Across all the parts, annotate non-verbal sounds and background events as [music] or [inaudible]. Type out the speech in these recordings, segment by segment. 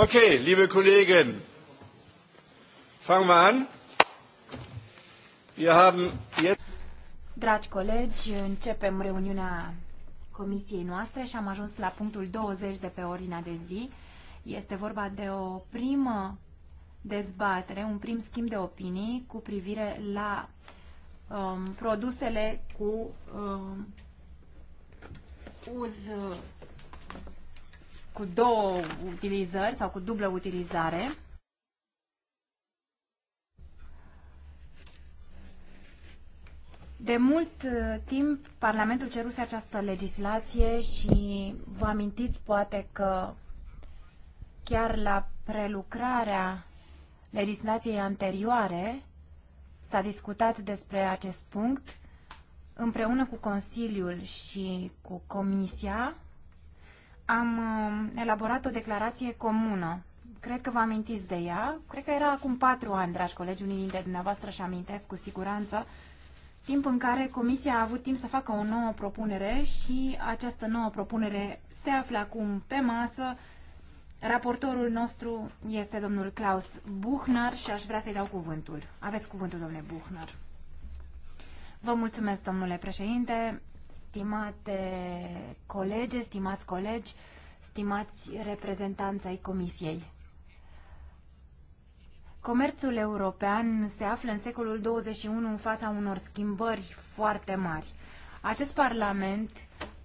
Okay, liebe Kollegen, fangen wir an. Wir haben jetzt Dragi colegi, începem reuniunea comisiei noastre și am ajuns la punctul 20 de pe ordinea de zi. Este vorba de o primă dezbatere, un prim schimb de opinii cu privire la um, produsele cu um, uz cu două utilizări sau cu dublă utilizare. De mult uh, timp, Parlamentul ceruse această legislație și vă amintiți poate că chiar la prelucrarea legislației anterioare s-a discutat despre acest punct împreună cu Consiliul și cu Comisia am um, elaborat o declarație comună. Cred că vă amintiți de ea. Cred că era acum patru ani, dragi colegi, unii dintre dumneavoastră și amintesc cu siguranță, timp în care Comisia a avut timp să facă o nouă propunere și această nouă propunere se află acum pe masă. Raportorul nostru este domnul Klaus Buchner și aș vrea să-i dau cuvântul. Aveți cuvântul, domnule Buchner. Vă mulțumesc, domnule președinte stimate colege, stimați colegi, stimați reprezentanți ai Comisiei. Comerțul european se află în secolul 21 în fața unor schimbări foarte mari. Acest Parlament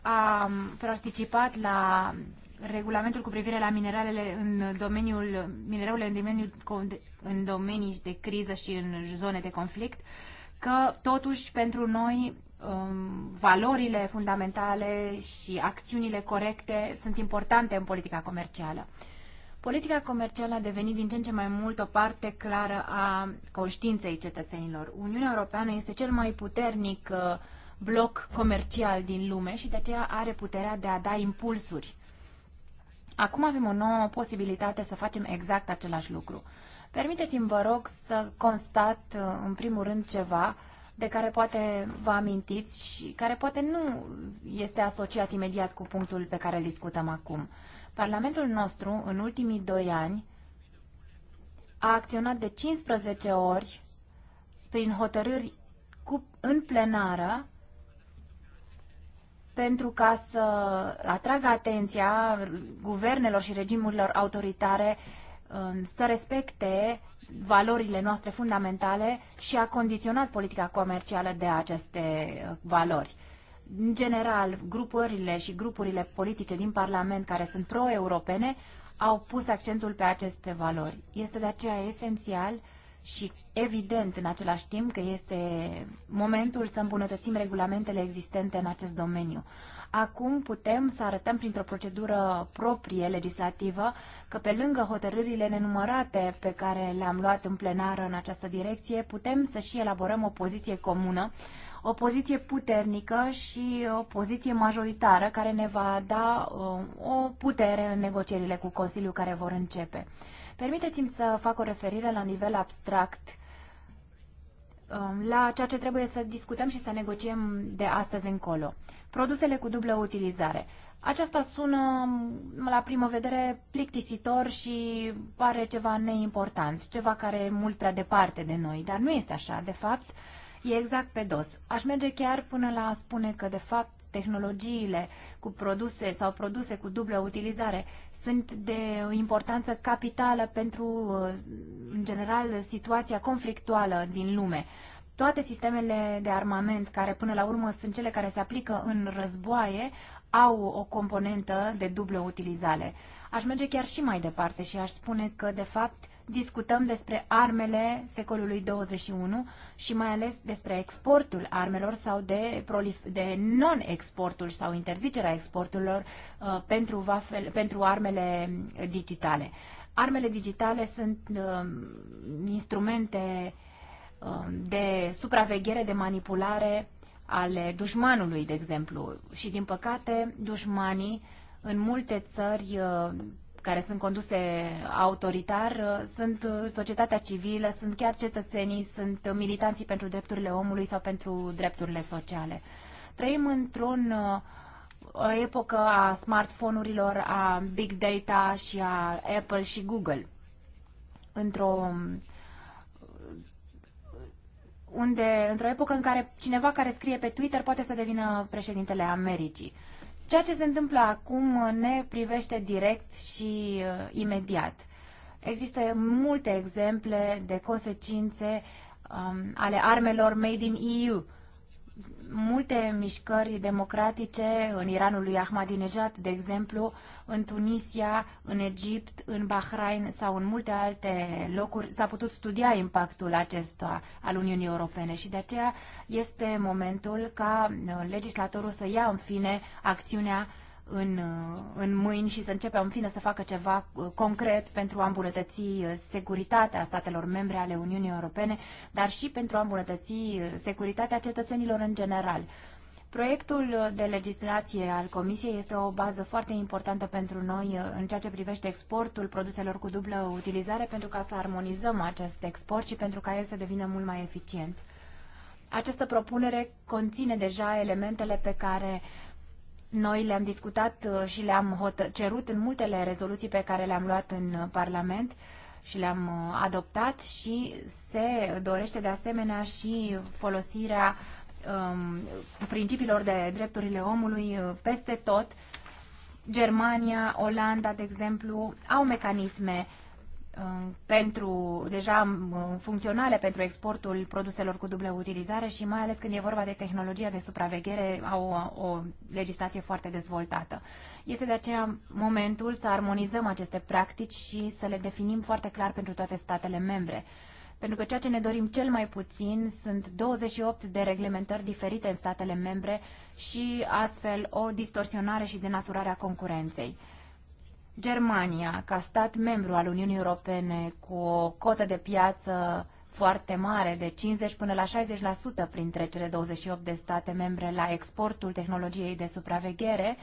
a participat la regulamentul cu privire la mineralele în domeniul mineralele în, domeniul, în domenii de criză și în zone de conflict, că totuși pentru noi um, valorile fundamentale și acțiunile corecte sunt importante în politica comercială. Politica comercială a devenit din ce în ce mai mult o parte clară a conștiinței cetățenilor. Uniunea Europeană este cel mai puternic uh, bloc comercial din lume și de aceea are puterea de a da impulsuri. Acum avem o nouă posibilitate să facem exact același lucru. Permiteți-mi, vă rog, să constat uh, în primul rând ceva de care poate vă amintiți și care poate nu este asociat imediat cu punctul pe care îl discutăm acum. Parlamentul nostru, în ultimii doi ani, a acționat de 15 ori prin hotărâri cu, în plenară pentru ca să atragă atenția guvernelor și regimurilor autoritare um, să respecte valorile noastre fundamentale și a condiționat politica comercială de aceste uh, valori. În general, grupurile și grupurile politice din Parlament care sunt pro-europene au pus accentul pe aceste valori. Este de aceea esențial și evident în același timp că este momentul să îmbunătățim regulamentele existente în acest domeniu. Acum putem să arătăm printr-o procedură proprie legislativă că pe lângă hotărârile nenumărate pe care le-am luat în plenară în această direcție, putem să și elaborăm o poziție comună, o poziție puternică și o poziție majoritară care ne va da uh, o putere în negocierile cu Consiliul care vor începe. Permiteți-mi să fac o referire la nivel abstract Um, la ceea ce trebuie să discutăm și să negociem de astăzi încolo. Produsele cu dublă utilizare. Aceasta sună um, la primă vedere plictisitor și pare ceva neimportant, ceva care e mult prea departe de noi, dar nu este așa. De fapt, e exact pe dos. Aș merge chiar până la a spune că, de fapt, tehnologiile cu produse sau produse cu dublă utilizare sunt de o importanță capitală pentru, în general, situația conflictuală din lume. Toate sistemele de armament, care până la urmă sunt cele care se aplică în războaie, au o componentă de dublă utilizare. Aș merge chiar și mai departe și aș spune că, de fapt, discutăm despre armele secolului 21 și mai ales despre exportul armelor sau de, de non-exportul sau interzicerea exporturilor uh, pentru, vafel, pentru armele digitale. Armele digitale sunt uh, instrumente uh, de supraveghere, de manipulare ale dușmanului, de exemplu. Și, din păcate, dușmanii în multe țări uh, care sunt conduse autoritar sunt societatea civilă, sunt chiar cetățenii, sunt militanții pentru drepturile omului sau pentru drepturile sociale. Trăim într-un uh, o epocă a smartphone-urilor, a big data și a Apple și Google. Într-o unde, într-o epocă în care cineva care scrie pe Twitter poate să devină președintele Americii. Ceea ce se întâmplă acum ne privește direct și uh, imediat. Există multe exemple de consecințe um, ale armelor made in EU multe mișcări democratice în Iranul lui Ahmadinejad, de exemplu, în Tunisia, în Egipt, în Bahrain sau în multe alte locuri s-a putut studia impactul acesta al Uniunii Europene și de aceea este momentul ca uh, legislatorul să ia în fine acțiunea în, în mâini și să începe în fine să facă ceva uh, concret pentru a îmbunătăți uh, securitatea statelor membre ale Uniunii Europene, dar și pentru a îmbunătăți uh, securitatea cetățenilor în general. Proiectul de legislație al Comisiei este o bază foarte importantă pentru noi în ceea ce privește exportul produselor cu dublă utilizare pentru ca să armonizăm acest export și pentru ca el să devină mult mai eficient. Această propunere conține deja elementele pe care noi le-am discutat uh, și le-am cerut în multele rezoluții pe care le-am luat în uh, Parlament și le-am uh, adoptat și se dorește de asemenea și folosirea um, principiilor de drepturile omului peste tot. Germania, Olanda, de exemplu, au mecanisme Uh, pentru, deja funcționale pentru exportul produselor cu dublă utilizare și mai ales când e vorba de tehnologia de supraveghere, au o, o legislație foarte dezvoltată. Este de aceea momentul să armonizăm aceste practici și să le definim foarte clar pentru toate statele membre. Pentru că ceea ce ne dorim cel mai puțin sunt 28 de reglementări diferite în statele membre și astfel o distorsionare și denaturare a concurenței. Germania, ca stat membru al Uniunii Europene, cu o cotă de piață foarte mare, de 50 până la 60% printre cele 28 de state membre la exportul tehnologiei de supraveghere,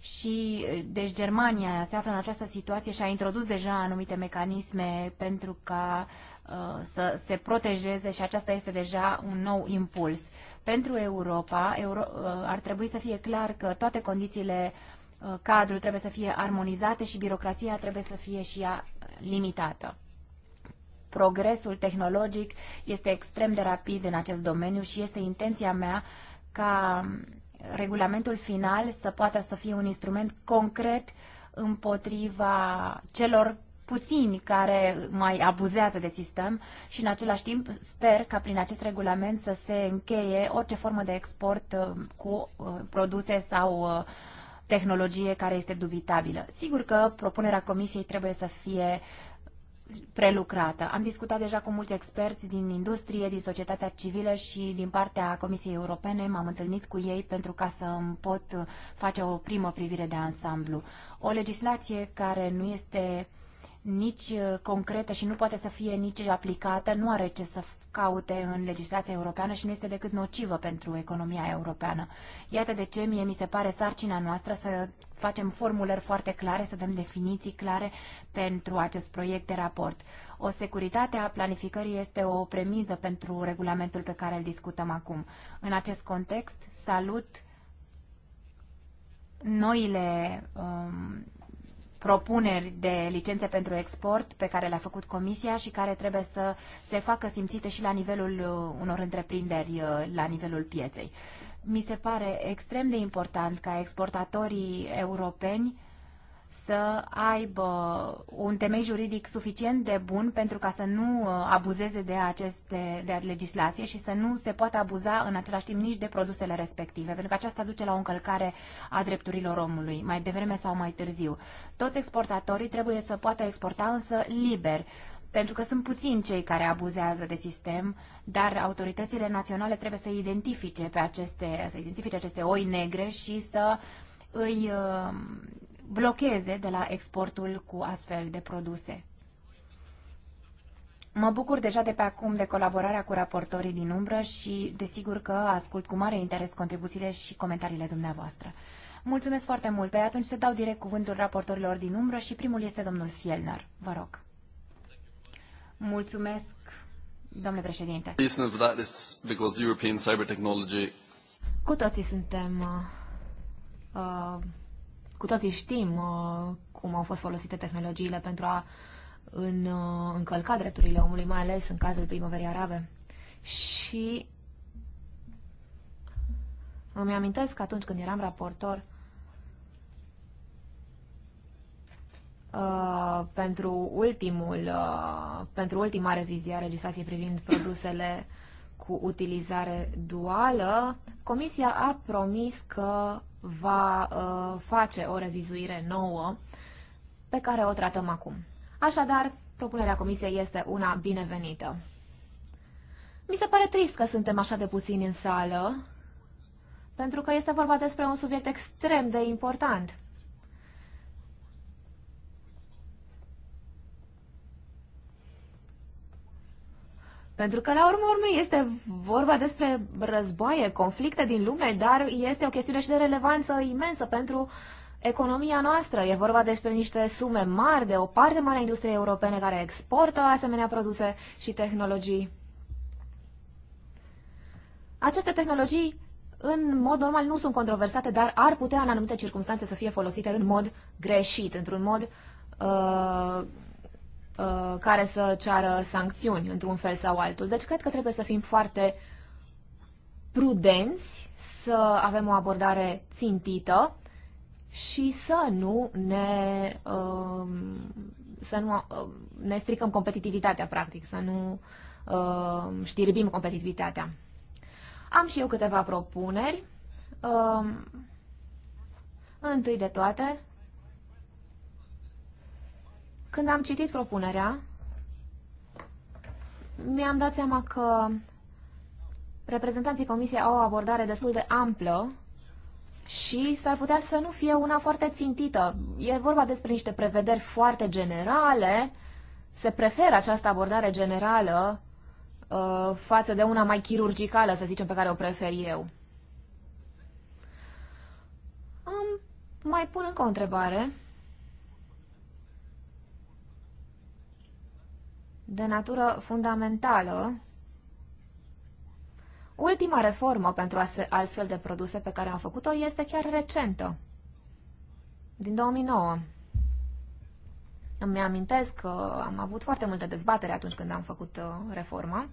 și deci Germania se află în această situație și a introdus deja anumite mecanisme pentru ca uh, să se protejeze și aceasta este deja un nou impuls. Pentru Europa Euro, uh, ar trebui să fie clar că toate condițiile uh, Uh, cadrul trebuie să fie armonizate și birocrația trebuie să fie și ea limitată. Progresul tehnologic este extrem de rapid în acest domeniu și este intenția mea ca regulamentul final să poată să fie un instrument concret împotriva celor puțini care mai abuzează de sistem și în același timp sper ca prin acest regulament să se încheie orice formă de export uh, cu uh, produse sau uh, tehnologie care este dubitabilă. Sigur că propunerea comisiei trebuie să fie prelucrată. Am discutat deja cu mulți experți din industrie, din societatea civilă și din partea Comisiei Europene. M-am întâlnit cu ei pentru ca să îmi pot face o primă privire de ansamblu. O legislație care nu este uh, nici uh, concretă și nu poate să fie nici aplicată, nu are ce să caute în legislația europeană și nu este decât nocivă pentru economia europeană. Iată de ce mie mi se pare sarcina noastră să facem formulări foarte clare, să dăm definiții clare pentru acest proiect de raport. O securitate a planificării este o premiză pentru regulamentul pe care îl discutăm acum. În acest context, salut noile um, propuneri de licențe pentru export pe care le-a făcut Comisia și care trebuie să se facă simțite și la nivelul uh, unor întreprinderi, uh, la nivelul pieței. Mi se pare extrem de important ca exportatorii europeni să aibă un temei juridic suficient de bun pentru ca să nu uh, abuzeze de aceste de legislație și să nu se poată abuza în același timp nici de produsele respective, pentru că aceasta duce la o încălcare a drepturilor omului, mai devreme sau mai târziu. Toți exportatorii trebuie să poată exporta însă liber, pentru că sunt puțini cei care abuzează de sistem, dar autoritățile naționale trebuie să identifice pe aceste, să identifice aceste oi negre și să îi uh, blocheze de la exportul cu astfel de produse. Mă bucur deja de pe acum de colaborarea cu raportorii din umbră și desigur că ascult cu mare interes contribuțiile și comentariile dumneavoastră. Mulțumesc foarte mult. Pe atunci se dau direct cuvântul raportorilor din umbră și primul este domnul Fielner. Vă rog. Mulțumesc, domnule președinte. Cu toții suntem uh, uh cu toții știm uh, cum au fost folosite tehnologiile pentru a în, uh, încălca drepturile omului, mai ales în cazul primăverii arabe. Și îmi amintesc că atunci când eram raportor uh, pentru, ultimul, uh, pentru ultima revizie a legislației privind produsele cu utilizare duală, Comisia a promis că va uh, face o revizuire nouă pe care o tratăm acum. Așadar, propunerea comisiei este una binevenită. Mi se pare trist că suntem așa de puțini în sală, pentru că este vorba despre un subiect extrem de important. Pentru că, la urmă urmei, este vorba despre războaie, conflicte din lume, dar este o chestiune și de relevanță imensă pentru economia noastră. E vorba despre niște sume mari de o parte mare a industriei europene care exportă asemenea produse și tehnologii. Aceste tehnologii, în mod normal, nu sunt controversate, dar ar putea, în anumite circunstanțe, să fie folosite în mod greșit, într-un mod uh, Uh, care să ceară sancțiuni într-un fel sau altul. Deci cred că trebuie să fim foarte prudenți, să avem o abordare țintită și să nu ne, um, să nu uh, ne stricăm competitivitatea, practic, să nu um, știrbim competitivitatea. Am și eu câteva propuneri. Um, întâi de toate, când am citit propunerea, mi-am dat seama că reprezentanții comisiei au o abordare destul de amplă și s-ar putea să nu fie una foarte țintită. E vorba despre niște prevederi foarte generale, se preferă această abordare generală uh, față de una mai chirurgicală, să zicem, pe care o prefer eu. Am mai pun încă o întrebare. de natură fundamentală, ultima reformă pentru astfel de produse pe care am făcut-o este chiar recentă, din 2009. Îmi amintesc că am avut foarte multe dezbatere atunci când am făcut uh, reforma.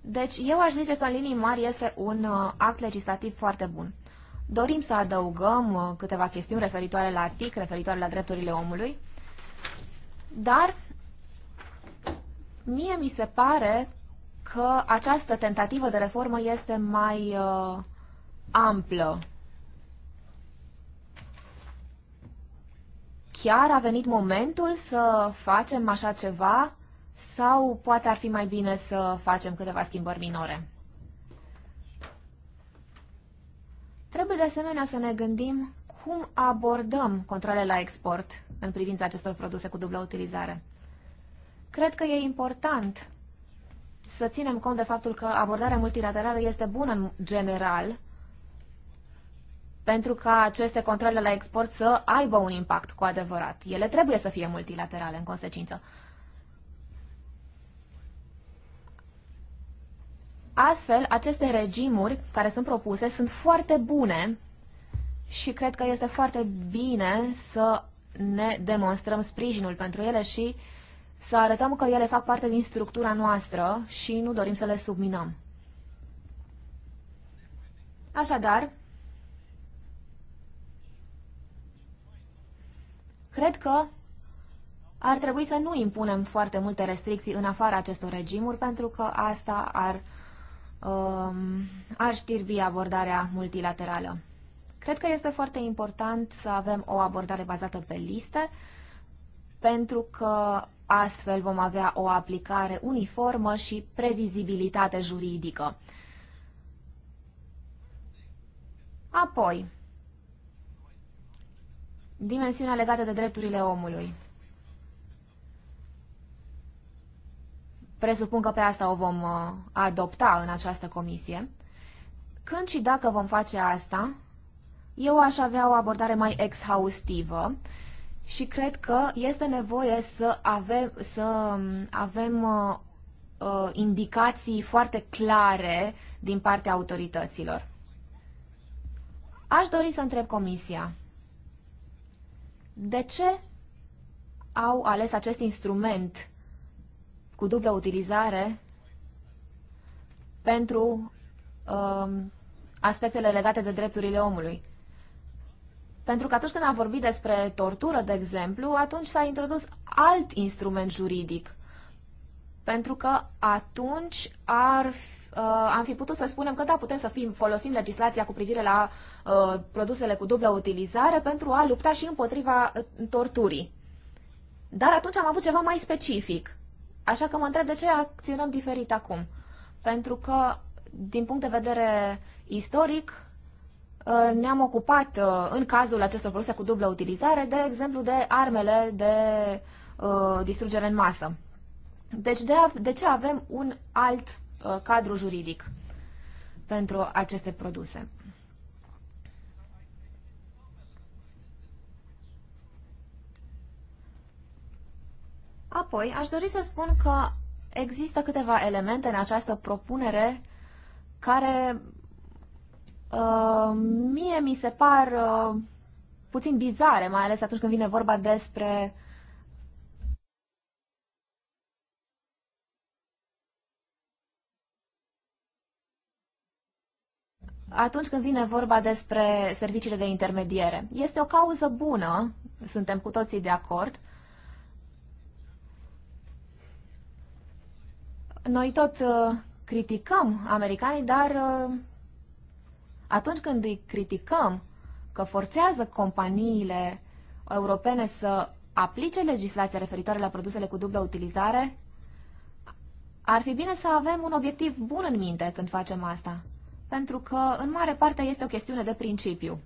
Deci eu aș zice că în linii mari este un uh, act legislativ foarte bun. Dorim să adăugăm uh, câteva chestiuni referitoare la TIC, referitoare la drepturile omului, dar mie mi se pare că această tentativă de reformă este mai uh, amplă. Chiar a venit momentul să facem așa ceva sau poate ar fi mai bine să facem câteva schimbări minore? Trebuie de asemenea să ne gândim cum abordăm controle la export în privința acestor produse cu dublă utilizare. Cred că e important să ținem cont de faptul că abordarea multilaterală este bună în general pentru ca aceste controle la export să aibă un impact cu adevărat. Ele trebuie să fie multilaterale în consecință. Astfel, aceste regimuri care sunt propuse sunt foarte bune și cred că este foarte bine să ne demonstrăm sprijinul pentru ele și să arătăm că ele fac parte din structura noastră și nu dorim să le subminăm. Așadar, cred că ar trebui să nu impunem foarte multe restricții în afara acestor regimuri, pentru că asta ar Um, ar știrbi abordarea multilaterală. Cred că este foarte important să avem o abordare bazată pe liste, pentru că astfel vom avea o aplicare uniformă și previzibilitate juridică. Apoi, dimensiunea legată de drepturile omului. Presupun că pe asta o vom uh, adopta în această comisie. Când și dacă vom face asta, eu aș avea o abordare mai exhaustivă și cred că este nevoie să um, avem, să uh, avem uh, indicații foarte clare din partea autorităților. Aș dori să întreb Comisia. De ce au ales acest instrument cu dublă utilizare pentru um, aspectele legate de drepturile omului. Pentru că atunci când am vorbit despre tortură, de exemplu, atunci s-a introdus alt instrument juridic. Pentru că atunci ar, uh, am fi putut să spunem că da, putem să fim, folosim legislația cu privire la uh, produsele cu dublă utilizare pentru a lupta și împotriva uh, torturii. Dar atunci am avut ceva mai specific. Așa că mă întreb de ce acționăm diferit acum. Pentru că, din punct de vedere istoric, ă, ne-am ocupat ă, în cazul acestor produse cu dublă utilizare, de exemplu, de armele de ă, distrugere în masă. Deci de, de ce avem un alt cadru juridic pentru aceste produse? Apoi, aș dori să spun că există câteva elemente în această propunere care uh, mie mi se par uh, puțin bizare, mai ales atunci când vine vorba despre atunci când vine vorba despre serviciile de intermediere. Este o cauză bună, suntem cu toții de acord, uh, Noi tot uh, criticăm americanii, dar uh, atunci când îi criticăm că forțează companiile europene să aplice legislația referitoare la produsele cu dublă utilizare, ar fi bine să avem un obiectiv bun în minte când facem asta, pentru că în mare parte este o chestiune de principiu.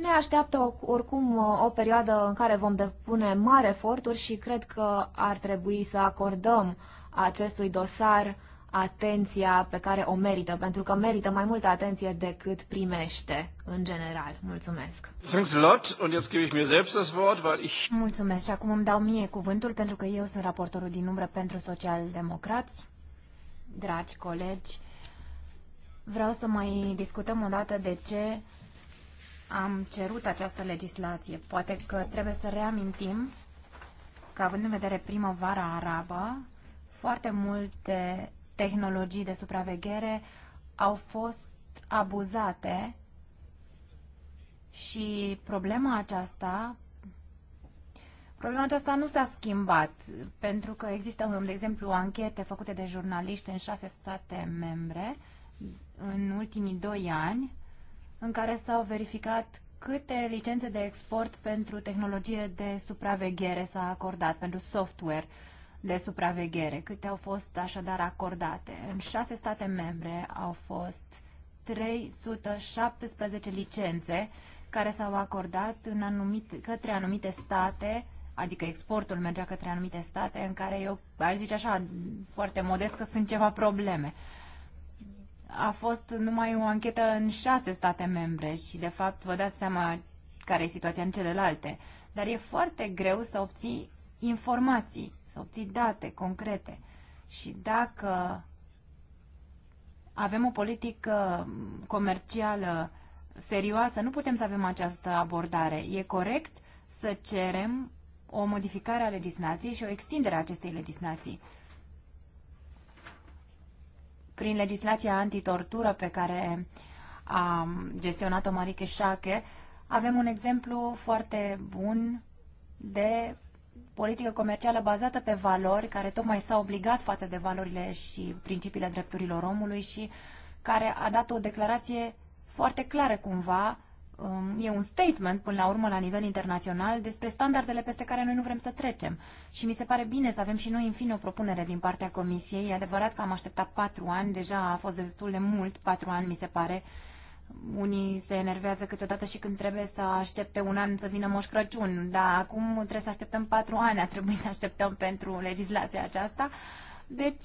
Ne așteaptă oricum uh, o perioadă în care vom depune mari eforturi și cred că ar trebui să acordăm acestui dosar atenția pe care o merită, pentru că merită mai multă atenție decât primește în general. Mulțumesc. Thanks a lot und jetzt gebe ich mir selbst das Wort, weil ich Mulțumesc. Și acum îmi dau mie cuvântul pentru că eu sunt raportorul din umbră pentru socialdemocrați. Dragi colegi, vreau să mai discutăm o dată de ce am cerut această legislație. Poate că trebuie să reamintim că având în vedere primăvara arabă, foarte multe tehnologii de supraveghere au fost abuzate și problema aceasta Problema aceasta nu s-a schimbat, pentru că există, de exemplu, anchete făcute de jurnaliști în șase state membre în ultimii doi ani, în care s-au verificat câte licențe de export pentru tehnologie de supraveghere s-a acordat, pentru software de supraveghere, câte au fost așadar acordate. În șase state membre au fost 317 licențe care s-au acordat în anumite, către anumite state, adică exportul mergea către anumite state în care eu aș zice așa foarte modest că sunt ceva probleme. A fost numai o anchetă în șase state membre și de fapt vă dați seama care e situația în celelalte. Dar e foarte greu să obții informații să obții date concrete. Și dacă avem o politică comercială serioasă, nu putem să avem această abordare. E corect să cerem o modificare a legislației și o extindere a acestei legislații. Prin legislația antitortură pe care a gestionat-o Marike Șache, avem un exemplu foarte bun de politică comercială bazată pe valori, care tocmai s au obligat față de valorile și principiile drepturilor omului și care a dat o declarație foarte clară cumva, um, e un statement până la urmă la nivel internațional despre standardele peste care noi nu vrem să trecem. Și mi se pare bine să avem și noi în fine o propunere din partea Comisiei. E adevărat că am așteptat patru ani, deja a fost destul de mult, patru ani mi se pare, unii se enervează câteodată și când trebuie să aștepte un an să vină Moș Crăciun, dar acum trebuie să așteptăm patru ani, a trebuit să așteptăm pentru legislația aceasta. Deci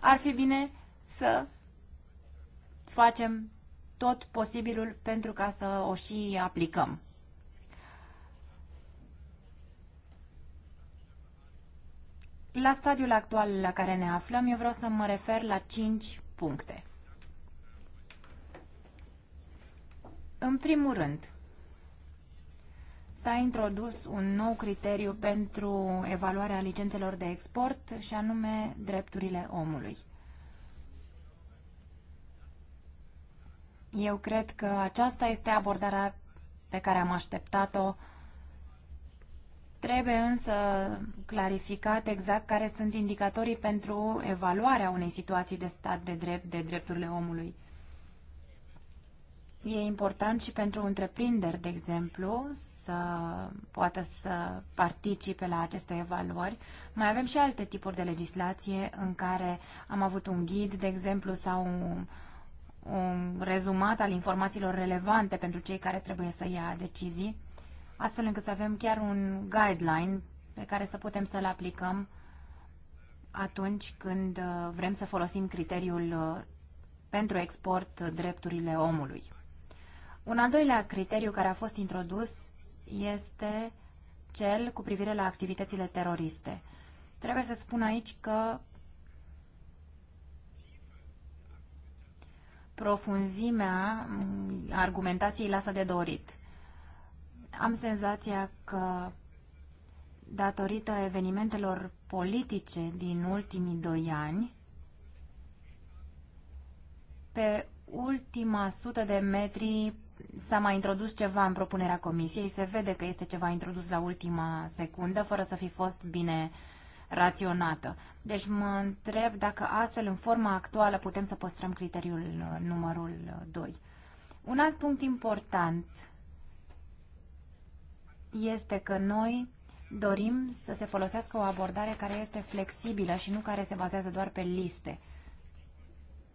ar fi bine să facem tot posibilul pentru ca să o și aplicăm. La stadiul actual la care ne aflăm, eu vreau să mă refer la cinci puncte. În primul rând, s-a introdus un nou criteriu pentru evaluarea licențelor de export și anume drepturile omului. Eu cred că aceasta este abordarea pe care am așteptat-o. Trebuie însă clarificat exact care sunt indicatorii pentru evaluarea unei situații de stat de drept, de drepturile omului. E important și pentru întreprinderi, de exemplu, să poată să participe la aceste evaluări. Mai avem și alte tipuri de legislație în care am avut un ghid, de exemplu, sau un, un rezumat al informațiilor relevante pentru cei care trebuie să ia decizii, astfel încât să avem chiar un guideline pe care să putem să-l aplicăm atunci când uh, vrem să folosim criteriul uh, pentru export drepturile omului. Un al doilea criteriu care a fost introdus este cel cu privire la activitățile teroriste. Trebuie să spun aici că profunzimea argumentației lasă de dorit. Am senzația că datorită evenimentelor politice din ultimii doi ani, pe ultima sută de metri s-a mai introdus ceva în propunerea comisiei, se vede că este ceva introdus la ultima secundă, fără să fi fost bine raționată. Deci mă întreb dacă astfel, în forma actuală, putem să păstrăm criteriul uh, numărul 2. Uh, Un alt punct important este că noi dorim să se folosească o abordare care este flexibilă și nu care se bazează doar pe liste.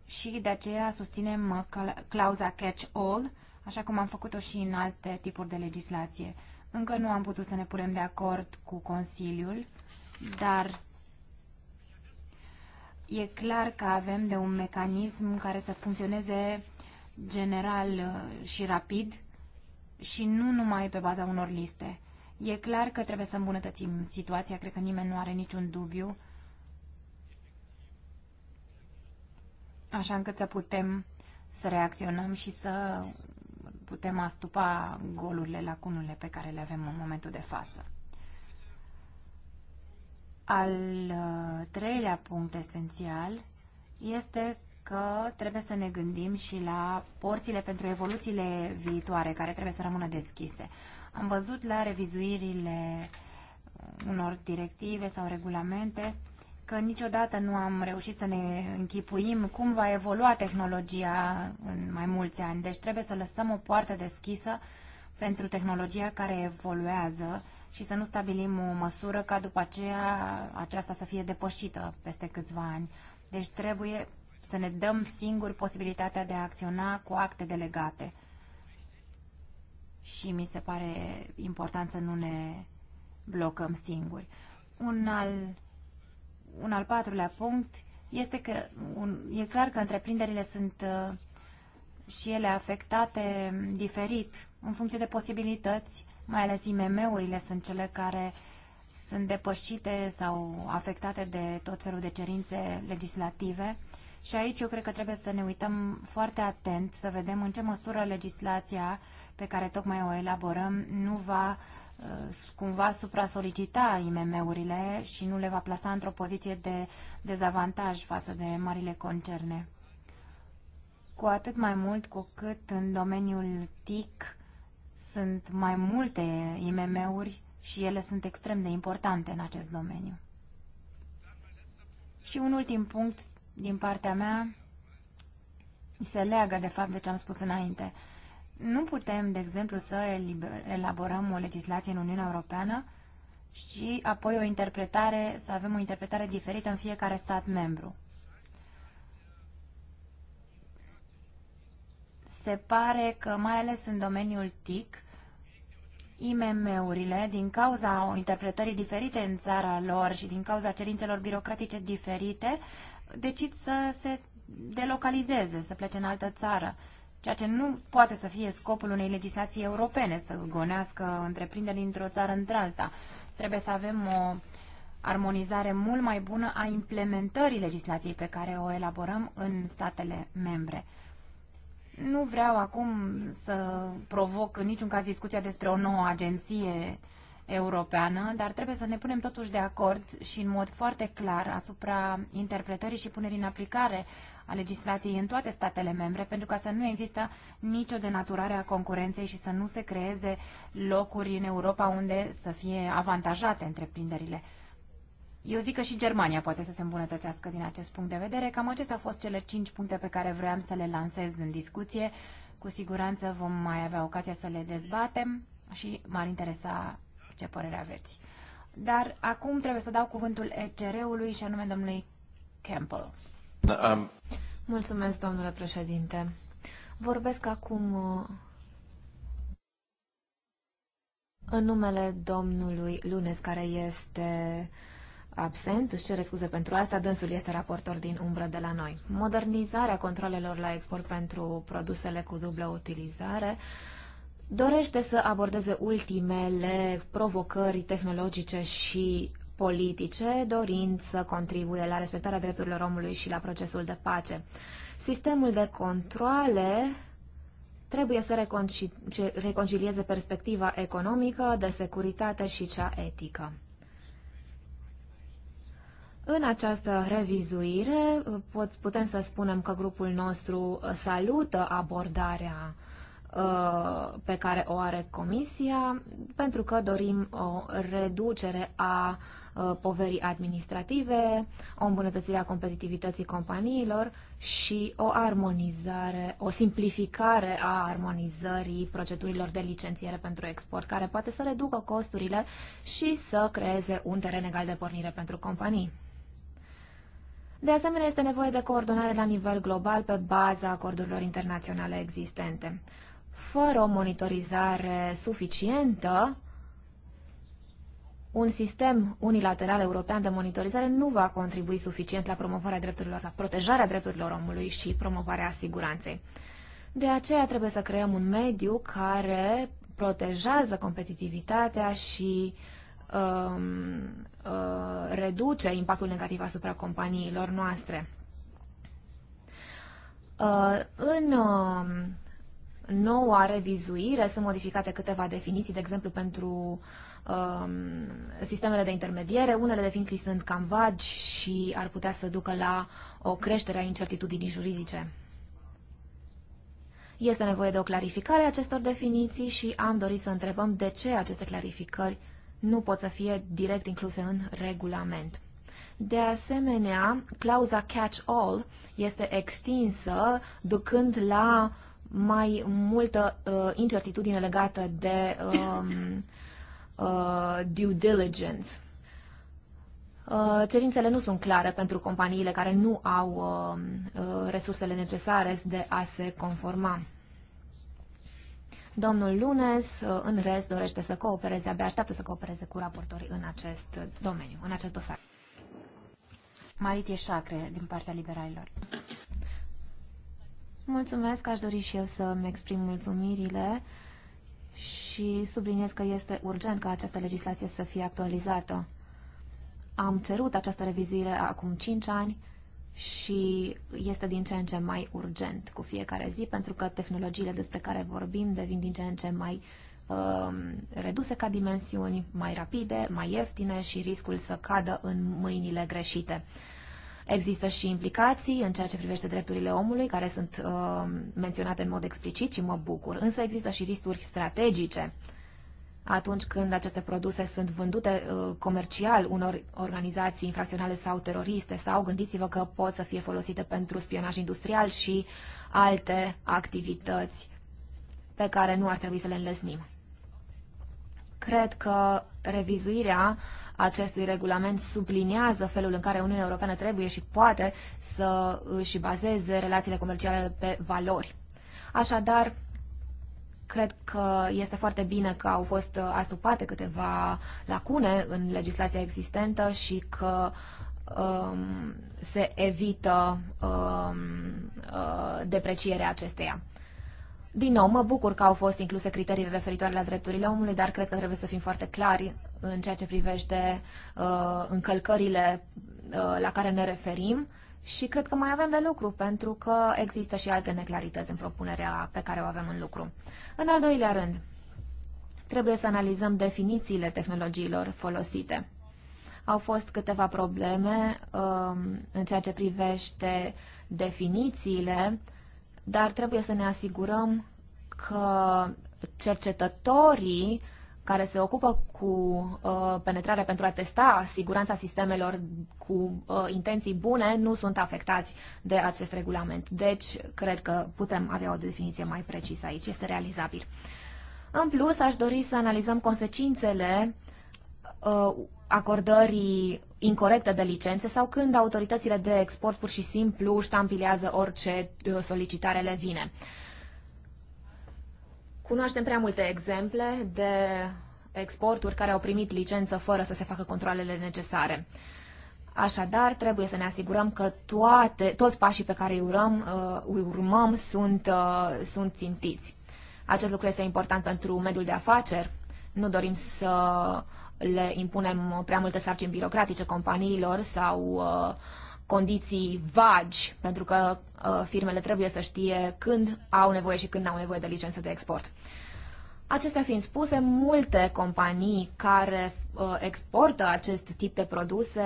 Și de aceea susținem uh, clauza catch-all, așa cum am făcut-o și în alte tipuri de legislație. Încă nu am putut să ne punem de acord cu Consiliul, dar e clar că avem de un mecanism care să funcționeze general uh, și rapid și nu numai pe baza unor liste. E clar că trebuie să îmbunătățim situația, cred că nimeni nu are niciun dubiu, așa încât să putem să reacționăm și să putem astupa golurile, lacunurile pe care le avem în momentul de față. Al uh, treilea punct esențial este că trebuie să ne gândim și la porțile pentru evoluțiile viitoare care trebuie să rămână deschise. Am văzut la revizuirile unor directive sau regulamente că niciodată nu am reușit să ne închipuim cum va evolua tehnologia în mai mulți ani. Deci trebuie să lăsăm o poartă deschisă pentru tehnologia care evoluează și să nu stabilim o măsură ca după aceea aceasta să fie depășită peste câțiva ani. Deci trebuie să ne dăm singuri posibilitatea de a acționa cu acte delegate. Și mi se pare important să nu ne blocăm singuri. Un al un al patrulea punct este că un, e clar că întreprinderile sunt uh, și ele afectate diferit în funcție de posibilități, mai ales IMM-urile sunt cele care sunt depășite sau afectate de tot felul de cerințe legislative. Și aici eu cred că trebuie să ne uităm foarte atent, să vedem în ce măsură legislația pe care tocmai o elaborăm nu va cumva supra-solicita IMM-urile și nu le va plasa într-o poziție de dezavantaj față de marile concerne. Cu atât mai mult cu cât în domeniul TIC sunt mai multe IMM-uri și ele sunt extrem de importante în acest domeniu. Și un ultim punct din partea mea se leagă de fapt de ce am spus înainte. Nu putem, de exemplu, să elaborăm o legislație în Uniunea Europeană și apoi o interpretare, să avem o interpretare diferită în fiecare stat membru. Se pare că, mai ales în domeniul TIC, IMM-urile, din cauza interpretării diferite în țara lor și din cauza cerințelor birocratice diferite, decid să se delocalizeze, să plece în altă țară ceea ce nu poate să fie scopul unei legislații europene, să gonească întreprinderi dintr-o țară într-alta. Trebuie să avem o armonizare mult mai bună a implementării legislației pe care o elaborăm în statele membre. Nu vreau acum să provoc în niciun caz discuția despre o nouă agenție europeană, dar trebuie să ne punem totuși de acord și în mod foarte clar asupra interpretării și punerii în aplicare a legislației în toate statele membre, pentru ca să nu există nicio denaturare a concurenței și să nu se creeze locuri în Europa unde să fie avantajate întreprinderile. Eu zic că și Germania poate să se îmbunătățească din acest punct de vedere. Cam acestea au fost cele cinci puncte pe care vreau să le lansez în discuție. Cu siguranță vom mai avea ocazia să le dezbatem și m-ar interesa ce părere aveți. Dar acum trebuie să dau cuvântul ECR-ului și anume domnului Campbell. Um, Mulțumesc, domnule președinte. Vorbesc acum uh, în numele domnului Lunes, care este absent. Își cere scuze pentru asta. Dânsul este raportor din umbră de la noi. Modernizarea controlelor la export pentru produsele cu dublă utilizare dorește să abordeze ultimele provocări tehnologice și politice dorind să contribuie la respectarea drepturilor omului și la procesul de pace. Sistemul de controle trebuie să reconcilieze perspectiva economică, de securitate și cea etică. În această revizuire putem să spunem că grupul nostru salută abordarea Uh, pe care o are Comisia, pentru că dorim o reducere a uh, poverii administrative, o îmbunătățire a competitivității companiilor și o armonizare, o simplificare a armonizării procedurilor de licențiere pentru export, care poate să reducă costurile și să creeze un teren egal de pornire pentru companii. De asemenea, este nevoie de coordonare la nivel global pe baza acordurilor internaționale existente fără o monitorizare suficientă, un sistem unilateral european de monitorizare nu va contribui suficient la promovarea drepturilor, la protejarea drepturilor omului și promovarea siguranței. De aceea trebuie să creăm un mediu care protejează competitivitatea și um, uh, reduce impactul negativ asupra companiilor noastre. Uh, în uh, noua revizuire sunt modificate câteva definiții, de exemplu pentru um, sistemele de intermediere, unele definiții sunt cam vagi și ar putea să ducă la o creștere a incertitudinii juridice. Este nevoie de o clarificare a acestor definiții și am dorit să întrebăm de ce aceste clarificări nu pot să fie direct incluse în regulament. De asemenea, clauza catch-all este extinsă, ducând la mai multă uh, incertitudine legată de um, uh, due diligence. Uh, cerințele nu sunt clare pentru companiile care nu au uh, uh, resursele necesare de a se conforma. Domnul Lunes, uh, în rest, dorește să coopereze, abia așteaptă să coopereze cu raportorii în acest domeniu, în acest dosar. Maritie Șacre, din partea liberalilor. Mulțumesc, aș dori și eu să-mi exprim mulțumirile și subliniez că este urgent ca această legislație să fie actualizată. Am cerut această revizuire acum 5 ani și este din ce în ce mai urgent cu fiecare zi, pentru că tehnologiile despre care vorbim devin din ce în ce mai uh, reduse ca dimensiuni, mai rapide, mai ieftine și riscul să cadă în mâinile greșite. Există și implicații în ceea ce privește drepturile omului, care sunt uh, menționate în mod explicit și mă bucur. Însă există și riscuri strategice atunci când aceste produse sunt vândute uh, comercial unor organizații infracționale sau teroriste sau gândiți-vă că pot să fie folosite pentru spionaj industrial și alte activități pe care nu ar trebui să le înlesnim. Cred că revizuirea uh, acestui regulament subliniază felul în care Uniunea Europeană trebuie și poate să își bazeze relațiile comerciale pe valori. Așadar, cred că este foarte bine că au fost astupate câteva lacune în legislația existentă și că um, se evită um, uh, deprecierea acesteia. Din nou, mă bucur că au fost incluse criteriile referitoare la drepturile omului, dar cred că trebuie să fim foarte clari în ceea ce privește uh, încălcările uh, la care ne referim și cred că mai avem de lucru, pentru că există și alte neclarități în propunerea pe care o avem în lucru. În al doilea rând, trebuie să analizăm definițiile tehnologiilor folosite. Au fost câteva probleme uh, în ceea ce privește definițiile uh, dar trebuie să ne asigurăm că cercetătorii care se ocupă cu uh, penetrarea pentru a testa siguranța sistemelor cu uh, intenții bune nu sunt afectați de acest regulament. Deci, cred că putem avea o definiție mai precisă aici. Este realizabil. În plus, aș dori să analizăm consecințele uh, acordării incorrecte de licențe sau când autoritățile de export pur și simplu ștampilează orice uh, solicitare le vine. Cunoaștem prea multe exemple de exporturi care au primit licență fără să se facă controlele necesare. Așadar, trebuie să ne asigurăm că toate, toți pașii pe care îi urăm, uh, urmăm sunt, uh, sunt țintiți. Acest lucru este important pentru mediul de afaceri. Nu dorim să le impunem prea multe sarcini birocratice companiilor sau uh, condiții vagi, pentru că uh, firmele trebuie să știe când au nevoie și când au nevoie de licență de export. Acestea fiind spuse, multe companii care uh, exportă acest tip de produse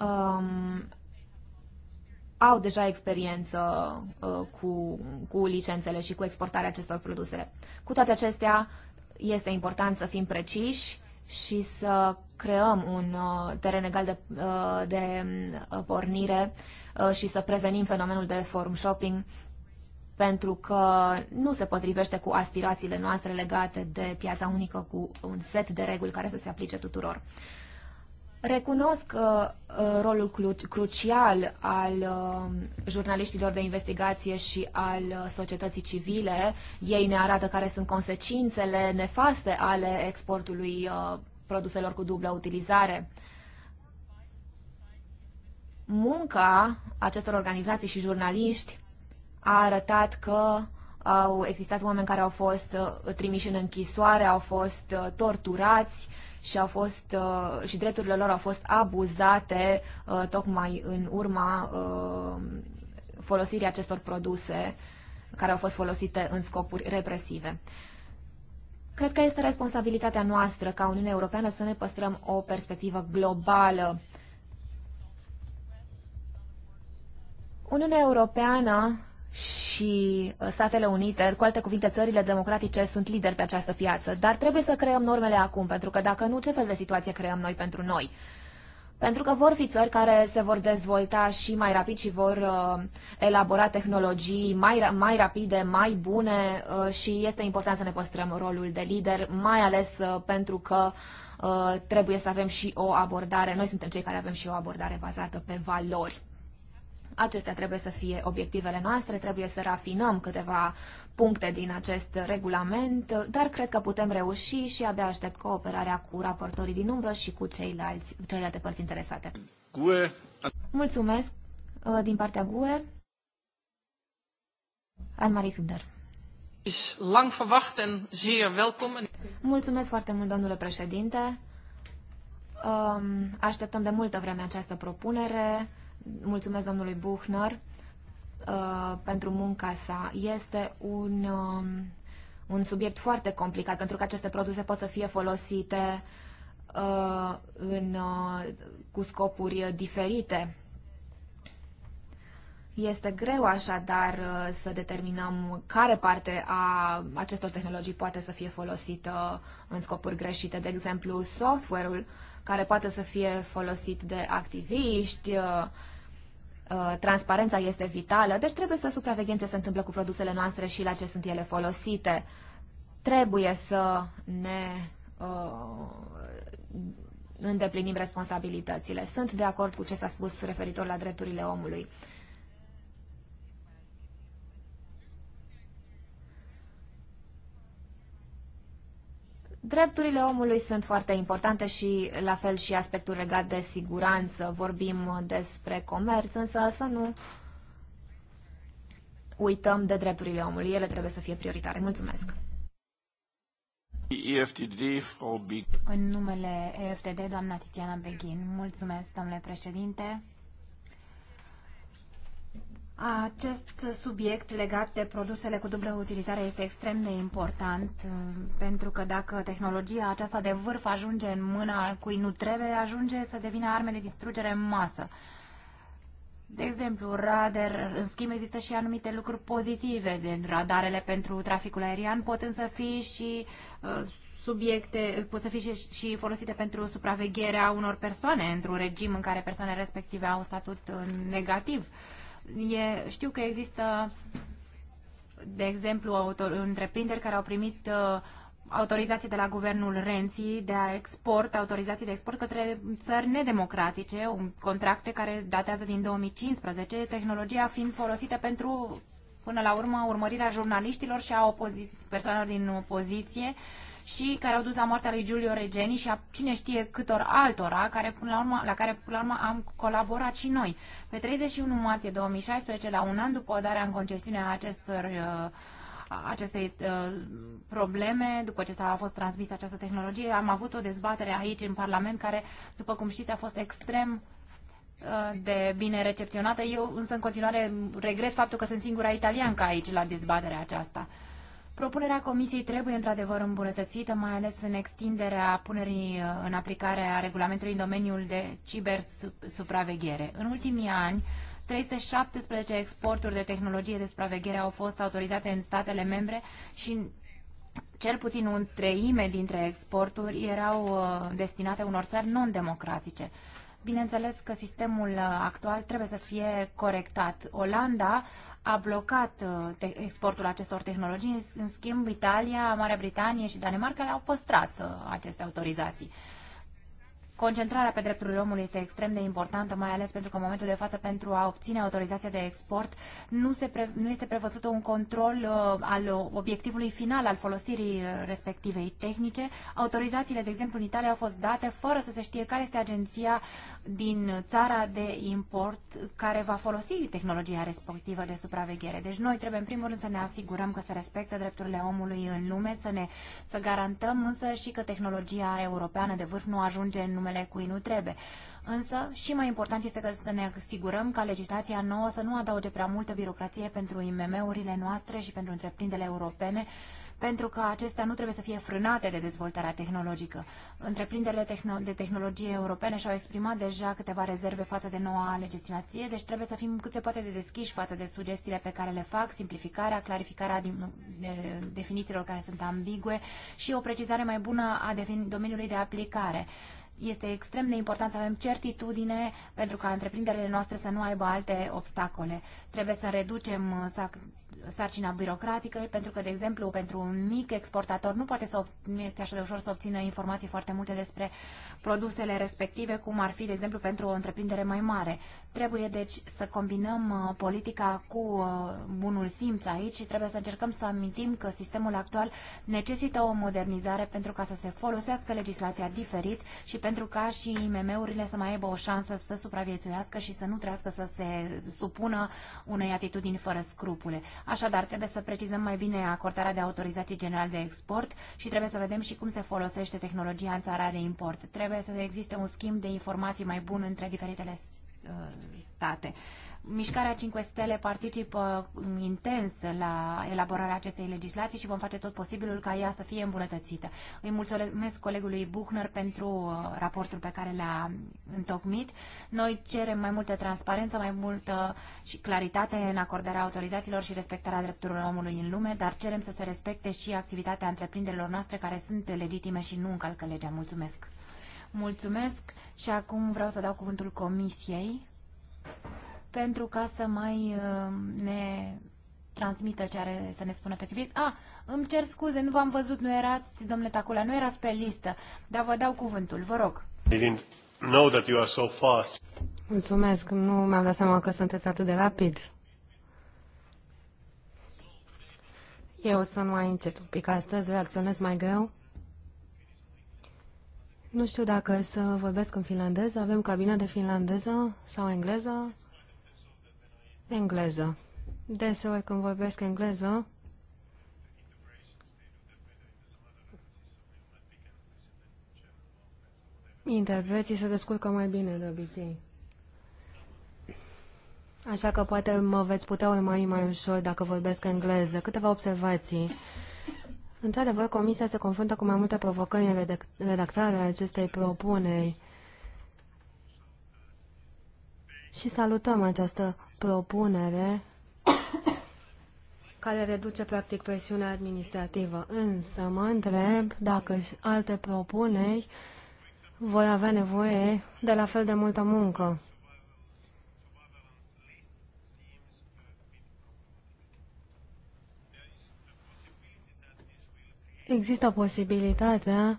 um, au deja experiență uh, cu, cu licențele și cu exportarea acestor produse. Cu toate acestea, este important să fim preciși și să creăm un uh, teren egal de, uh, de uh, pornire și să prevenim fenomenul de forum shopping pentru că nu se potrivește cu aspirațiile noastre legate de piața unică cu un set de reguli care să se aplice tuturor. Recunosc uh, uh, rolul cru- crucial al uh, jurnaliștilor de investigație și al uh, societății civile. Ei ne arată care sunt consecințele nefaste ale exportului uh, produselor cu dublă utilizare. Munca acestor organizații și jurnaliști a arătat că uh, au existat oameni care au fost uh, trimiși în închisoare, au fost uh, torturați și au fost uh, și drepturile lor au fost abuzate tocmai în urma folosirii acestor produse care au fost folosite în scopuri represive. Cred că este responsabilitatea noastră ca Uniunea Europeană să ne păstrăm o perspectivă globală. Uniunea Europeană și uh, Statele Unite, cu alte cuvinte, țările democratice sunt lideri pe această piață, dar trebuie să creăm normele acum, pentru că dacă nu, ce fel de situație creăm noi pentru noi? Pentru că vor fi țări care se vor dezvolta și mai rapid și vor uh, elabora tehnologii mai, mai rapide, mai bune uh, și este important să ne păstrăm rolul de lider, mai ales uh, pentru că uh, trebuie să avem și o abordare, noi suntem cei care avem și o abordare bazată pe valori. Acestea trebuie să fie obiectivele noastre, trebuie să rafinăm câteva puncte din acest regulament, dar cred că putem reuși și abia aștept cooperarea cu raportorii din umbră și cu ceilalți, celelalte părți interesate. GUE. Mulțumesc uh, din partea GUE. Anne-Marie Hübner. Lang verwacht und sehr willkommen. Mulțumesc foarte mult, domnule președinte. Um, așteptăm de multă vreme această propunere mulțumesc domnului Buchner uh, pentru munca sa. Este un, uh, un subiect foarte complicat pentru că aceste produse pot să fie folosite uh, în, uh, cu scopuri diferite. Este greu așadar uh, să determinăm care parte a acestor tehnologii poate să fie folosită în scopuri greșite. De exemplu, software-ul care poate să fie folosit de activiști, uh, Uh, transparența este vitală, deci trebuie să supraveghem ce se întâmplă cu produsele noastre și la ce sunt ele folosite. Trebuie să ne uh, îndeplinim responsabilitățile. Sunt de acord cu ce s-a spus referitor la drepturile omului. Uh, Drepturile omului sunt foarte importante și la fel și aspectul legat de siguranță. Vorbim despre comerț, însă să nu uităm de drepturile omului. Ele trebuie să fie prioritare. Mulțumesc! EFTD, În numele EFTD, doamna Titiana Beghin. Mulțumesc, domnule președinte. Acest subiect legat de produsele cu dublă utilizare este extrem de important uh, pentru că dacă tehnologia aceasta de vârf ajunge în mâna cui nu trebuie, ajunge să devină arme de distrugere în masă. De exemplu, radar, în schimb există și anumite lucruri pozitive din radarele pentru traficul aerian, pot însă fi și uh, subiecte, pot să fie și, și folosite pentru supravegherea unor persoane într-un regim în care persoanele respective au statut uh, negativ. Uh, E, știu că există, de exemplu, autor, întreprinderi care au primit uh, autorizații de la guvernul Renzi de a export, autorizații de export către țări nedemocratice, un, contracte care datează din 2015, tehnologia fiind folosită pentru, până la urmă, urmărirea jurnaliștilor și a opozi- persoanelor din opoziție uh, și care au dus la moartea lui Giulio Regeni și a cine știe câtor altora care, până la, urmă, la care până la urmă am colaborat și noi. Pe 31 martie 2016, la un an după darea în concesiune a acestor uh, aceste acestei uh, probleme, după ce s-a fost transmisă această tehnologie, am avut o dezbatere aici în Parlament care, după cum știți, a fost extrem uh, de bine recepționată. Eu însă în continuare regret faptul că sunt singura italiancă aici la dezbaterea aceasta. Propunerea Comisiei trebuie într-adevăr îmbunătățită, mai ales în extinderea punerii uh, în aplicare a regulamentului în domeniul de cibersupraveghere. În ultimii ani, 317 exporturi de tehnologie de supraveghere au fost autorizate în statele membre și cel puțin un treime dintre exporturi erau uh, destinate unor țări non-democratice. Bineînțeles că sistemul uh, actual trebuie să fie corectat. Olanda a blocat uh, exportul acestor tehnologii. În schimb, Italia, Marea Britanie și Danemarca le-au păstrat uh, aceste autorizații. Concentrarea pe drepturile omului este extrem de importantă, mai ales pentru că în momentul de față, pentru a obține autorizația de export, nu, se pre, nu este prevăzut un control uh, al obiectivului final al folosirii uh, respectivei tehnice. Autorizațiile, de exemplu, în Italia au fost date fără să se știe care este agenția din țara de import care va folosi tehnologia respectivă de supraveghere. Deci noi trebuie, în primul rând, să ne asigurăm că se respectă drepturile omului în lume, să, ne, să garantăm însă și că tehnologia europeană de vârf nu ajunge în numele cui nu trebuie. Însă, și mai important este că să ne asigurăm ca legislația nouă să nu adauge prea multă birocrație pentru IMM-urile noastre și pentru întreprinderile europene, pentru că acestea nu trebuie să fie frânate de dezvoltarea tehnologică. Întreprinderile de tehnologie europene și-au exprimat deja câteva rezerve față de noua legislație, deci trebuie să fim cât se poate de deschiși față de sugestiile pe care le fac, simplificarea, clarificarea definițiilor care sunt ambigue și o precizare mai bună a domeniului de aplicare este extrem de important să avem certitudine pentru ca întreprinderile noastre să nu aibă alte obstacole. Trebuie să reducem uh, sarcina birocratică, pentru că, de exemplu, pentru un mic exportator nu poate să nu este așa de ușor să obțină informații foarte multe despre produsele respective, cum ar fi, de exemplu, pentru o întreprindere mai mare. Trebuie, deci, să combinăm uh, politica cu uh, bunul simț aici și trebuie să încercăm să amintim că sistemul actual necesită o modernizare pentru ca să se folosească legislația diferit și pentru ca și IMM-urile să mai aibă o șansă să supraviețuiască și să nu trească să se supună unei atitudini fără scrupule. Așadar, trebuie să precizăm mai bine acordarea de autorizații general de export și trebuie să vedem și cum se folosește tehnologia în țara de import. Trebuie trebuie să existe un schimb de informații mai bun între diferitele uh, state. Mișcarea 5 Stele participă mm, intens la elaborarea acestei legislații și vom face tot posibilul ca ea să fie îmbunătățită. Îi mulțumesc colegului Buchner pentru uh, raportul pe care l-a întocmit. Noi cerem mai multă transparență, mai multă și claritate în acordarea autorizațiilor și respectarea drepturilor omului în lume, dar cerem să se respecte și activitatea întreprinderilor noastre care sunt legitime și nu încalcă legea. Mulțumesc! Mulțumesc și acum vreau să dau cuvântul comisiei pentru ca să mai uh, ne transmită ce are să ne spună pe subiect. A, ah, îmi cer scuze, nu v-am văzut, nu erați, domnule Tacula, nu erați pe listă, dar vă dau cuvântul, vă rog. Know that you are so fast. Mulțumesc, nu mi-am dat seama că sunteți atât de rapid. Eu sunt să nu mai încet un pic astăzi, reacționez mai greu. Nu știu dacă să vorbesc în finlandeză. Avem cabina de finlandeză sau engleză? Engleză. Deseori când vorbesc engleză, interpreții se descurcă mai bine de obicei. Așa că poate mă veți putea urmări mai ușor dacă vorbesc engleză. Câteva observații Într-adevăr, Comisia se confruntă cu mai multe provocări în redactarea acestei propuneri și salutăm această propunere [coughs] care reduce practic presiunea administrativă. Însă mă întreb dacă alte propuneri vor avea nevoie de la fel de multă muncă. există posibilitatea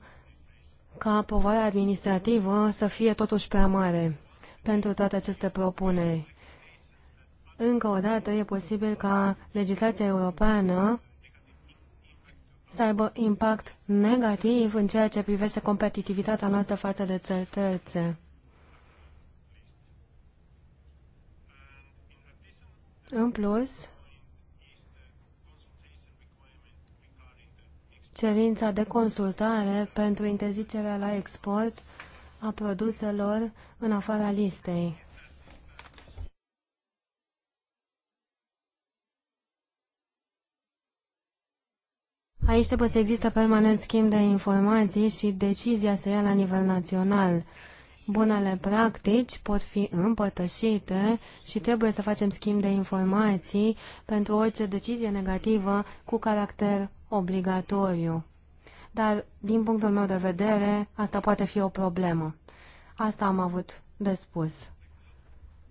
ca povara administrativă să fie totuși prea mare pentru toate aceste propuneri. Încă o dată e posibil ca legislația europeană să aibă impact negativ în ceea ce privește competitivitatea noastră față de țări terțe. În plus, cerința de consultare pentru interzicerea la export a produselor în afara listei. Aici trebuie să există permanent schimb de informații și decizia să ia la nivel național. Bunele practici pot fi împărtășite și trebuie să facem schimb de informații pentru orice decizie negativă cu caracter obligatoriu. Dar, din punctul meu de vedere, asta poate fi o problemă. Asta am avut de spus.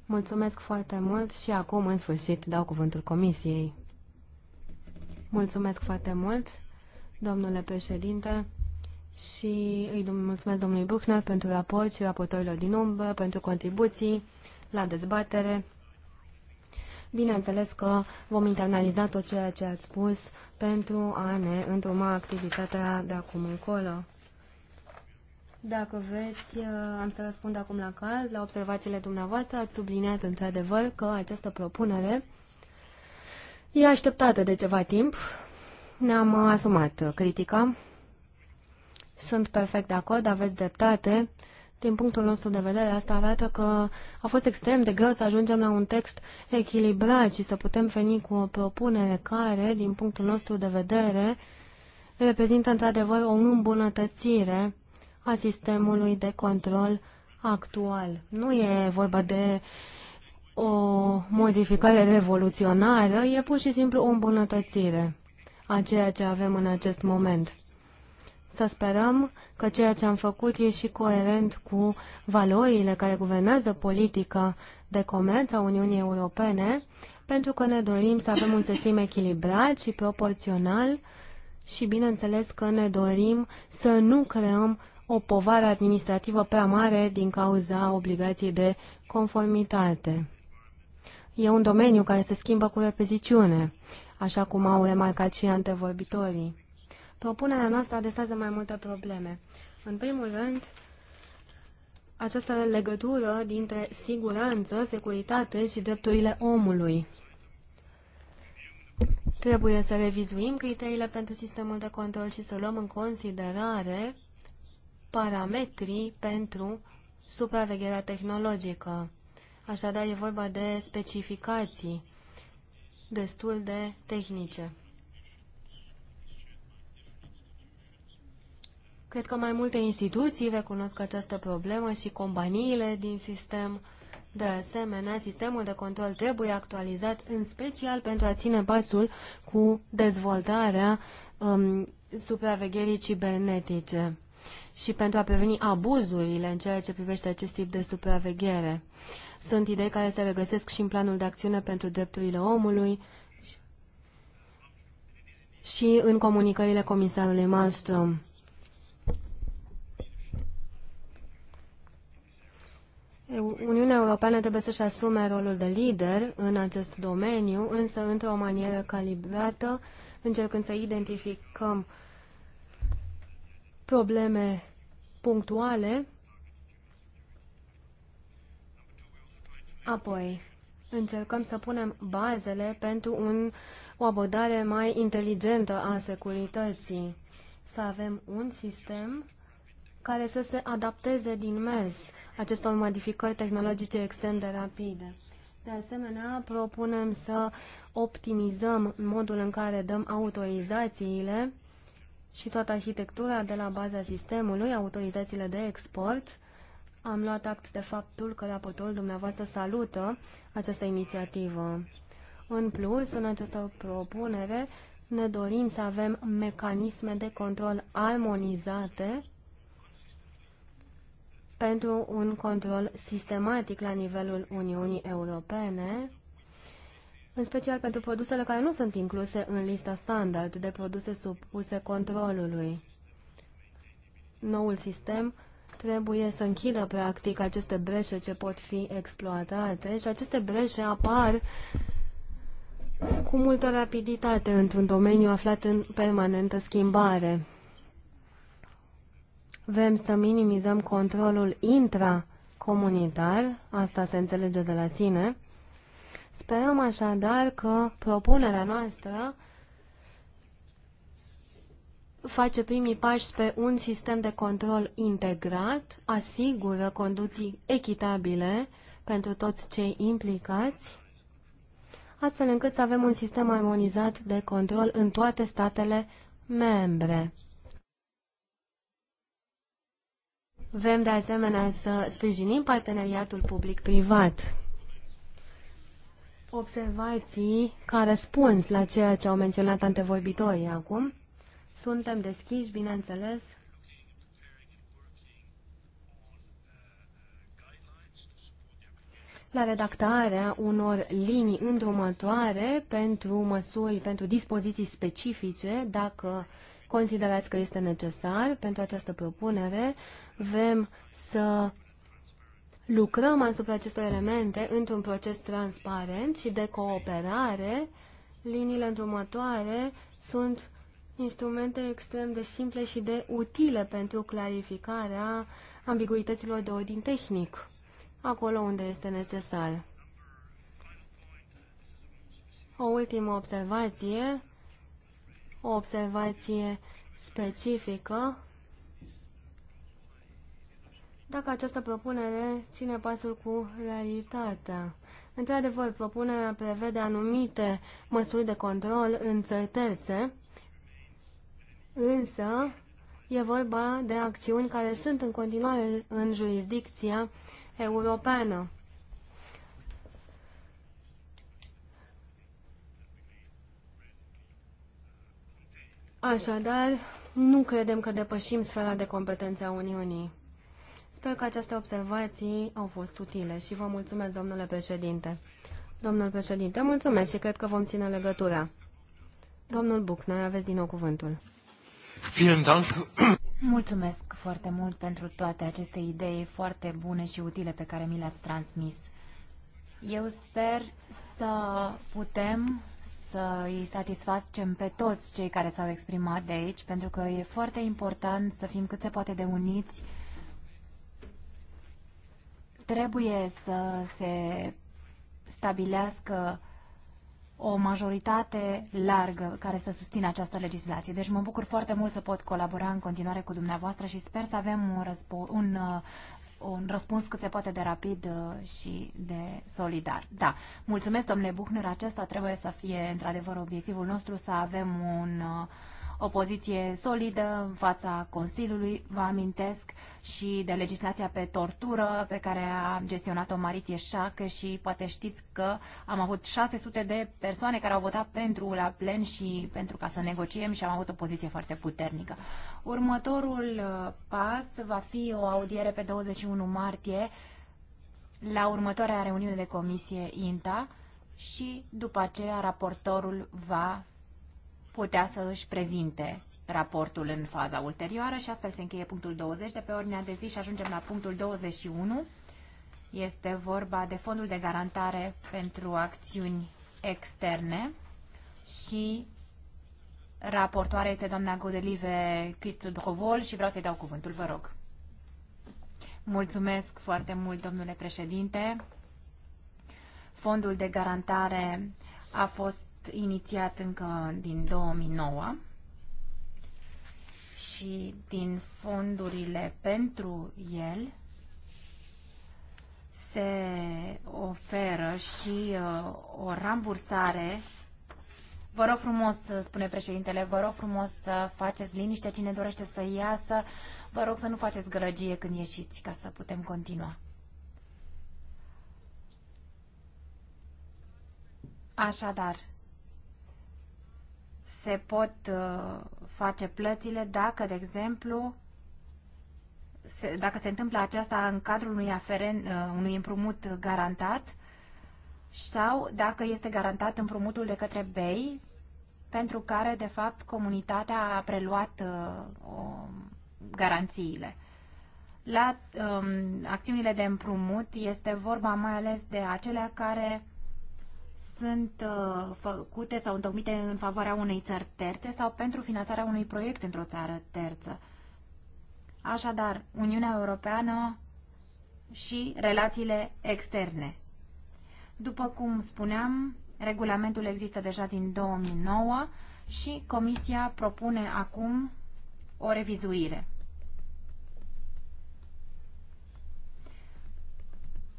Mulțumesc foarte mult și acum, în sfârșit, dau cuvântul comisiei. Mulțumesc foarte mult, domnule președinte și îi mulțumesc domnului Buchner pentru raport și raportorilor din umbră, pentru contribuții la dezbatere. Bineînțeles că vom internaliza tot ceea ce ați spus pentru a ne întruma activitatea de acum încolo. Dacă veți, uh, am să răspund acum la caz, la observațiile dumneavoastră. Ați subliniat într-adevăr că această propunere e așteptată de ceva timp. Ne-am asumat critica sunt perfect de acord, aveți dreptate. Din punctul nostru de vedere, asta arată că a fost extrem de greu să ajungem la un text echilibrat și să putem veni cu o propunere care, din punctul nostru de vedere, reprezintă într-adevăr o îmbunătățire a sistemului de control actual. Nu e vorba de o modificare revoluționară, e pur și simplu o îmbunătățire a ceea ce avem în acest moment. Să sperăm că ceea ce am făcut e și coerent cu valorile care guvernează politica de comerț a Uniunii Europene, pentru că ne dorim să avem un sistem echilibrat și proporțional și, bineînțeles, că ne dorim să nu creăm o povară administrativă prea mare din cauza obligației de conformitate. E un domeniu care se schimbă cu repeziciune, așa cum au remarcat și antevorbitorii. Propunerea noastră adresează mai multe probleme. În primul rând, această legătură dintre siguranță, securitate și drepturile omului. Trebuie să revizuim criteriile pentru sistemul de control și să luăm în considerare parametrii pentru supravegherea tehnologică. Așadar, e vorba de specificații destul de tehnice. Cred că mai multe instituții recunosc această problemă și companiile din sistem. De asemenea, sistemul de control trebuie actualizat în special pentru a ține pasul cu dezvoltarea um, supravegherii cibernetice și pentru a preveni abuzurile în ceea ce privește acest tip de supraveghere. Sunt idei care se regăsesc și în planul de acțiune pentru drepturile omului și în comunicările comisarului Malmström. Uniunea Europeană trebuie să-și asume rolul de lider în acest domeniu, însă într-o manieră calibrată, încercând să identificăm probleme punctuale. Apoi, încercăm să punem bazele pentru un, o abordare mai inteligentă a securității. Să avem un sistem care să se adapteze din mers acestor modificări tehnologice extrem de rapide. De asemenea, propunem să optimizăm modul în care dăm autorizațiile și toată arhitectura de la baza sistemului, autorizațiile de export. Am luat act de faptul că raportorul dumneavoastră salută această inițiativă. În plus, în această propunere, ne dorim să avem mecanisme de control armonizate pentru un control sistematic la nivelul Uniunii Europene, în special pentru produsele care nu sunt incluse în lista standard de produse supuse controlului. Noul sistem trebuie să închidă practic aceste breșe ce pot fi exploatate și aceste breșe apar cu multă rapiditate într-un domeniu aflat în permanentă schimbare. Vrem să minimizăm controlul intracomunitar, asta se înțelege de la sine. Sperăm așadar că propunerea noastră face primii pași spre un sistem de control integrat, asigură conduții echitabile pentru toți cei implicați, astfel încât să avem un sistem armonizat de control în toate statele membre. Vrem de asemenea să sprijinim parteneriatul public-privat. Observații ca răspuns la ceea ce au menționat antevorbitorii acum. Suntem deschiși, bineînțeles, la redactarea unor linii îndrumătoare pentru măsuri, pentru dispoziții specifice, dacă considerați că este necesar pentru această propunere, vrem să lucrăm asupra acestor elemente într-un proces transparent și de cooperare, liniile îndrumătoare sunt instrumente extrem de simple și de utile pentru clarificarea ambiguităților de ordin tehnic, acolo unde este necesar. O ultimă observație, o observație specifică dacă această propunere ține pasul cu realitatea. Într-adevăr, propunerea prevede anumite măsuri de control în țări terțe, însă e vorba de acțiuni care sunt în continuare în jurisdicția europeană. Așadar, nu credem că depășim sfera de competență a Uniunii. Sper că aceste observații au fost utile și vă mulțumesc, domnule președinte. Domnul președinte, mulțumesc și cred că vom ține legătura. Domnul noi aveți din nou cuvântul. Mulțumesc foarte mult pentru toate aceste idei foarte bune și utile pe care mi le-ați transmis. Eu sper să putem să îi satisfacem pe toți cei care s-au exprimat de aici, pentru că e foarte important să fim cât se poate de uniți Trebuie să se stabilească o majoritate largă care să susțină această legislație. Deci mă bucur foarte mult să pot colabora în continuare cu dumneavoastră și sper să avem un, răspu- un, uh, un răspuns cât se poate de rapid uh, și de solidar. Da, mulțumesc, domnule Buchner, acesta trebuie să fie într-adevăr obiectivul nostru, să avem un uh, o poziție solidă în fața Consiliului, vă amintesc, și de legislația pe tortură pe care a gestionat-o Marit Ieșacă și poate știți că am avut 600 de persoane care au votat pentru la plen și pentru ca să negociem și am avut o poziție foarte puternică. Următorul uh, pas va fi o audiere pe 21 martie la următoarea reuniune de comisie INTA și după aceea raportorul va putea să își prezinte raportul în faza ulterioară și astfel se încheie punctul 20 de pe ordinea de zi și ajungem la punctul 21. Este vorba de fondul de garantare pentru acțiuni externe și raportoare este doamna Godelive Cristu Drovol și vreau să-i dau cuvântul, vă rog. Mulțumesc foarte mult, domnule președinte. Fondul de garantare a fost inițiat încă din 2009 și din fondurile pentru el se oferă și uh, o rambursare. Vă rog frumos, uh, spune președintele, vă rog frumos să faceți liniște cine dorește să iasă. Vă rog să nu faceți gălăgie când ieșiți ca să putem continua. Așadar, se pot uh, face plățile dacă, de exemplu, se, dacă se întâmplă aceasta în cadrul unui, aferen, uh, unui împrumut garantat sau dacă este garantat împrumutul de către BEI, pentru care, de fapt, comunitatea a preluat uh, garanțiile. La um, acțiunile de împrumut este vorba mai ales de acelea care sunt uh, făcute sau întocmite în favoarea unei țări terțe sau pentru finanțarea unui proiect într-o țară terță. Așadar, Uniunea Europeană și relațiile externe. După cum spuneam, regulamentul există deja din 2009 și Comisia propune acum o revizuire.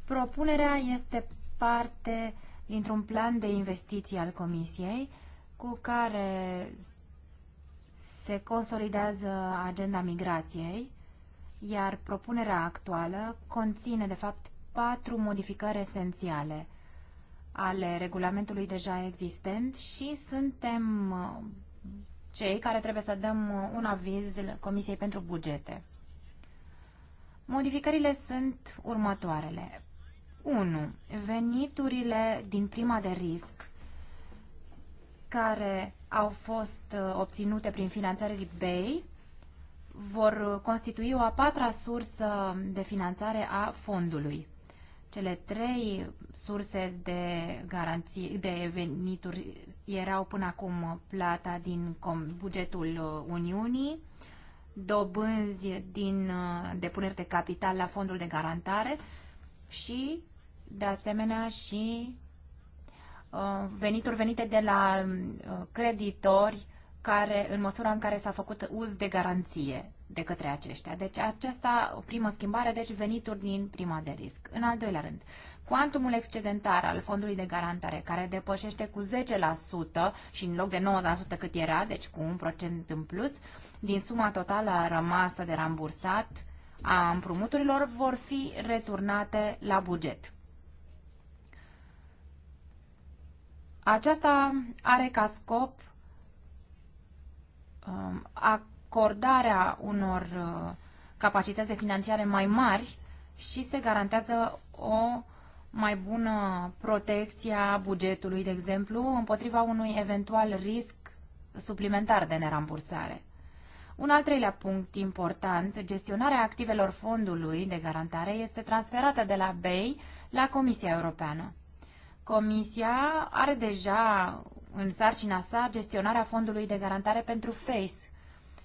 Propunerea este parte dintr-un plan de investiții al Comisiei cu care se consolidează agenda migrației, iar propunerea actuală conține, de fapt, patru modificări esențiale ale regulamentului deja existent și suntem uh, cei care trebuie să dăm uh, un aviz Comisiei pentru Bugete. Modificările sunt următoarele. 1. Veniturile din prima de risc care au fost uh, obținute prin de BEI vor uh, constitui o a patra sursă de finanțare a fondului. Cele trei surse de, garanție, de venituri erau până acum plata din bugetul uh, Uniunii, dobânzi din depuneri de capital la fondul de garantare și de asemenea și uh, venituri venite de la uh, creditori care, în măsura în care s-a făcut uz de garanție de către aceștia. Deci aceasta, o primă schimbare, deci venituri din prima de risc. În al doilea rând, cuantumul excedentar al fondului de garantare, care depășește cu 10% și în loc de 9% cât era, deci cu un procent în plus, din suma totală rămasă de rambursat a împrumuturilor vor fi returnate la buget. Aceasta are ca scop um, acordarea unor uh, capacități de finanțare mai mari și se garantează o mai bună protecție a bugetului, de exemplu, împotriva unui eventual risc suplimentar de nerambursare. Un al treilea punct important, gestionarea activelor fondului de garantare este transferată de la BEI la Comisia Europeană. Comisia are deja în sarcina sa gestionarea fondului de garantare pentru FACE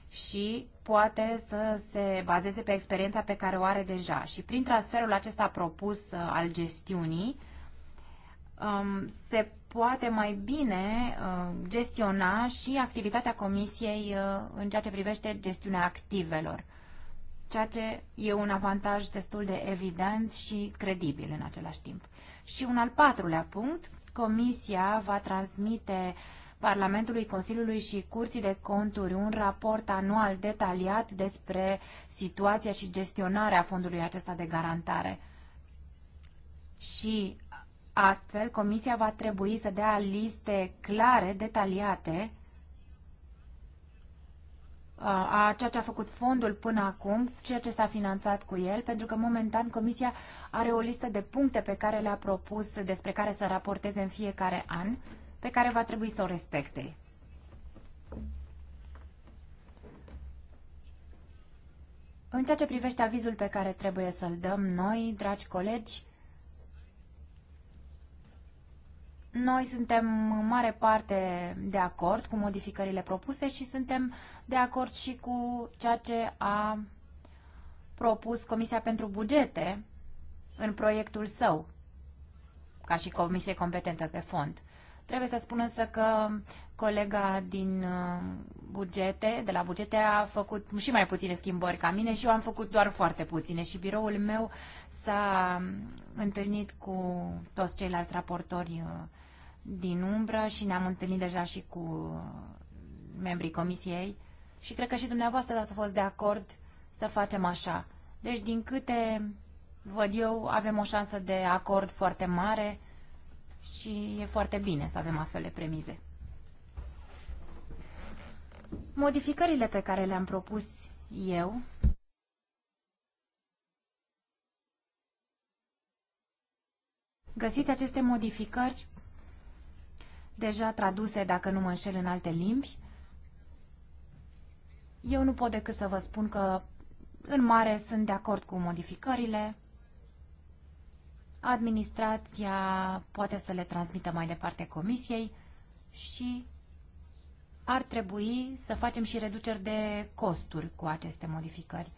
și poate să se bazeze pe experiența pe care o are deja. Și prin transferul acesta propus uh, al gestiunii, um, se poate mai bine uh, gestiona și activitatea Comisiei uh, în ceea ce privește gestiunea activelor, ceea ce e un avantaj destul de evident și credibil în același timp. Și un al patrulea punct, Comisia va transmite Parlamentului, Consiliului și Curții de Conturi un raport anual detaliat despre situația și gestionarea fondului acesta de garantare. Și astfel, Comisia va trebui să dea liste clare, detaliate, a ceea ce a făcut fondul până acum, ceea ce s-a finanțat cu el, pentru că momentan Comisia are o listă de puncte pe care le-a propus, despre care să raporteze în fiecare an, pe care va trebui să o respecte. În ceea ce privește avizul pe care trebuie să-l dăm noi, dragi colegi, Noi suntem în mare parte de acord cu modificările propuse și suntem de acord și cu ceea ce a propus Comisia pentru Bugete în proiectul său, ca și comisie competentă pe fond. Trebuie să spun însă că colega din uh, bugete, de la bugete, a făcut și mai puține schimbări ca mine și eu am făcut doar foarte puține și biroul meu s-a um, întâlnit cu toți ceilalți raportori uh, din umbră și ne-am întâlnit deja și cu membrii comisiei și cred că și dumneavoastră ați fost de acord să facem așa. Deci, din câte văd eu, avem o șansă de acord foarte mare și e foarte bine să avem astfel de premize. Modificările pe care le-am propus eu Găsiți aceste modificări deja traduse, dacă nu mă înșel, în alte limbi. Eu nu pot decât să vă spun că, în mare, sunt de acord cu modificările. Administrația poate să le transmită mai departe comisiei și ar trebui să facem și reduceri de costuri cu aceste modificări,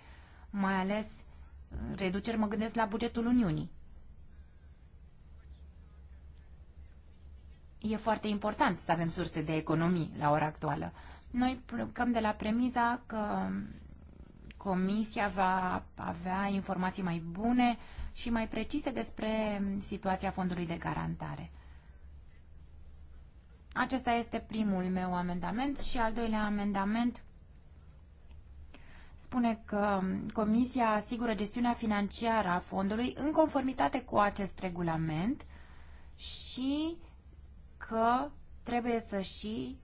mai ales reduceri mă gândesc la bugetul Uniunii. e foarte important să avem surse de economii la ora actuală. Noi plecăm de la premiza că Comisia va avea informații mai bune și mai precise despre situația fondului de garantare. Acesta este primul meu amendament și al doilea amendament spune că Comisia asigură gestiunea financiară a fondului în conformitate cu acest regulament și uh, că trebuie să și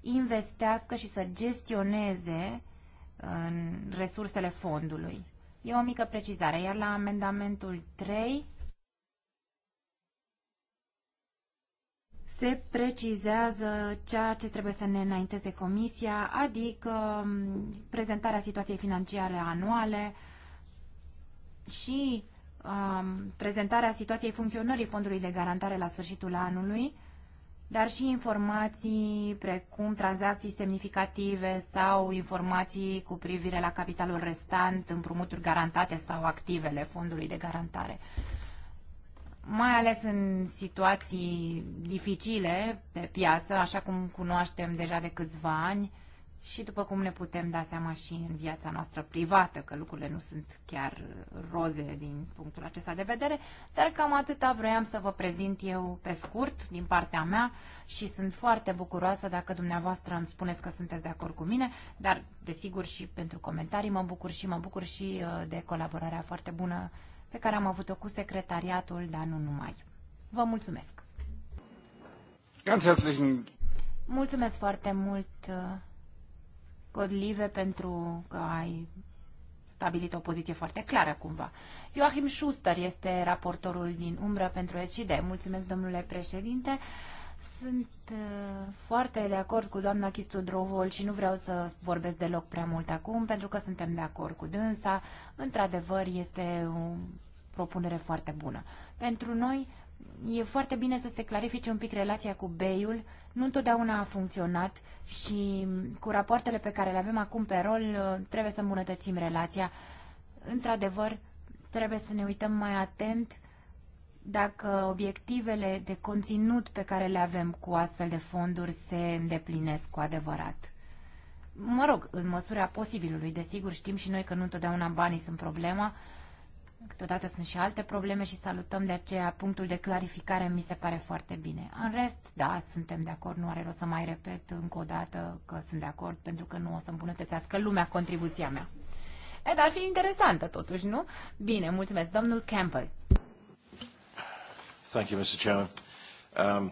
investească și să gestioneze în resursele fondului. E o mică precizare. Iar la amendamentul 3 se precizează ceea ce trebuie să ne înainteze comisia, adică um, prezentarea situației financiare anuale și um, prezentarea situației funcționării fondului de garantare la sfârșitul anului, dar și informații precum tranzacții semnificative sau informații cu privire la capitalul restant, împrumuturi garantate sau activele fondului de garantare. Mai ales în situații dificile pe piață, așa cum cunoaștem deja de câțiva ani, și după cum ne putem da seama și în viața noastră privată că lucrurile nu sunt chiar roze din punctul acesta de vedere, dar cam atâta vroiam să vă prezint eu pe scurt din partea mea și sunt foarte bucuroasă dacă dumneavoastră îmi spuneți că sunteți de acord cu mine, dar desigur și pentru comentarii mă bucur și mă bucur și uh, de colaborarea foarte bună pe care am avut-o cu secretariatul, dar nu numai. Vă mulțumesc! Mulțumesc foarte mult uh, Codlive pentru că ai stabilit o poziție foarte clară cumva. Joachim Schuster este raportorul din umbră pentru SCD. Mulțumesc, domnule președinte. Sunt uh, foarte de acord cu doamna Chistu Drovol și nu vreau să vorbesc deloc prea mult acum, pentru că suntem de acord cu dânsa. Într-adevăr, este o propunere foarte bună. Pentru noi, e foarte bine să se clarifice un pic relația cu Beiul. Nu întotdeauna a funcționat și cu rapoartele pe care le avem acum pe rol uh, trebuie să îmbunătățim relația. Într-adevăr, trebuie să ne uităm mai atent dacă obiectivele de conținut pe care le avem cu astfel de fonduri se îndeplinesc cu adevărat. Mă rog, în măsura posibilului, desigur, știm și noi că nu întotdeauna banii sunt problema, Câteodată sunt și alte probleme și salutăm de aceea punctul de clarificare mi se pare foarte bine. În rest, da, suntem de acord, nu are rost să mai repet încă o dată că sunt de acord pentru că nu o să îmbunătățească lumea contribuția mea. E, dar ar fi interesantă totuși, nu? Bine, mulțumesc. Domnul Campbell. Thank you, Mr. Chairman. Um,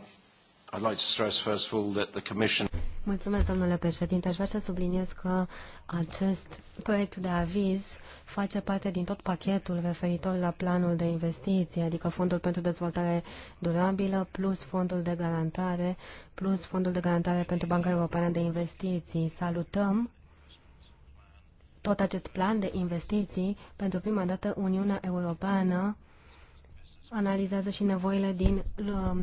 I'd like to stress first of all that the Commission Mulțumesc, domnule președinte. Aș vrea să subliniez că acest proiect de aviz face parte din tot pachetul referitor la planul de investiții, adică fondul pentru dezvoltare durabilă, plus fondul de garantare, plus fondul de garantare pentru Banca Europeană de Investiții. Salutăm tot acest plan de investiții. Pentru prima dată, Uniunea Europeană analizează și nevoile din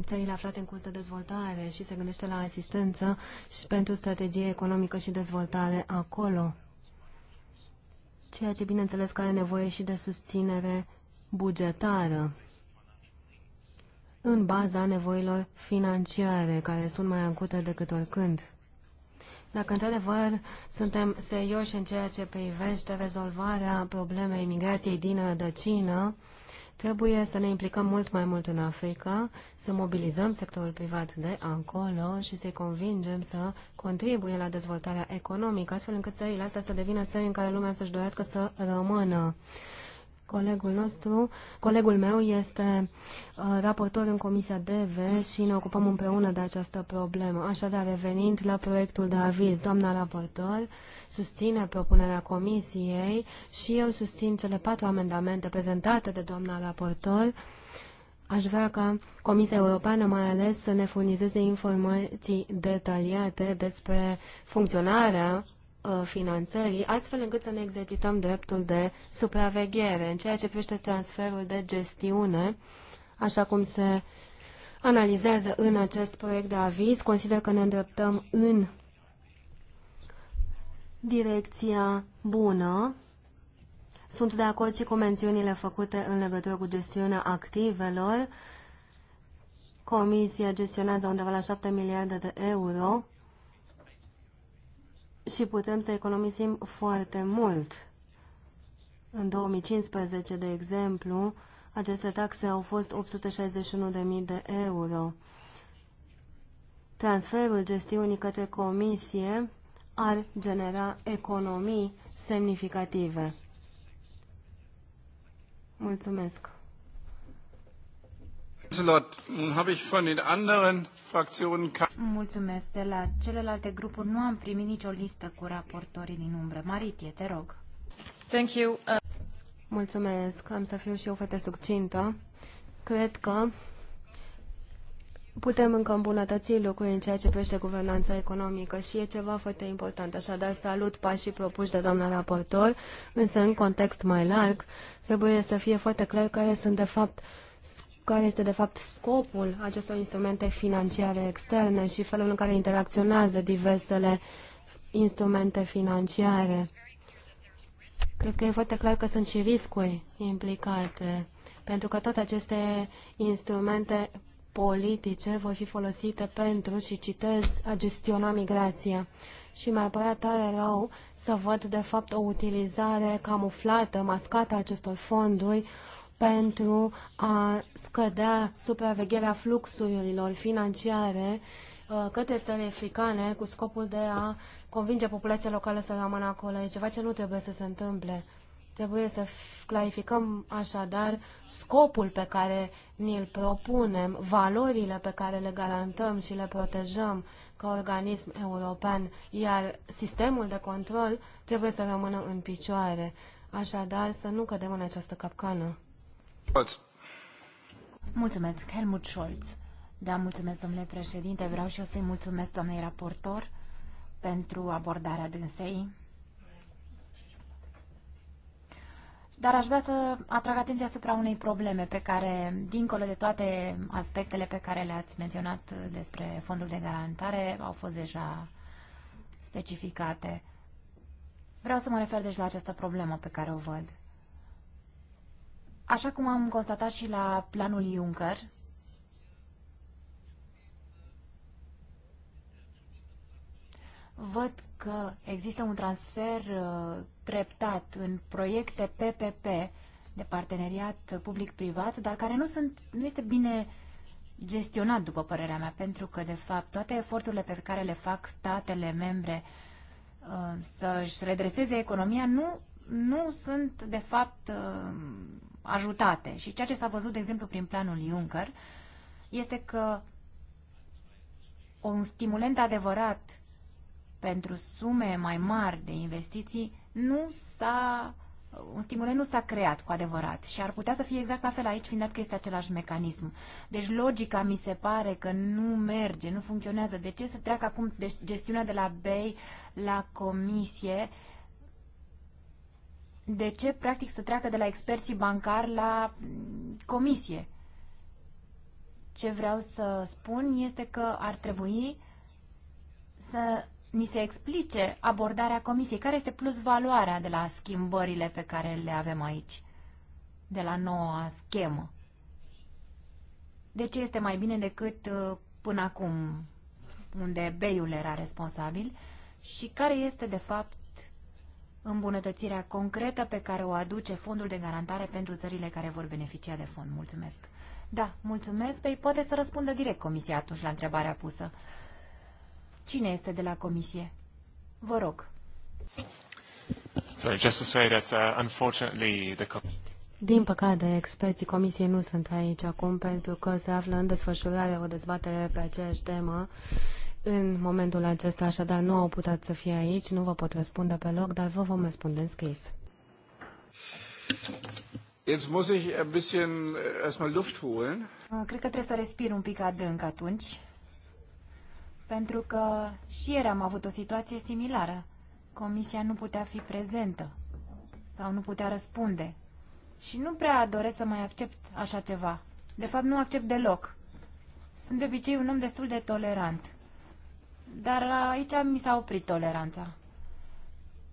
țările aflate în curs de dezvoltare și se gândește la asistență și pentru strategie economică și dezvoltare acolo ceea ce bineînțeles că are nevoie și de susținere bugetară în baza nevoilor financiare, care sunt mai acute decât oricând. Dacă într-adevăr suntem serioși în ceea ce privește rezolvarea problemei migrației din rădăcină, Trebuie să ne implicăm mult mai mult în Africa, să mobilizăm sectorul privat de acolo și să-i convingem să contribuie la dezvoltarea economică, astfel încât țările astea să devină țări în care lumea să-și dorească să rămână. Colegul nostru, colegul meu este uh, raportor în Comisia DV și ne ocupăm împreună de această problemă. Așadar, revenind la proiectul de aviz, doamna raportor susține propunerea Comisiei și eu susțin cele patru amendamente prezentate de doamna raportor. Aș vrea ca Comisia Europeană mai ales să ne furnizeze informații detaliate despre funcționarea Uh, finanțării, astfel încât să ne exercităm dreptul de supraveghere în ceea ce privește transferul de gestiune, așa cum se analizează în acest proiect de aviz. Consider că ne îndreptăm în direcția bună. Sunt de acord și cu mențiunile făcute în legătură cu gestiunea activelor. Comisia gestionează undeva la 7 miliarde de euro și putem să economisim foarte mult. În 2015, de exemplu, aceste taxe au fost 861.000 de euro. Transferul gestiunii către comisie ar genera economii semnificative. Mulțumesc! Mulțumesc. De la celelalte grupuri nu am primit nicio listă cu raportorii din umbră. Maritie, te rog. Thank you. Uh, mulțumesc. Am să fiu și eu fete succintă. Cred că putem încă îmbunătăți lucruri în ceea ce privește guvernanța economică și e ceva foarte important. Așadar, salut pașii propuși de doamna raportor, însă în context mai larg trebuie să fie foarte clar care sunt, de fapt, care este de fapt scopul acestor instrumente financiare externe și felul în care interacționează diversele instrumente financiare. Cred că e foarte clar că sunt și riscuri implicate, pentru că toate aceste instrumente politice vor fi folosite pentru, și citez, a gestiona migrația. Și mai părea tare rău să văd, de fapt, o utilizare camuflată, mascată a acestor fonduri pentru a scădea supravegherea fluxurilor financiare uh, către țări africane cu scopul de a convinge populația locală să rămână acolo. E ceva ce nu trebuie să se întâmple. Trebuie să clarificăm așadar scopul pe care ni-l propunem, valorile pe care le garantăm și le protejăm ca organism european, iar sistemul de control trebuie să rămână în picioare. Așadar, să nu cădem în această capcană. Scholz. Mulțumesc, Helmut Scholz. Da, mulțumesc, domnule președinte. Vreau și eu să-i mulțumesc, domnului raportor, pentru abordarea dânsei. Dar aș vrea să atrag atenția asupra unei probleme pe care, dincolo de toate aspectele pe care le-ați menționat despre fondul de garantare, au fost deja specificate. Vreau să mă refer deci la această problemă pe care o văd. Așa cum am constatat și la planul Juncker, văd că există un transfer uh, treptat în proiecte PPP de parteneriat public-privat, dar care nu, sunt, nu este bine gestionat, după părerea mea, pentru că, de fapt, toate eforturile pe care le fac statele membre uh, să-și redreseze economia nu, nu sunt, de fapt, uh, ajutate. Și ceea ce s-a văzut, de exemplu, prin planul Juncker, este că un stimulent adevărat pentru sume mai mari de investiții nu s-a un stimulent nu s-a creat cu adevărat și ar putea să fie exact la fel aici, fiind dat că este același mecanism. Deci logica mi se pare că nu merge, nu funcționează. De ce să treacă acum de gestiunea de la BEI la comisie de ce practic să treacă de la experții bancari la mm, comisie. Ce vreau să spun este că ar trebui să ni se explice abordarea comisiei. Care este plus valoarea de la schimbările pe care le avem aici, de la noua schemă? De ce este mai bine decât uh, până acum, unde Beiul era responsabil? Și care este, de fapt, îmbunătățirea concretă pe care o aduce fondul de garantare pentru țările care vor beneficia de fond. Mulțumesc. Da, mulțumesc. Păi poate să răspundă direct comisia atunci la întrebarea pusă. Cine este de la comisie? Vă rog. Sorry, just to say that uh, unfortunately the din păcate, experții comisiei nu sunt aici acum pentru că se află în desfășurare o dezbatere pe aceeași temă în momentul acesta, așadar, nu au putut să fie aici, nu vă pot răspunde pe loc, dar vă vom răspunde în scris. Jetzt muss ich ein bisschen äh, erstmal Luft holen. Ah, cred că trebuie să respir un pic adânc atunci, pentru că și ieri am avut o situație similară. Comisia nu putea fi prezentă sau nu putea răspunde. Și nu prea doresc să mai accept așa ceva. De fapt, nu accept deloc. Sunt de obicei un om destul de tolerant. Dar aici mi s-a oprit toleranța.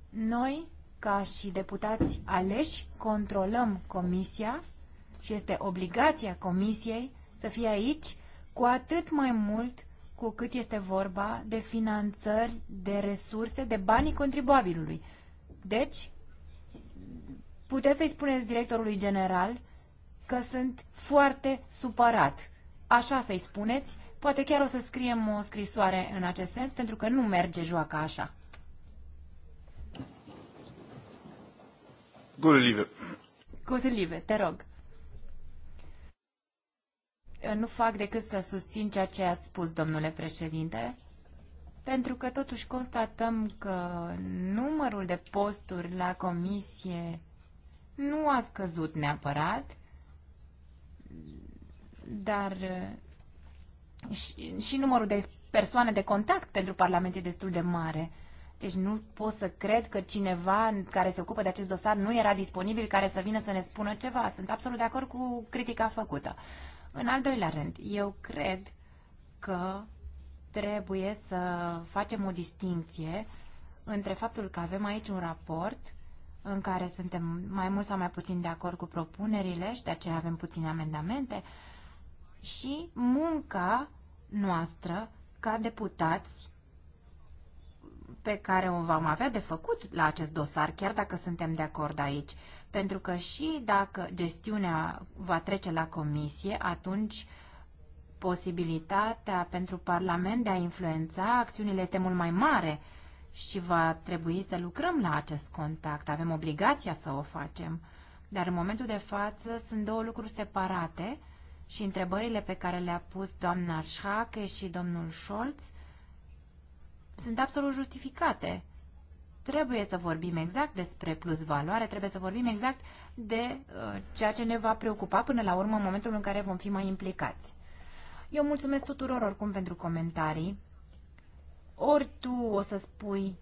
Noi, ca și deputați aleși, controlăm comisia și este obligația comisiei să fie aici cu atât mai mult cu cât este vorba de finanțări, de resurse, de banii contribuabilului. Deci, puteți să-i spuneți directorului general că sunt foarte supărat. Așa să-i spuneți Poate chiar o să scriem o scrisoare în acest sens, pentru că nu merge joaca așa. Gutelive. Gutelive, te rog. Eu nu fac decât să susțin ceea ce ați spus, domnule președinte, pentru că totuși constatăm că numărul de posturi la comisie nu a scăzut neapărat, dar și, și numărul de persoane de contact pentru Parlament e destul de mare. Deci nu pot să cred că cineva care se ocupă de acest dosar nu era disponibil care să vină să ne spună ceva. Sunt absolut de acord cu critica făcută. În al doilea rând, eu cred că trebuie să facem o distinție între faptul că avem aici un raport în care suntem mai mult sau mai puțin de acord cu propunerile și de aceea avem puține amendamente, și munca noastră ca deputați pe care o vom avea de făcut la acest dosar, chiar dacă suntem de acord aici. Pentru că și dacă gestiunea va trece la comisie, atunci posibilitatea pentru Parlament de a influența acțiunile este mult mai mare și va trebui să lucrăm la acest contact. Avem obligația să o facem. Dar în momentul de față sunt două lucruri separate și întrebările pe care le-a pus doamna Schake și domnul Scholz sunt absolut justificate. Trebuie să vorbim exact despre plus valoare, trebuie să vorbim exact de uh, ceea ce ne va preocupa până la urmă în momentul în care vom fi mai implicați. Eu mulțumesc tuturor oricum pentru comentarii. Ori tu o să spui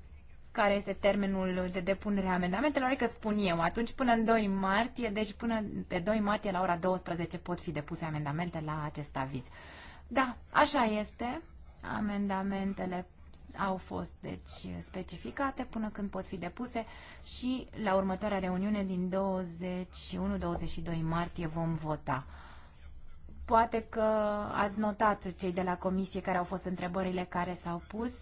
care este termenul de depunere a amendamentelor, adică spun eu, atunci până în 2 martie, deci până pe 2 martie la ora 12 pot fi depuse amendamente la acest aviz. Da, așa este. Amendamentele au fost deci specificate până când pot fi depuse și la următoarea reuniune din 21-22 martie vom vota. Poate că ați notat cei de la comisie care au fost întrebările care s-au pus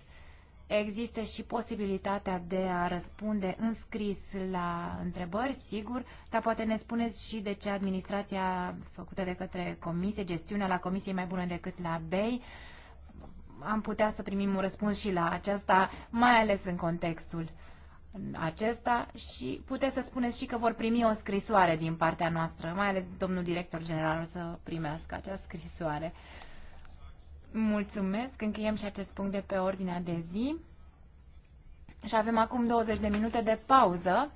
Există și posibilitatea de a răspunde în scris la întrebări, sigur, dar poate ne spuneți și de ce administrația făcută de către comisie, gestiunea la comisie e mai bună decât la BEI. Am putea să primim un răspuns și la aceasta, mai ales în contextul acesta și puteți să spuneți și că vor primi o scrisoare din partea noastră, mai ales domnul director general o să primească acea scrisoare. Mulțumesc. Încheiem și acest punct de pe ordinea de zi. Și avem acum 20 de minute de pauză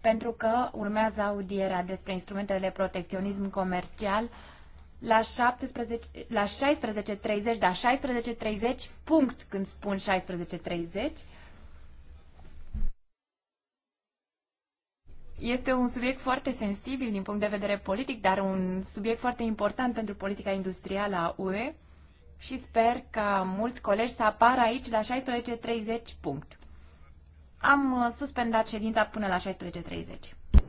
pentru că urmează audierea despre instrumentele de protecționism comercial la, 17, la 16.30, da, 16.30, punct când spun 16.30. Este un subiect foarte sensibil din punct de vedere politic, dar un subiect foarte important pentru politica industrială a UE și sper ca mulți colegi să apară aici la 16.30 punct. Am uh, suspendat ședința până la 16.30.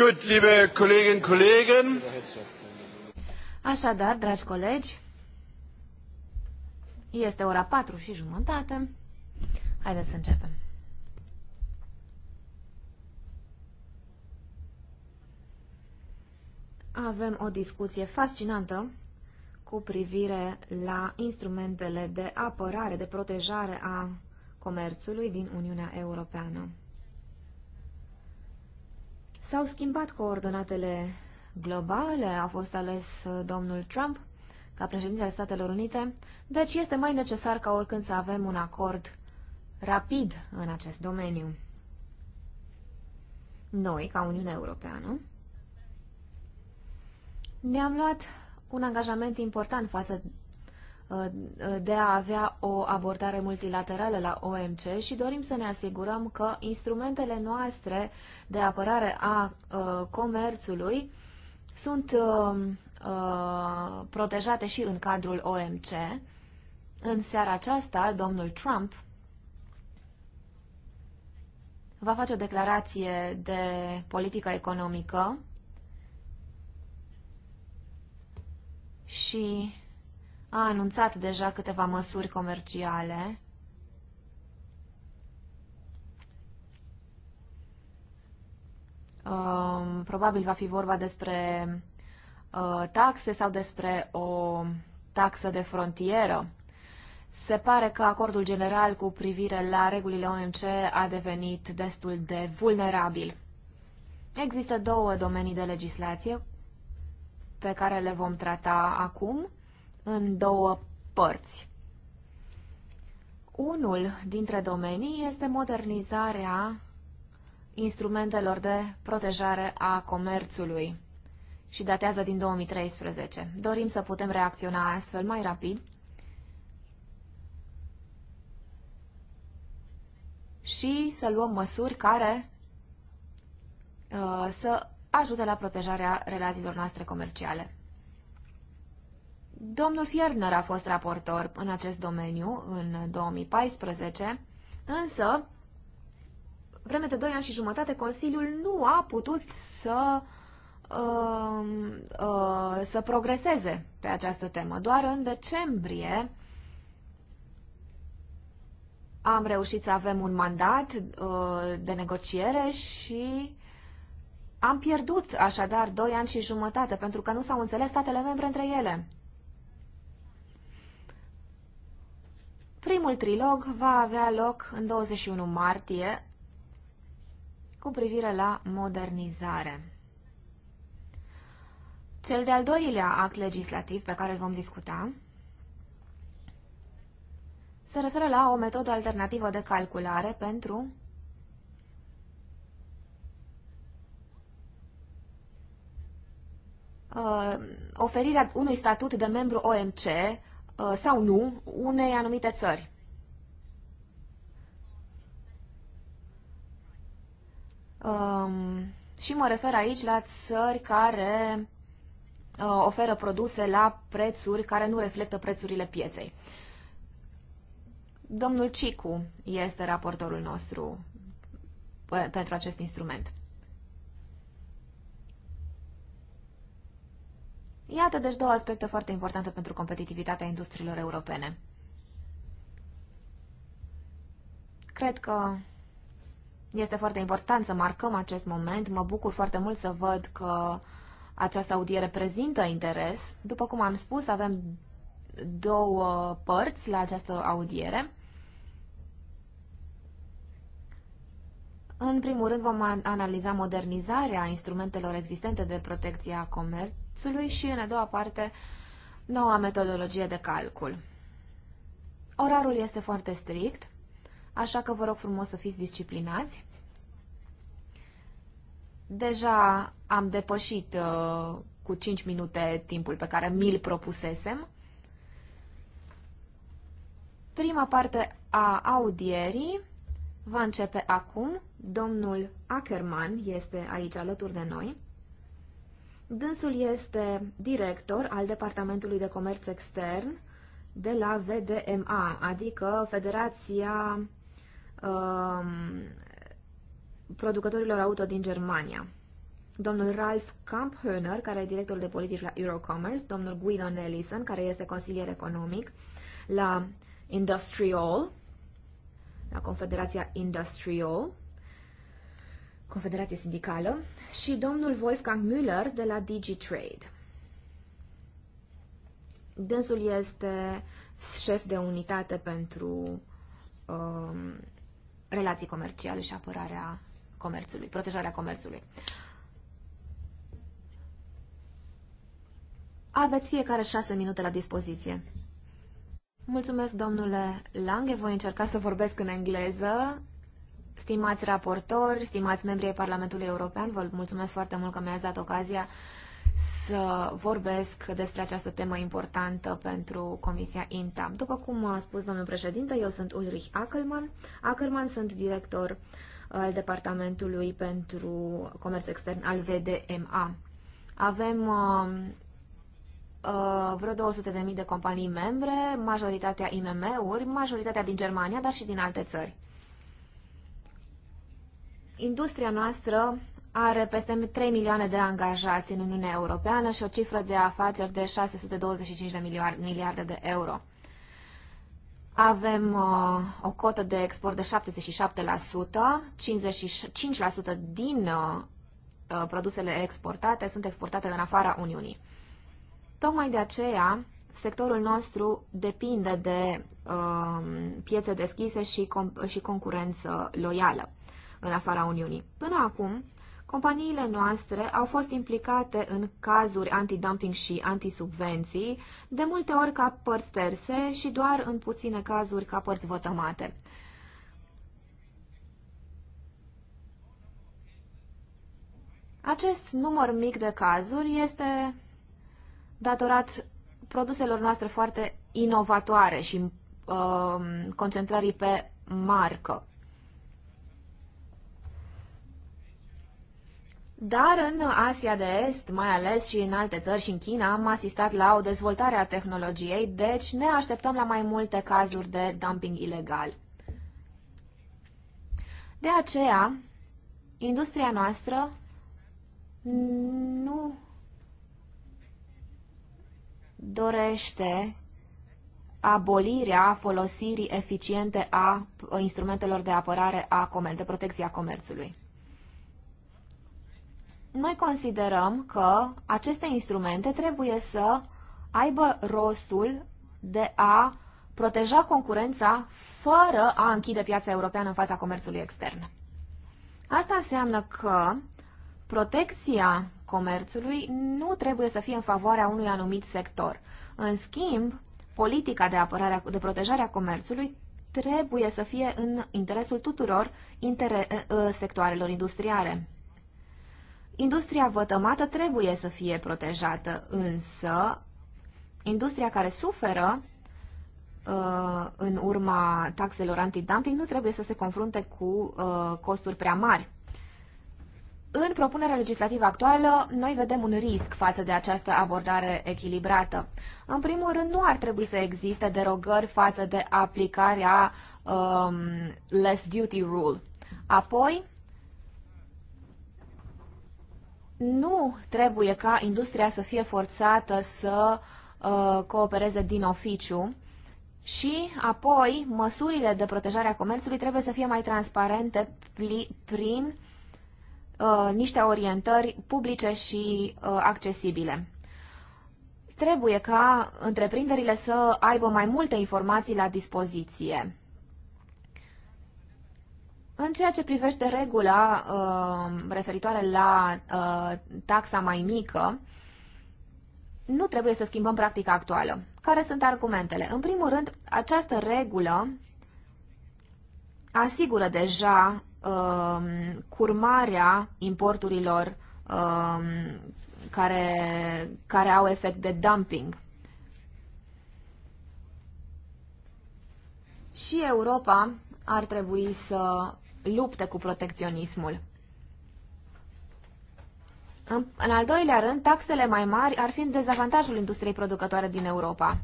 Gut, liebe Kolleginnen Kollegen. Așadar, dragi colegi, este ora 4 și jumătate. Haideți să începem. Avem o discuție fascinantă cu privire la instrumentele de apărare, de protejare a comerțului din Uniunea Europeană. S-au schimbat coordonatele globale, a fost ales domnul Trump ca președinte al Statelor Unite, deci este mai necesar ca oricând să avem un acord rapid în acest domeniu. Noi, ca Uniunea Europeană, ne-am luat un angajament important față Uh, de a avea o abordare multilaterală la OMC și dorim să ne asigurăm că instrumentele noastre de apărare a uh, comerțului sunt uh, protejate și în cadrul OMC. În seara aceasta, domnul Trump va face o declarație de politică economică și a anunțat deja câteva măsuri comerciale Um, probabil va fi vorba despre uh, taxe sau despre o taxă de frontieră. Se pare că acordul general cu privire la regulile OMC a devenit destul de vulnerabil. Există două domenii de legislație pe care le vom trata acum în două părți. Unul dintre domenii este modernizarea instrumentelor de protejare a comerțului și datează din 2013. Dorim să putem reacționa astfel mai rapid și să luăm măsuri care uh, să ajute la protejarea relațiilor noastre comerciale. Domnul Fierner a fost raportor în acest domeniu în 2014, însă, vreme de 2 ani și jumătate, Consiliul nu a putut să, uh, uh, să progreseze pe această temă. Doar în decembrie am reușit să avem un mandat uh, de negociere și am pierdut așadar 2 ani și jumătate pentru că nu s-au înțeles statele membre între ele. Primul trilog va avea loc în 21 martie cu privire la modernizare. Cel de-al doilea act legislativ pe care îl vom discuta se referă la o metodă alternativă de calculare pentru uh, oferirea unui statut de membru OMC Uh, sau nu unei anumite țări. Um, și mă refer aici la țări care uh, oferă produse la prețuri care nu reflectă prețurile pieței. Domnul Cicu este raportorul nostru pentru acest instrument. Iată deci două aspecte foarte importante pentru competitivitatea industriilor europene. Cred că este foarte important să marcăm acest moment. Mă bucur foarte mult să văd că această audiere prezintă interes. După cum am spus, avem două părți la această audiere. În primul rând vom analiza modernizarea instrumentelor existente de protecție a comerțului prețului și, în a doua parte, noua metodologie de calcul. Orarul este foarte strict, așa că vă rog frumos să fiți disciplinați. Deja am depășit uh, cu 5 minute timpul pe care mi-l propusesem. Prima parte a audierii va începe acum. Domnul Ackerman este aici alături de noi. Dânsul este director al Departamentului de Comerț Extern de la VDMA, adică Federația um, Producătorilor Auto din Germania. Domnul Ralf Kamphöner, care e directorul de politici la Eurocommerce, domnul Guido Nellison, care este consilier economic la Industrial, la Confederația Industrial, Confederație Sindicală, și domnul Wolfgang Müller de la DigiTrade. Dânsul este șef de unitate pentru um, relații comerciale și apărarea comerțului, protejarea comerțului. Aveți fiecare șase minute la dispoziție. Mulțumesc, domnule Lange. Voi încerca să vorbesc în engleză Stimați raportori, stimați membri ai Parlamentului European, vă mulțumesc foarte mult că mi-ați dat ocazia să vorbesc despre această temă importantă pentru Comisia INTA. După cum a spus domnul președinte, eu sunt Ulrich Ackermann. Ackermann sunt director uh, al Departamentului pentru Comerț Extern al VDMA. Avem uh, uh, vreo 200.000 de companii membre, majoritatea IMM-uri, majoritatea din Germania, dar și din alte țări. Industria noastră are peste 3 milioane de angajați în Uniunea Europeană și o cifră de afaceri de 625 de miliarde de euro. Avem uh, o cotă de export de 77%, 55% din uh, uh, produsele exportate sunt exportate în afara Uniunii. Tocmai de aceea, sectorul nostru depinde de uh, piețe deschise și, com- și concurență loială în afara Uniunii. Până acum, companiile noastre au fost implicate în cazuri antidumping și antisubvenții, de multe ori ca părți terse și doar în puține cazuri ca părți vătămate. Acest număr mic de cazuri este datorat produselor noastre foarte inovatoare și uh, concentrării pe marcă. Dar în Asia de Est, mai ales și în alte țări și în China, am asistat la o dezvoltare a tehnologiei, deci ne așteptăm la mai multe cazuri de dumping ilegal. De aceea, industria noastră nu dorește abolirea folosirii eficiente a instrumentelor de apărare a comer- de protecție a comerțului. Noi considerăm că aceste instrumente trebuie să aibă rostul de a proteja concurența fără a închide piața europeană în fața comerțului extern. Asta înseamnă că protecția comerțului nu trebuie să fie în favoarea unui anumit sector. În schimb, politica de, apărare, de protejare a comerțului trebuie să fie în interesul tuturor inter- eh, eh, sectoarelor industriale. Industria vătămată trebuie să fie protejată, însă industria care suferă uh, în urma taxelor antidumping nu trebuie să se confrunte cu uh, costuri prea mari. În propunerea legislativă actuală, noi vedem un risc față de această abordare echilibrată. În primul rând, nu ar trebui să existe derogări față de aplicarea um, less duty rule. Apoi, nu trebuie ca industria să fie forțată să uh, coopereze din oficiu și apoi măsurile de protejare a comerțului trebuie să fie mai transparente prin uh, niște orientări publice și uh, accesibile. Trebuie ca întreprinderile să aibă mai multe informații la dispoziție în ceea ce privește regula uh, referitoare la uh, taxa mai mică, nu trebuie să schimbăm practica actuală. Care sunt argumentele? În primul rând, această regulă asigură deja uh, curmarea importurilor uh, care, care au efect de dumping. Și Europa ar trebui să lupte cu protecționismul. În, în al doilea rând, taxele mai mari ar fi în dezavantajul industriei producătoare din Europa.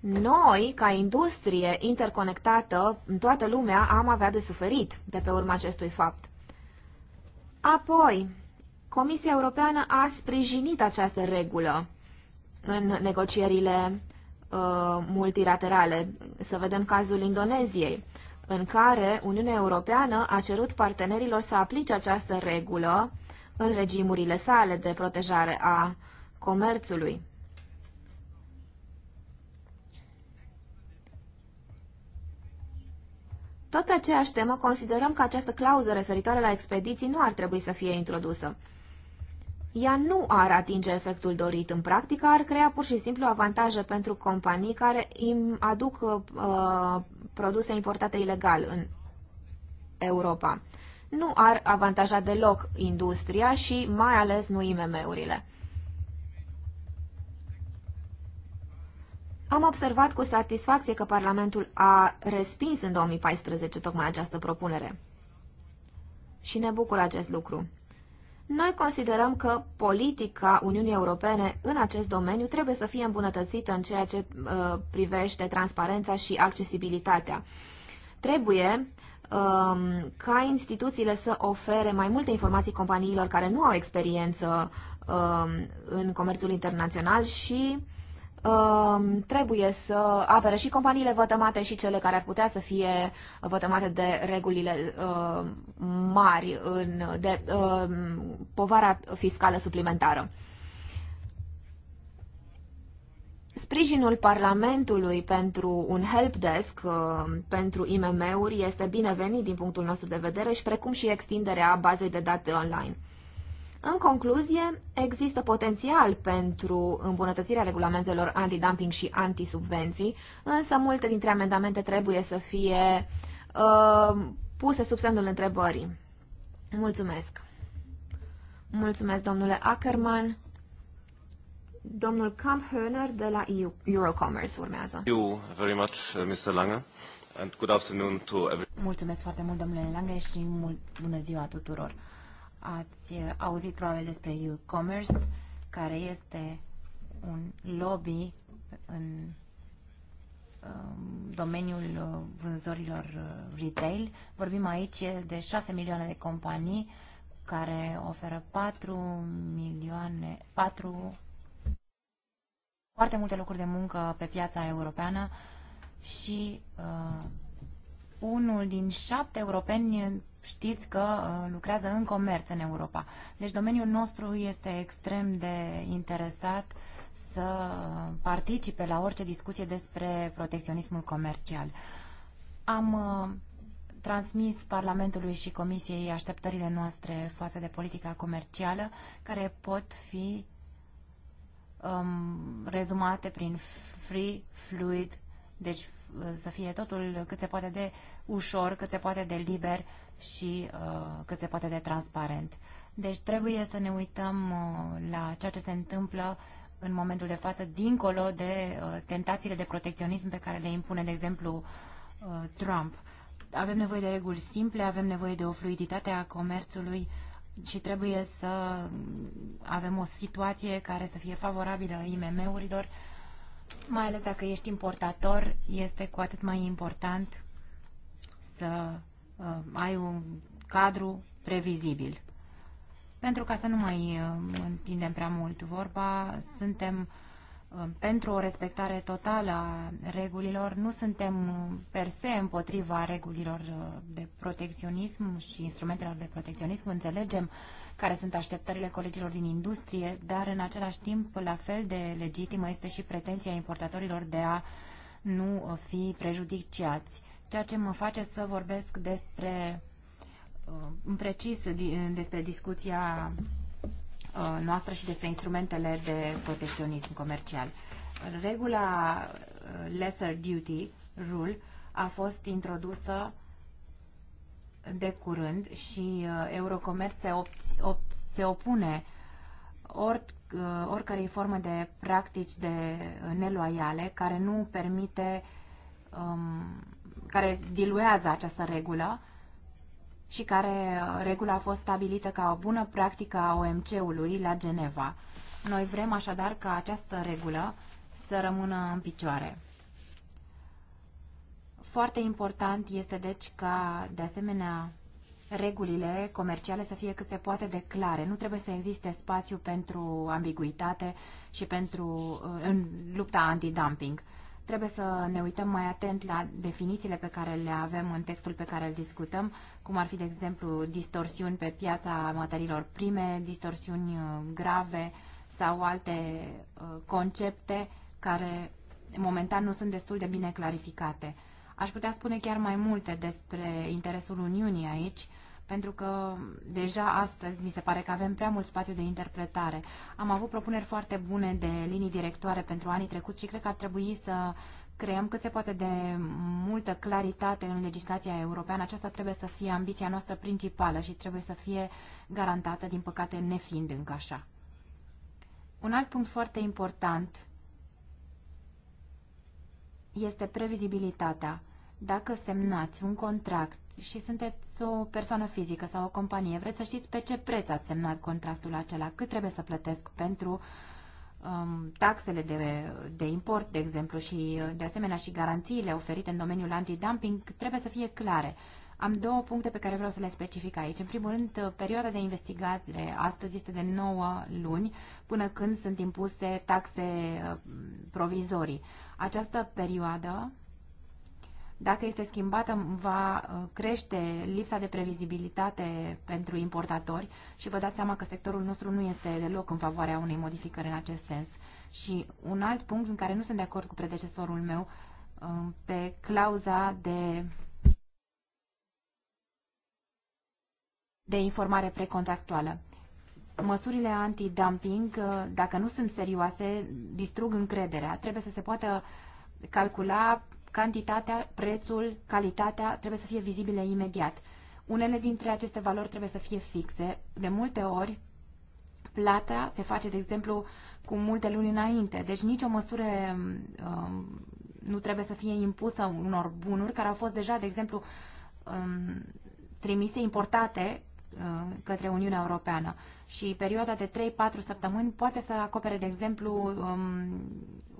Noi, ca industrie interconectată în toată lumea, am avea de suferit de pe urma acestui fapt. Apoi, Comisia Europeană a sprijinit această regulă în negocierile uh, multilaterale. Să vedem cazul Indoneziei în care Uniunea Europeană a cerut partenerilor să aplice această regulă în regimurile sale de protejare a comerțului. Tot pe aceeași temă, considerăm că această clauză referitoare la expediții nu ar trebui să fie introdusă ea nu ar atinge efectul dorit. În practică, ar crea pur și simplu avantaje pentru companii care aduc uh, produse importate ilegal în Europa. Nu ar avantaja deloc industria și mai ales nu IMM-urile. Am observat cu satisfacție că Parlamentul a respins în 2014 tocmai această propunere. Și ne bucur acest lucru. Noi considerăm că politica Uniunii Europene în acest domeniu trebuie să fie îmbunătățită în ceea ce uh, privește transparența și accesibilitatea. Trebuie um, ca instituțiile să ofere mai multe informații companiilor care nu au experiență um, în comerțul internațional și trebuie să apere și companiile vătămate și cele care ar putea să fie vătămate de regulile uh, mari, în, de uh, povara fiscală suplimentară. Sprijinul Parlamentului pentru un helpdesk uh, pentru IMM-uri este binevenit din punctul nostru de vedere și precum și extinderea bazei de date online. În concluzie, există potențial pentru îmbunătățirea regulamentelor antidumping și antisubvenții, însă multe dintre amendamente trebuie să fie uh, puse sub semnul întrebării. Mulțumesc! Mulțumesc, domnule Ackerman. Domnul Kamphöner de la EU, Eurocommerce urmează. Thank you very much, uh, Mr. Lange. And good afternoon to everyone. Mulțumesc foarte mult, domnule Lange, și mult bună ziua tuturor. Ați uh, auzit probabil despre e-commerce, care este un lobby în um, domeniul uh, vânzărilor uh, retail. Vorbim aici de 6 milioane de companii care oferă 4 milioane, 4 foarte multe locuri de muncă pe piața europeană și uh, unul din șapte europeni știți că uh, lucrează în comerț în Europa. Deci domeniul nostru este extrem de interesat să participe la orice discuție despre protecționismul comercial. Am uh, transmis Parlamentului și Comisiei așteptările noastre față de politica comercială, care pot fi um, rezumate prin free, fluid, deci uh, să fie totul cât se poate de ușor, cât se poate de liber, uh, și uh, cât se poate de transparent. Deci trebuie să ne uităm uh, la ceea ce se întâmplă în momentul de față, dincolo de uh, tentațiile de protecționism pe care le impune, de exemplu, uh, Trump. Avem nevoie de reguli simple, avem nevoie de o fluiditate a comerțului și trebuie să avem o situație care să fie favorabilă IMM-urilor, mai ales dacă ești importator, este cu atât mai important să uh, ai un cadru previzibil. Pentru ca să nu mai uh, întindem prea mult vorba, suntem uh, pentru o respectare totală a regulilor, nu suntem uh, per se împotriva regulilor uh, de protecționism și instrumentelor de protecționism, înțelegem care sunt așteptările colegilor din industrie, dar în același timp la fel de legitimă este și pretenția importatorilor de a nu uh, fi prejudiciați ceea ce mă face să vorbesc despre uh, în precis despre discuția uh, noastră și despre instrumentele de protecționism comercial. Regula uh, lesser duty rule a fost introdusă de curând și Eurocomerț se, op, op, se opune or, oricărei formă de practici de neloiale care nu permite um, care diluează această regulă și care uh, regula a fost stabilită ca o bună practică a OMC-ului la Geneva. Noi vrem așadar ca această regulă să rămână în picioare. Foarte important este deci ca, de asemenea, regulile comerciale să fie cât se poate de clare. Nu trebuie să existe spațiu pentru ambiguitate și pentru uh, în lupta antidumping. dumping Trebuie să ne uităm mai atent la definițiile pe care le avem în textul pe care îl discutăm, cum ar fi, de exemplu, distorsiuni pe piața materiilor prime, distorsiuni uh, grave sau alte uh, concepte care momentan nu sunt destul de bine clarificate. Aș putea spune chiar mai multe despre interesul Uniunii aici, pentru că deja astăzi mi se pare că avem prea mult spațiu de interpretare. Am avut propuneri foarte bune de linii directoare pentru anii trecuți și cred că ar trebui să creăm cât se poate de multă claritate în legislația europeană. Aceasta trebuie să fie ambiția noastră principală și trebuie să fie garantată, din păcate, nefiind încă așa. Un alt punct foarte important este previzibilitatea. Dacă semnați un contract și sunteți o persoană fizică sau o companie, vreți să știți pe ce preț ați semnat contractul acela, cât trebuie să plătesc pentru um, taxele de, de import, de exemplu, și uh, de asemenea și garanțiile oferite în domeniul antidumping, trebuie să fie clare. Am două puncte pe care vreau să le specific aici. În primul rând, uh, perioada de investigare astăzi este de 9 luni până când sunt impuse taxe uh, provizorii. Această perioadă dacă este schimbată, va uh, crește lipsa de previzibilitate pentru importatori și vă dați seama că sectorul nostru nu este deloc în favoarea unei modificări în acest sens. Și un alt punct în care nu sunt de acord cu predecesorul meu, uh, pe clauza de de informare precontractuală. Măsurile anti-dumping uh, dacă nu sunt serioase, distrug încrederea. Trebuie să se poată calcula Cantitatea, prețul, calitatea trebuie să fie vizibile imediat. Unele dintre aceste valori trebuie să fie fixe. De multe ori, plata se face, de exemplu, cu multe luni înainte. Deci nicio măsură um, nu trebuie să fie impusă unor bunuri care au fost deja, de exemplu, um, trimise, importate Uh, către Uniunea Europeană. Și perioada de 3-4 săptămâni poate să acopere, de exemplu, um,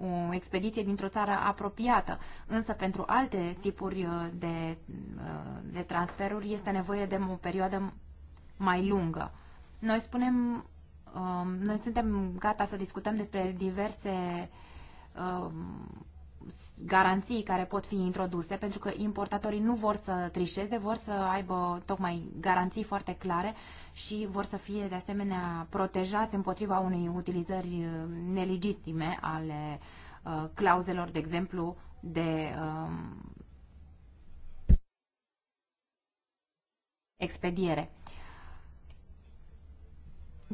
o expediție dintr-o țară apropiată. Însă pentru alte tipuri uh, de, uh, de transferuri este nevoie de o perioadă mai lungă. Noi spunem, um, noi suntem gata să discutăm despre diverse um, garanții care pot fi introduse, pentru că importatorii nu vor să trișeze, vor să aibă tocmai garanții foarte clare și vor să fie de asemenea protejați împotriva unei utilizări uh, nelegitime ale uh, clauzelor, de exemplu, de um, expediere. Uh,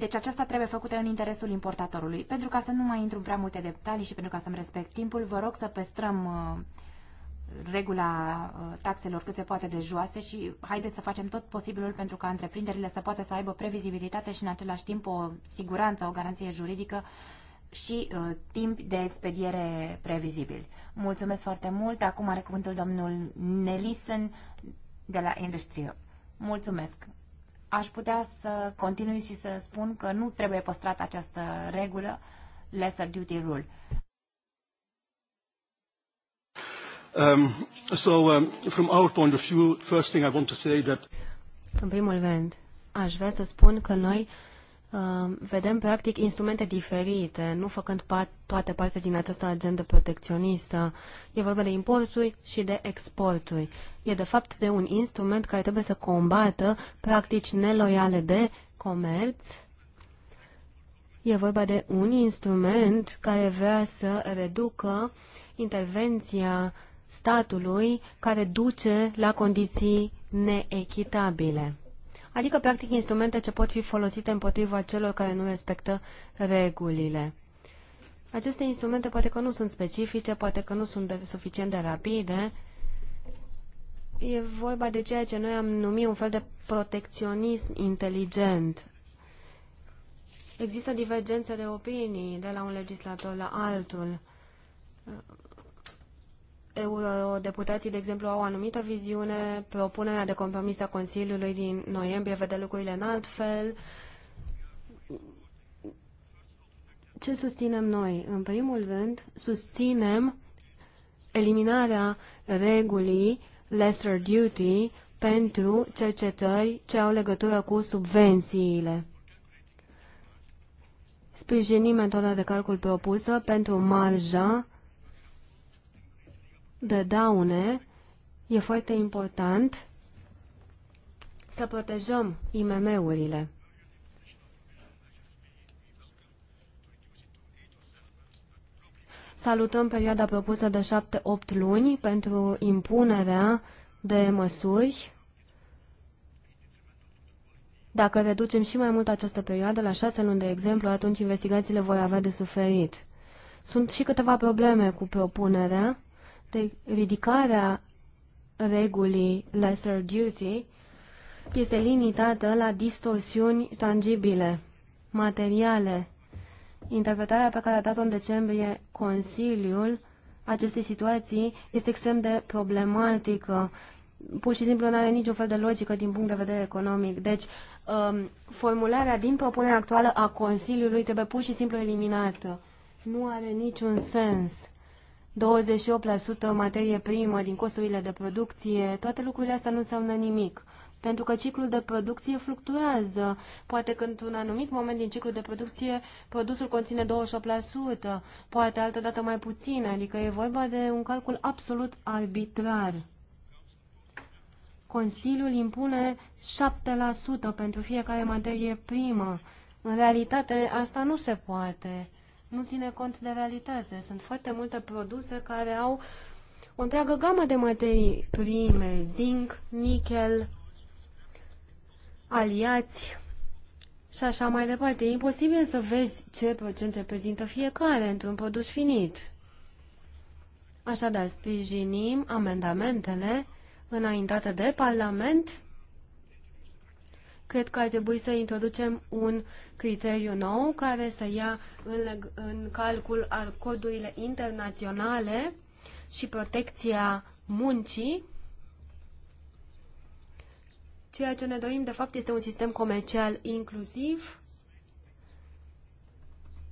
deci aceasta trebuie făcută în interesul importatorului. Pentru ca să nu mai intru în prea multe detalii și pentru ca să-mi respect timpul, vă rog să păstrăm uh, regula uh, taxelor cât se poate de joase și haideți să facem tot posibilul pentru ca întreprinderile să poată să aibă previzibilitate și în același timp o siguranță, o garanție juridică și uh, timp de expediere previzibil. Mulțumesc foarte mult. Acum are cuvântul domnul Nelison de la Industrie. Mulțumesc aș putea să continui și să spun că nu trebuie păstrată această regulă, lesser duty rule. Um, so, um, from our point of view, first thing I want to say that... În primul rând, aș vrea să spun că noi uh, vedem practic instrumente diferite, nu făcând toate parte din această agendă protecționistă. E vorba de importuri și de exporturi. E de fapt de un instrument care trebuie să combată practici neloiale de comerț. E vorba de un instrument care vrea să reducă intervenția statului care duce la condiții neechitabile adică practic instrumente ce pot fi folosite împotriva celor care nu respectă regulile. Aceste instrumente poate că nu sunt specifice, poate că nu sunt de, suficient de rapide. E vorba de ceea ce noi am numit un fel de protecționism inteligent. Există divergențe de opinii de la un legislator la altul eurodeputații, de exemplu, au o anumită viziune, propunerea de compromis a Consiliului din noiembrie vede lucrurile în alt fel. Ce susținem noi? În primul rând, susținem eliminarea regulii lesser duty pentru cercetări ce au legătură cu subvențiile. Sprijinim metoda de calcul propusă pentru marja de daune, e foarte important să protejăm IMM-urile. Salutăm perioada propusă de 7-8 luni pentru impunerea de măsuri. Dacă reducem și mai mult această perioadă, la 6 luni, de exemplu, atunci investigațiile vor avea de suferit. Sunt și câteva probleme cu propunerea de ridicarea regulii lesser duty este limitată la distorsiuni tangibile, materiale. Interpretarea pe care a dat-o în decembrie Consiliul acestei situații este extrem de problematică. Pur și simplu nu are niciun fel de logică din punct de vedere economic. Deci, um, formularea din propunerea actuală a Consiliului trebuie pur și simplu eliminată. Nu are niciun sens. 28% materie primă din costurile de producție, toate lucrurile astea nu înseamnă nimic. Pentru că ciclul de producție fluctuează. Poate că într-un anumit moment din ciclul de producție produsul conține 28%, poate dată mai puțin, adică e vorba de un calcul absolut arbitrar. Consiliul impune 7% pentru fiecare materie primă. În realitate asta nu se poate nu ține cont de realitate. Sunt foarte multe produse care au o întreagă gamă de materii prime, zinc, nichel, aliați și așa mai departe. E imposibil să vezi ce procent reprezintă fiecare într-un produs finit. Așadar, sprijinim amendamentele înaintate de Parlament cred că ar trebui să introducem un criteriu nou care să ia în, în calcul acordurile internaționale și protecția muncii. Ceea ce ne dorim, de fapt, este un sistem comercial inclusiv,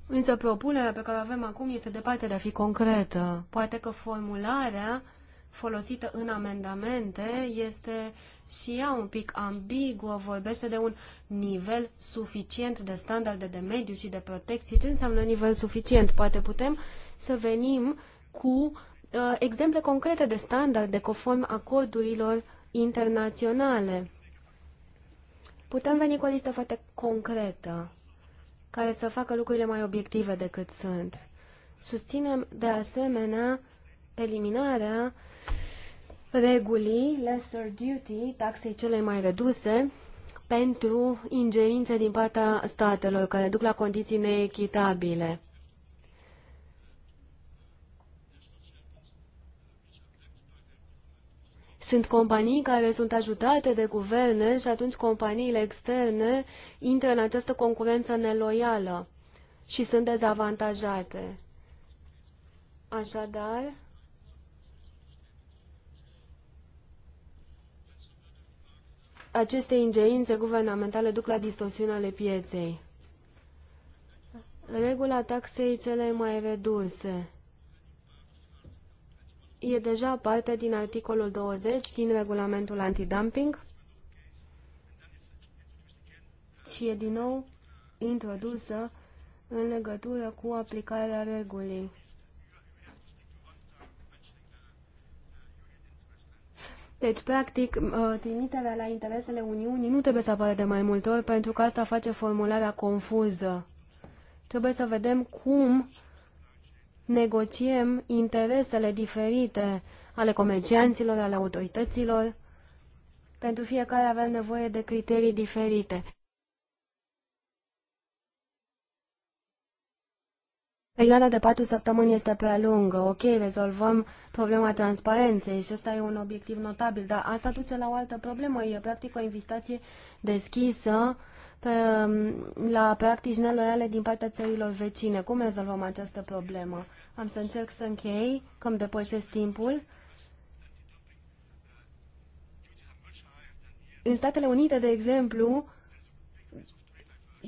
însă propunerea pe care o avem acum este departe de a fi concretă. Poate că formularea uh, folosită în amendamente este și ea un pic ambiguă, vorbește de un nivel suficient de standarde de mediu și de protecție. Ce înseamnă nivel suficient? Poate putem să venim cu uh, exemple concrete de standarde conform acordurilor internaționale. Putem veni cu o listă foarte concretă care să facă lucrurile mai obiective decât sunt. Susținem de asemenea eliminarea regulii lesser duty, taxei cele mai reduse, pentru ingerințe din partea statelor care duc la condiții neechitabile. Sunt companii care sunt ajutate de guverne și atunci companiile externe intră în această concurență neloială și sunt dezavantajate. Așadar, aceste ingerințe guvernamentale duc la distorsiunile ale pieței. Regula taxei cele mai reduse e deja parte din articolul 20 din regulamentul antidumping și e din nou introdusă în legătură cu aplicarea regulii. Deci, practic, uh, trimiterea la interesele Uniunii nu trebuie să apară de mai multe ori, pentru că asta face formularea confuză. Trebuie să vedem cum negociem interesele diferite ale comercianților, ale autorităților. Pentru fiecare avem nevoie de criterii diferite. Perioada de patru săptămâni este prea lungă. Ok, rezolvăm problema transparenței și ăsta e un obiectiv notabil, dar asta duce la o altă problemă. E practic o invitație deschisă pe, la practici neloiale din partea țărilor vecine. Cum rezolvăm această problemă? Am să încerc să închei, că îmi depășesc timpul. În Statele Unite, de exemplu,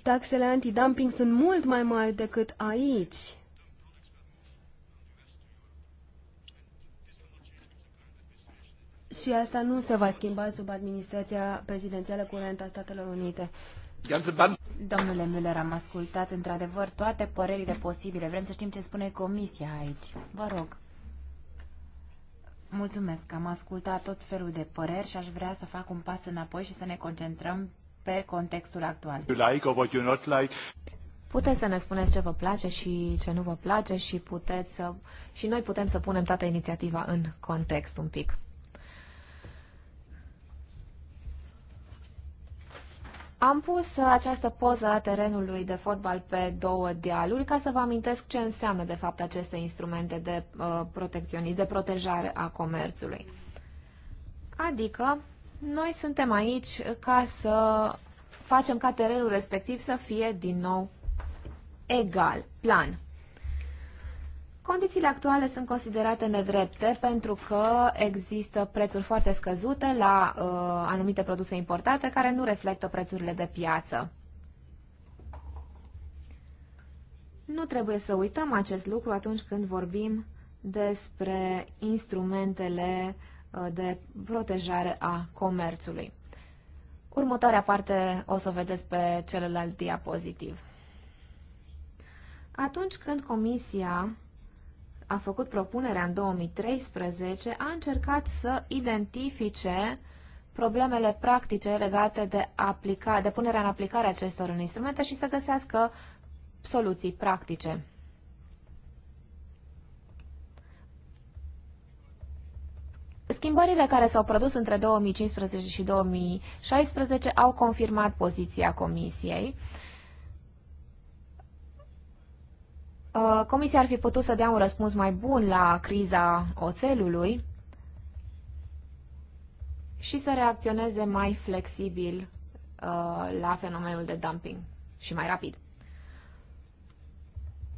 taxele antidumping sunt mult mai mari decât aici. Și asta nu se va schimba sub administrația prezidențială curentă a Statelor Unite. Domnule Müller, am ascultat într-adevăr toate părerile posibile. Vrem să știm ce spune Comisia aici. Vă rog. Mulțumesc, am ascultat tot felul de păreri și aș vrea să fac un pas înapoi și să ne concentrăm pe contextul actual. Puteți să ne spuneți ce vă place și ce nu vă place și puteți să... și noi putem să punem toată inițiativa în context un pic. Am pus această poză a terenului de fotbal pe două dealuri ca să vă amintesc ce înseamnă de fapt aceste instrumente de uh, de protejare a comerțului. Adică, noi suntem aici ca să facem ca terenul respectiv să fie din nou egal, plan. Condițiile actuale sunt considerate nedrepte pentru că există prețuri foarte scăzute la uh, anumite produse importate care nu reflectă prețurile de piață. Nu trebuie să uităm acest lucru atunci când vorbim despre instrumentele uh, de protejare a comerțului. Următoarea parte o să vedeți pe celălalt diapozitiv. Atunci când Comisia a făcut propunerea în 2013, a încercat să identifice problemele practice legate de, aplica, de punerea în aplicare acestor instrumente și să găsească soluții practice. Schimbările care s-au produs între 2015 și 2016 au confirmat poziția Comisiei. Uh, comisia ar fi putut să dea un răspuns mai bun la criza oțelului și să reacționeze mai flexibil uh, la fenomenul de dumping și mai rapid.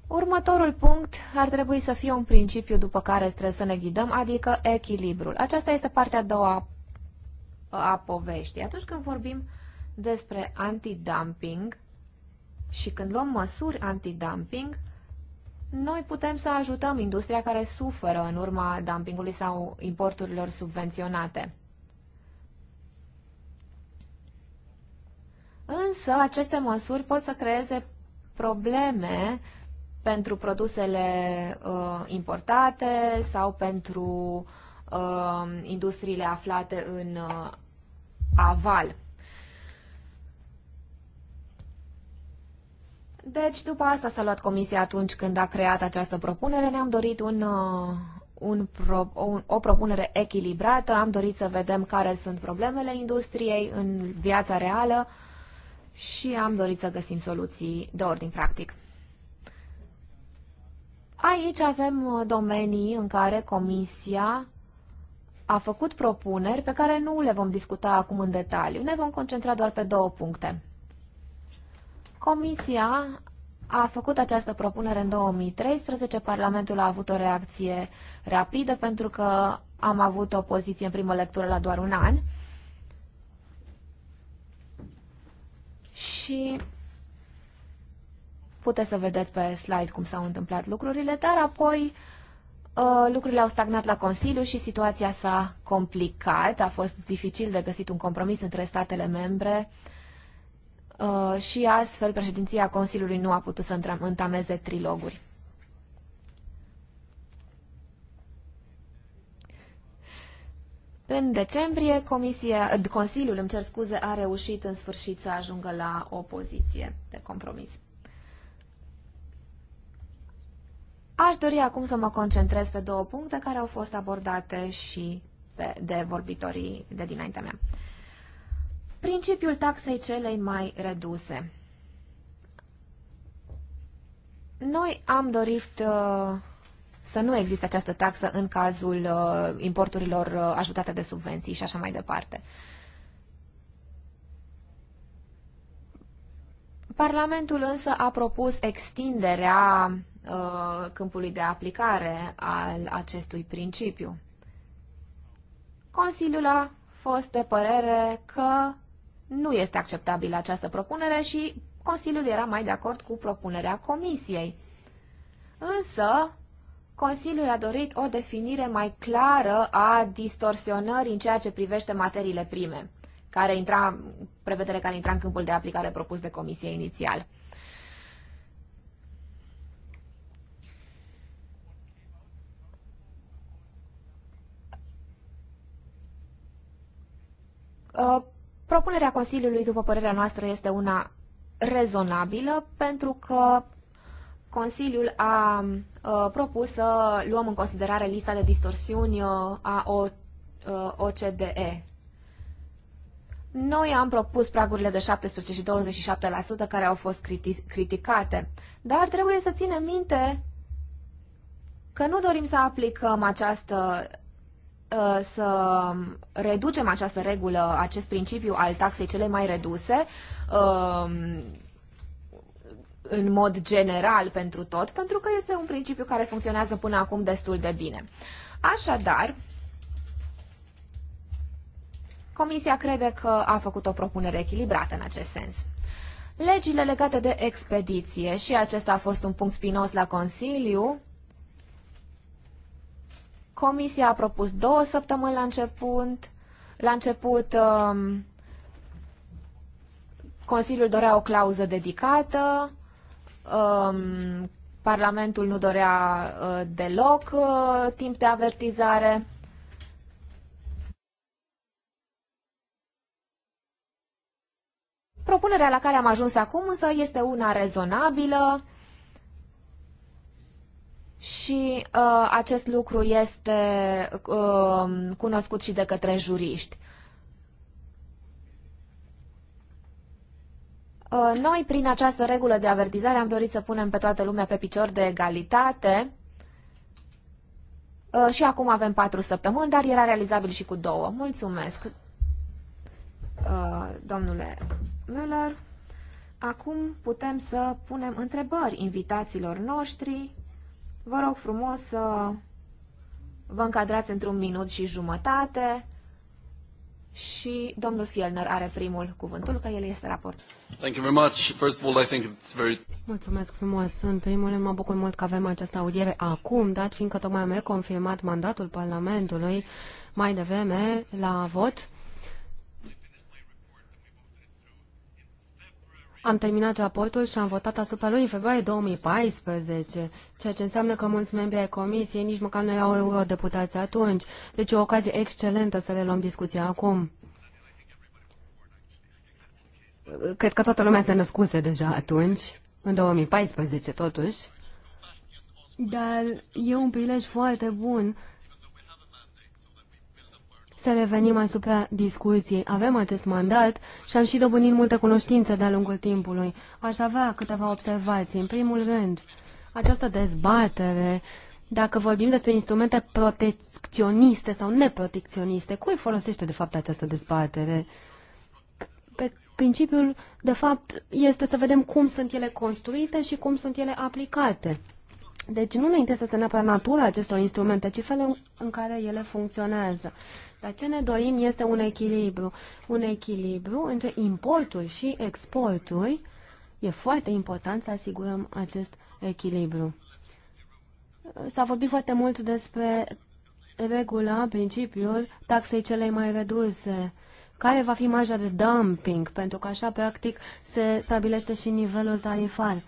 Următorul punct ar trebui să fie un principiu după care trebuie să ne ghidăm, adică echilibrul. Aceasta este partea a doua uh, a poveștii. Atunci când vorbim despre antidumping și când luăm măsuri antidumping, noi putem să ajutăm industria care suferă în urma dumpingului sau importurilor subvenționate. Însă, aceste măsuri pot să creeze probleme pentru produsele uh, importate sau pentru uh, industriile aflate în uh, aval. Deci, după asta s-a luat comisia atunci când a creat această propunere. Ne-am dorit un, uh, un pro, un, o propunere echilibrată, am dorit să vedem care sunt problemele industriei în viața reală și am dorit să găsim soluții de ordin practic. Aici avem uh, domenii în care comisia a făcut propuneri pe care nu le vom discuta acum în detaliu. Ne vom concentra doar pe două puncte. Comisia a făcut această propunere în 2013, Parlamentul a avut o reacție rapidă pentru că am avut o poziție în primă lectură la doar un an. Și puteți să vedeți pe slide cum s-au întâmplat lucrurile, dar apoi uh, lucrurile au stagnat la Consiliu și situația s-a complicat. A fost dificil de găsit un compromis între statele membre Uh, și astfel președinția Consiliului nu a putut să întameze triloguri. În decembrie, comisia, uh, Consiliul, îmi cer scuze, a reușit în sfârșit să ajungă la o poziție de compromis. Aș dori acum să mă concentrez pe două puncte care au fost abordate și pe, de vorbitorii de dinaintea mea. Uh, principiul taxei celei mai reduse. Noi am dorit uh, să nu existe această taxă în cazul uh, importurilor uh, ajutate de subvenții și așa mai departe. Parlamentul însă a propus extinderea câmpului de aplicare al acestui principiu. Consiliul a fost de părere că nu este acceptabilă această propunere și Consiliul era mai de acord cu propunerea Comisiei. Însă, Consiliul a dorit o definire mai clară a distorsionării în ceea ce privește materiile prime, care intra, prevedere care intra în câmpul de aplicare propus de Comisie inițial. Uh, Propunerea Consiliului, după părerea noastră, este una rezonabilă pentru că Consiliul a uh, propus să luăm în considerare lista de distorsiuni uh, a OCDE. Uh, Noi am propus pragurile de 17 și 27% care au fost criticate, dar trebuie să ținem minte că nu dorim să aplicăm această Uh, să reducem această regulă, acest principiu al taxei cele mai reduse um, în mod general pentru tot, pentru că este un principiu care funcționează până acum destul de bine. Așadar, Comisia crede că a făcut o propunere echilibrată în acest sens. Legile legate de expediție și acesta a fost un punct spinos la Consiliu, Comisia a propus două săptămâni la început, la început um, Consiliul dorea o clauză dedicată, um, Parlamentul nu dorea uh, deloc uh, timp de avertizare. Propunerea la care am ajuns acum însă este una rezonabilă și uh, acest lucru este uh, cunoscut și de către juriști. Uh, noi, prin această regulă de avertizare, am dorit să punem pe toată lumea pe picior de egalitate uh, și acum avem patru săptămâni, dar era realizabil și cu două. Mulțumesc, uh, domnule Müller. Acum putem să punem întrebări invitațiilor noștri Vă rog frumos să vă încadrați într-un minut și jumătate și domnul Fielner are primul cuvântul, că el este raport. Thank you very much. First of all, I think it's very... Mulțumesc frumos. În primul rând, mă bucur mult că avem această audiere acum, dat fiindcă tocmai am reconfirmat mandatul Parlamentului mai devreme la vot Am terminat raportul și am votat asupra lui în februarie 2014, ceea ce înseamnă că mulți membri ai comisiei nici măcar nu erau eurodeputați atunci. Deci o ocazie excelentă să le luăm discuția acum. Cred că toată lumea se născuse deja atunci, în 2014 totuși. Dar e un prilej foarte bun să revenim asupra discuției. Avem acest mandat și am și dobândit multe cunoștințe de-a lungul timpului. Aș avea câteva observații. În primul rând, această dezbatere, dacă vorbim despre instrumente protecționiste sau neprotecționiste, cui folosește de fapt această dezbatere? Pe principiul, de fapt, este să vedem cum sunt ele construite și cum sunt ele aplicate. Deci nu ne interesează neapărat natura acestor instrumente, ci felul în care ele funcționează. Dar ce ne dorim este un echilibru. Un echilibru între importuri și exporturi. E foarte important să asigurăm acest echilibru. S-a vorbit foarte mult despre regula, principiul taxei celei mai reduse. Care va fi marja de dumping? Pentru că așa, practic, se stabilește și nivelul tarifar.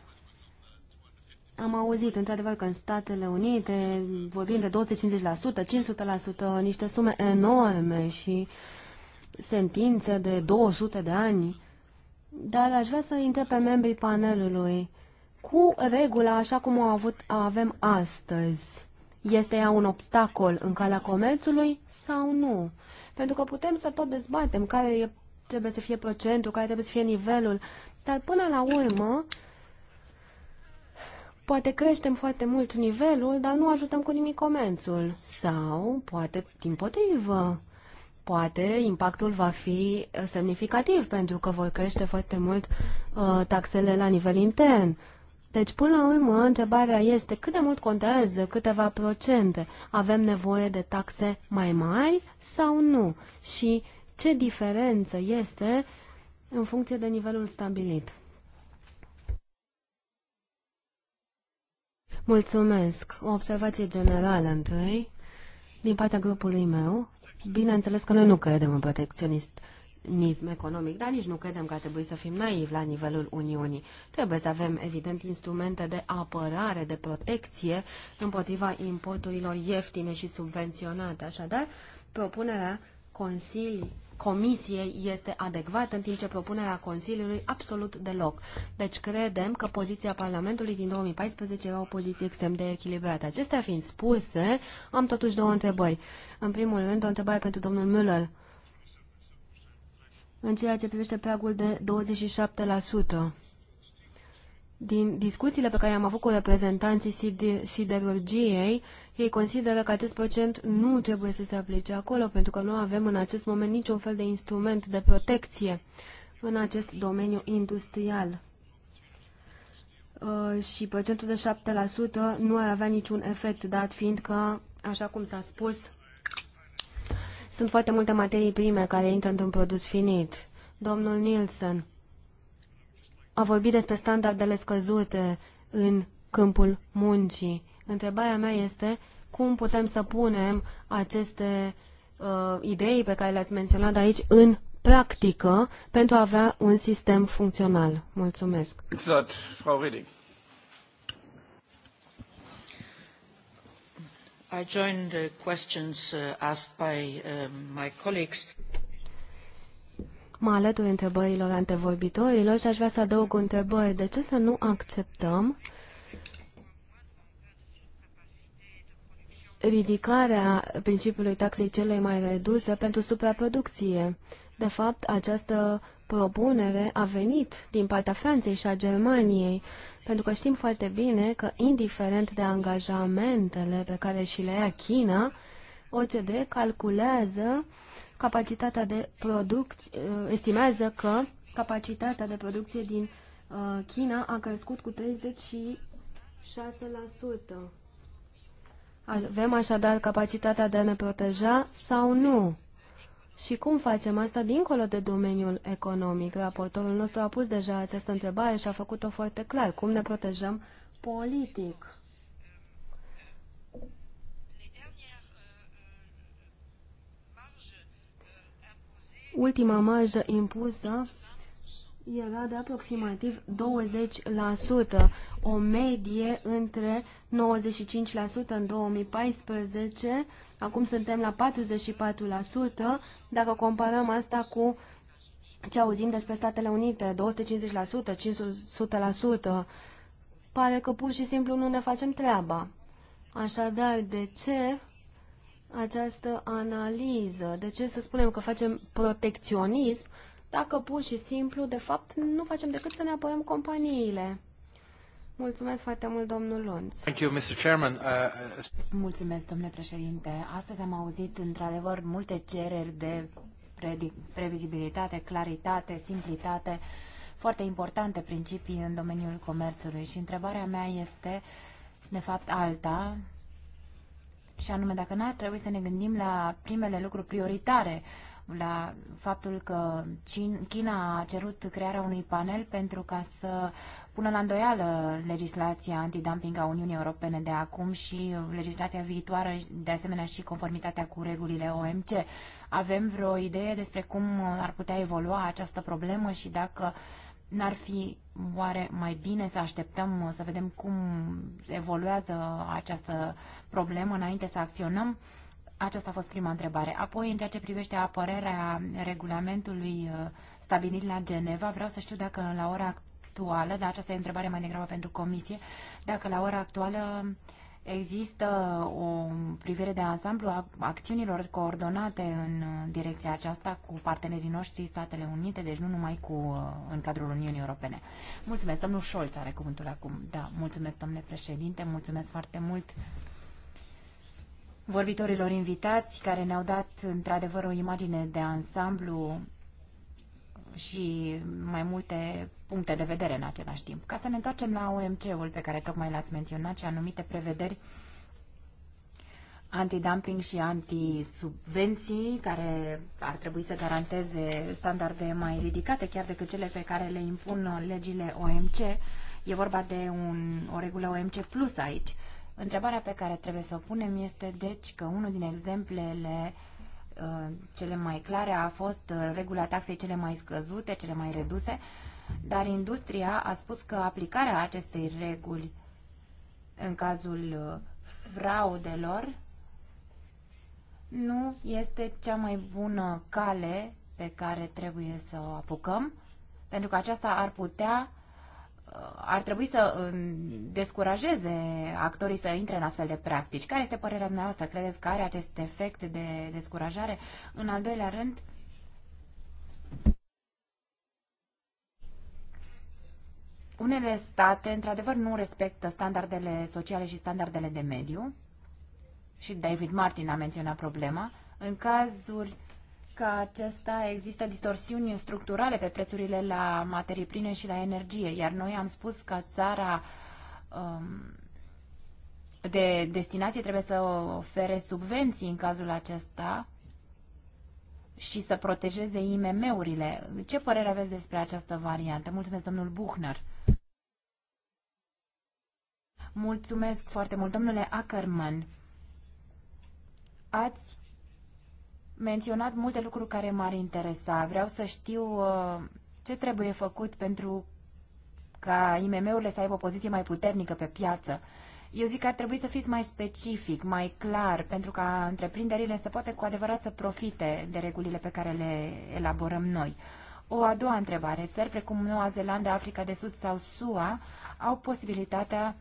Am auzit, într-adevăr, că în Statele Unite vorbim de 250%, 500%, niște sume enorme și sentințe de 200 de ani. Dar aș vrea să întreb pe membrii panelului cu regula așa cum o avut, avem astăzi. Este ea un obstacol în calea comerțului sau nu? Pentru că putem să tot dezbatem care e, trebuie să fie procentul, care trebuie să fie nivelul, dar până la urmă Poate creștem foarte mult nivelul, dar nu ajutăm cu nimic comenzul. Sau, poate, din potrivă, poate impactul va fi semnificativ, pentru că vor crește foarte mult uh, taxele la nivel intern. Deci, până la urmă, întrebarea este cât de mult contează câteva procente? Avem nevoie de taxe mai mari sau nu? Și ce diferență este în funcție de nivelul stabilit? Mulțumesc. O observație generală întâi, din partea grupului meu. Bineînțeles că noi nu credem în protecționist nism economic, dar nici nu credem că ar trebui să fim naivi la nivelul Uniunii. Trebuie să avem, evident, instrumente de apărare, de protecție împotriva importurilor ieftine și subvenționate. Așadar, propunerea Consiliului Comisiei este adecvată, în timp ce propunerea Consiliului absolut deloc. Deci credem că poziția Parlamentului din 2014 era o poziție extrem de echilibrată. Acestea fiind spuse, am totuși două întrebări. În primul rând, o întrebare pentru domnul Müller. În ceea ce privește pragul de 27%. Din discuțiile pe care am avut cu reprezentanții siderurgiei, ei consideră că acest procent nu trebuie să se aplice acolo, pentru că nu avem în acest moment niciun fel de instrument de protecție în acest domeniu industrial. Uh, și procentul de 7% nu ar avea niciun efect, dat fiind că, așa cum s-a spus, sunt foarte multe materii prime care intră într-un produs finit. Domnul Nielsen, a vorbit despre standardele scăzute în câmpul muncii. Întrebarea mea este cum putem să punem aceste uh, idei pe care le-ați menționat aici în practică pentru a avea un sistem funcțional. Mulțumesc. I join the questions uh, asked by um, my colleagues mă alătur întrebărilor antevorbitorilor și aș vrea să adaug o întrebare. De ce să nu acceptăm ridicarea principiului taxei celei mai reduse pentru supraproducție? De fapt, această propunere a venit din partea Franței și a Germaniei, pentru că știm foarte bine că, indiferent de angajamentele pe care și le ia China, OCD calculează capacitatea de producție, uh, estimează că capacitatea de producție din uh, China a crescut cu 36%. Avem așadar capacitatea de a ne proteja sau nu? Și cum facem asta dincolo de domeniul economic? Raportorul nostru a pus deja această întrebare și a făcut-o foarte clar. Cum ne protejăm politic? ultima marjă impusă era de aproximativ 20%, o medie între 95% în 2014, acum suntem la 44%, dacă comparăm asta cu ce auzim despre Statele Unite, 250%, 500%, pare că pur și simplu nu ne facem treaba. Așadar, de ce această analiză. De ce să spunem că facem protecționism dacă pur și simplu, de fapt, nu facem decât să ne apărăm companiile? Mulțumesc foarte mult, domnul Lunț. Thank you, Mr. Chairman. Uh... uh Mulțumesc, domnule președinte. Astăzi am auzit, într-adevăr, multe cereri de previzibilitate, claritate, simplitate, foarte importante principii în domeniul comerțului. Și întrebarea mea este, de fapt, alta, și anume, dacă n-ar trebui să ne gândim la primele lucruri prioritare, la faptul că China a cerut crearea unui panel pentru ca să pună la îndoială legislația antidumping a Uniunii Europene de acum și legislația viitoare, de asemenea și conformitatea cu regulile OMC. Avem vreo idee despre cum ar putea evolua această problemă și dacă uh, N-ar fi oare mai bine să așteptăm să vedem cum evoluează această problemă înainte să acționăm? Aceasta a fost prima întrebare. Apoi, în ceea ce privește apărerea regulamentului uh, stabilit la Geneva, vreau să știu dacă la ora actuală, dar aceasta e întrebare mai degrabă pentru comisie, dacă la ora actuală uh, Există o privire de ansamblu a acțiunilor coordonate în uh, direcția aceasta cu partenerii noștri, Statele Unite, deci nu numai cu, uh, în cadrul Uniunii Europene. Mulțumesc, domnul Șolț are cuvântul acum. Da, mulțumesc, domnule președinte, mulțumesc foarte mult vorbitorilor invitați care ne-au dat într-adevăr o imagine de ansamblu și mai multe puncte de vedere în același timp. Ca să ne întoarcem la OMC-ul pe care tocmai l-ați menționat și anumite prevederi antidumping și antisubvenții care ar trebui să garanteze standarde mai ridicate chiar decât cele pe care le impun legile OMC. E vorba de un, o regulă OMC plus aici. Întrebarea pe care trebuie să o punem este deci că unul din exemplele uh, Uh, cele mai clare a fost uh, regula taxei cele mai scăzute, cele mai reduse, dar industria a spus că aplicarea acestei reguli în cazul uh, fraudelor nu este cea mai bună cale pe care trebuie să o apucăm, pentru că aceasta ar putea ar trebui să descurajeze actorii să intre în astfel de practici. Care este părerea dumneavoastră? Credeți că are acest efect de descurajare? În al doilea rând, unele state, într-adevăr, nu respectă standardele sociale și standardele de mediu și David Martin a menționat problema. În cazuri că acesta există distorsiuni structurale pe prețurile la materii prime și la energie, iar noi am spus că țara um, de destinație trebuie să ofere subvenții în cazul acesta și să protejeze IMM-urile. Ce părere aveți despre această variantă? Mulțumesc, domnul Buchner. Mulțumesc foarte mult, domnule Ackerman. Ați menționat multe lucruri care m-ar interesa. Vreau să știu uh, ce trebuie făcut pentru ca IMM-urile să aibă o poziție mai puternică pe piață. Eu zic că ar trebui să fiți mai specific, mai clar, pentru ca întreprinderile să poată cu adevărat să profite de regulile pe care le elaborăm noi. O a doua întrebare. Țări precum Noua Zeelandă, Africa de Sud sau SUA au posibilitatea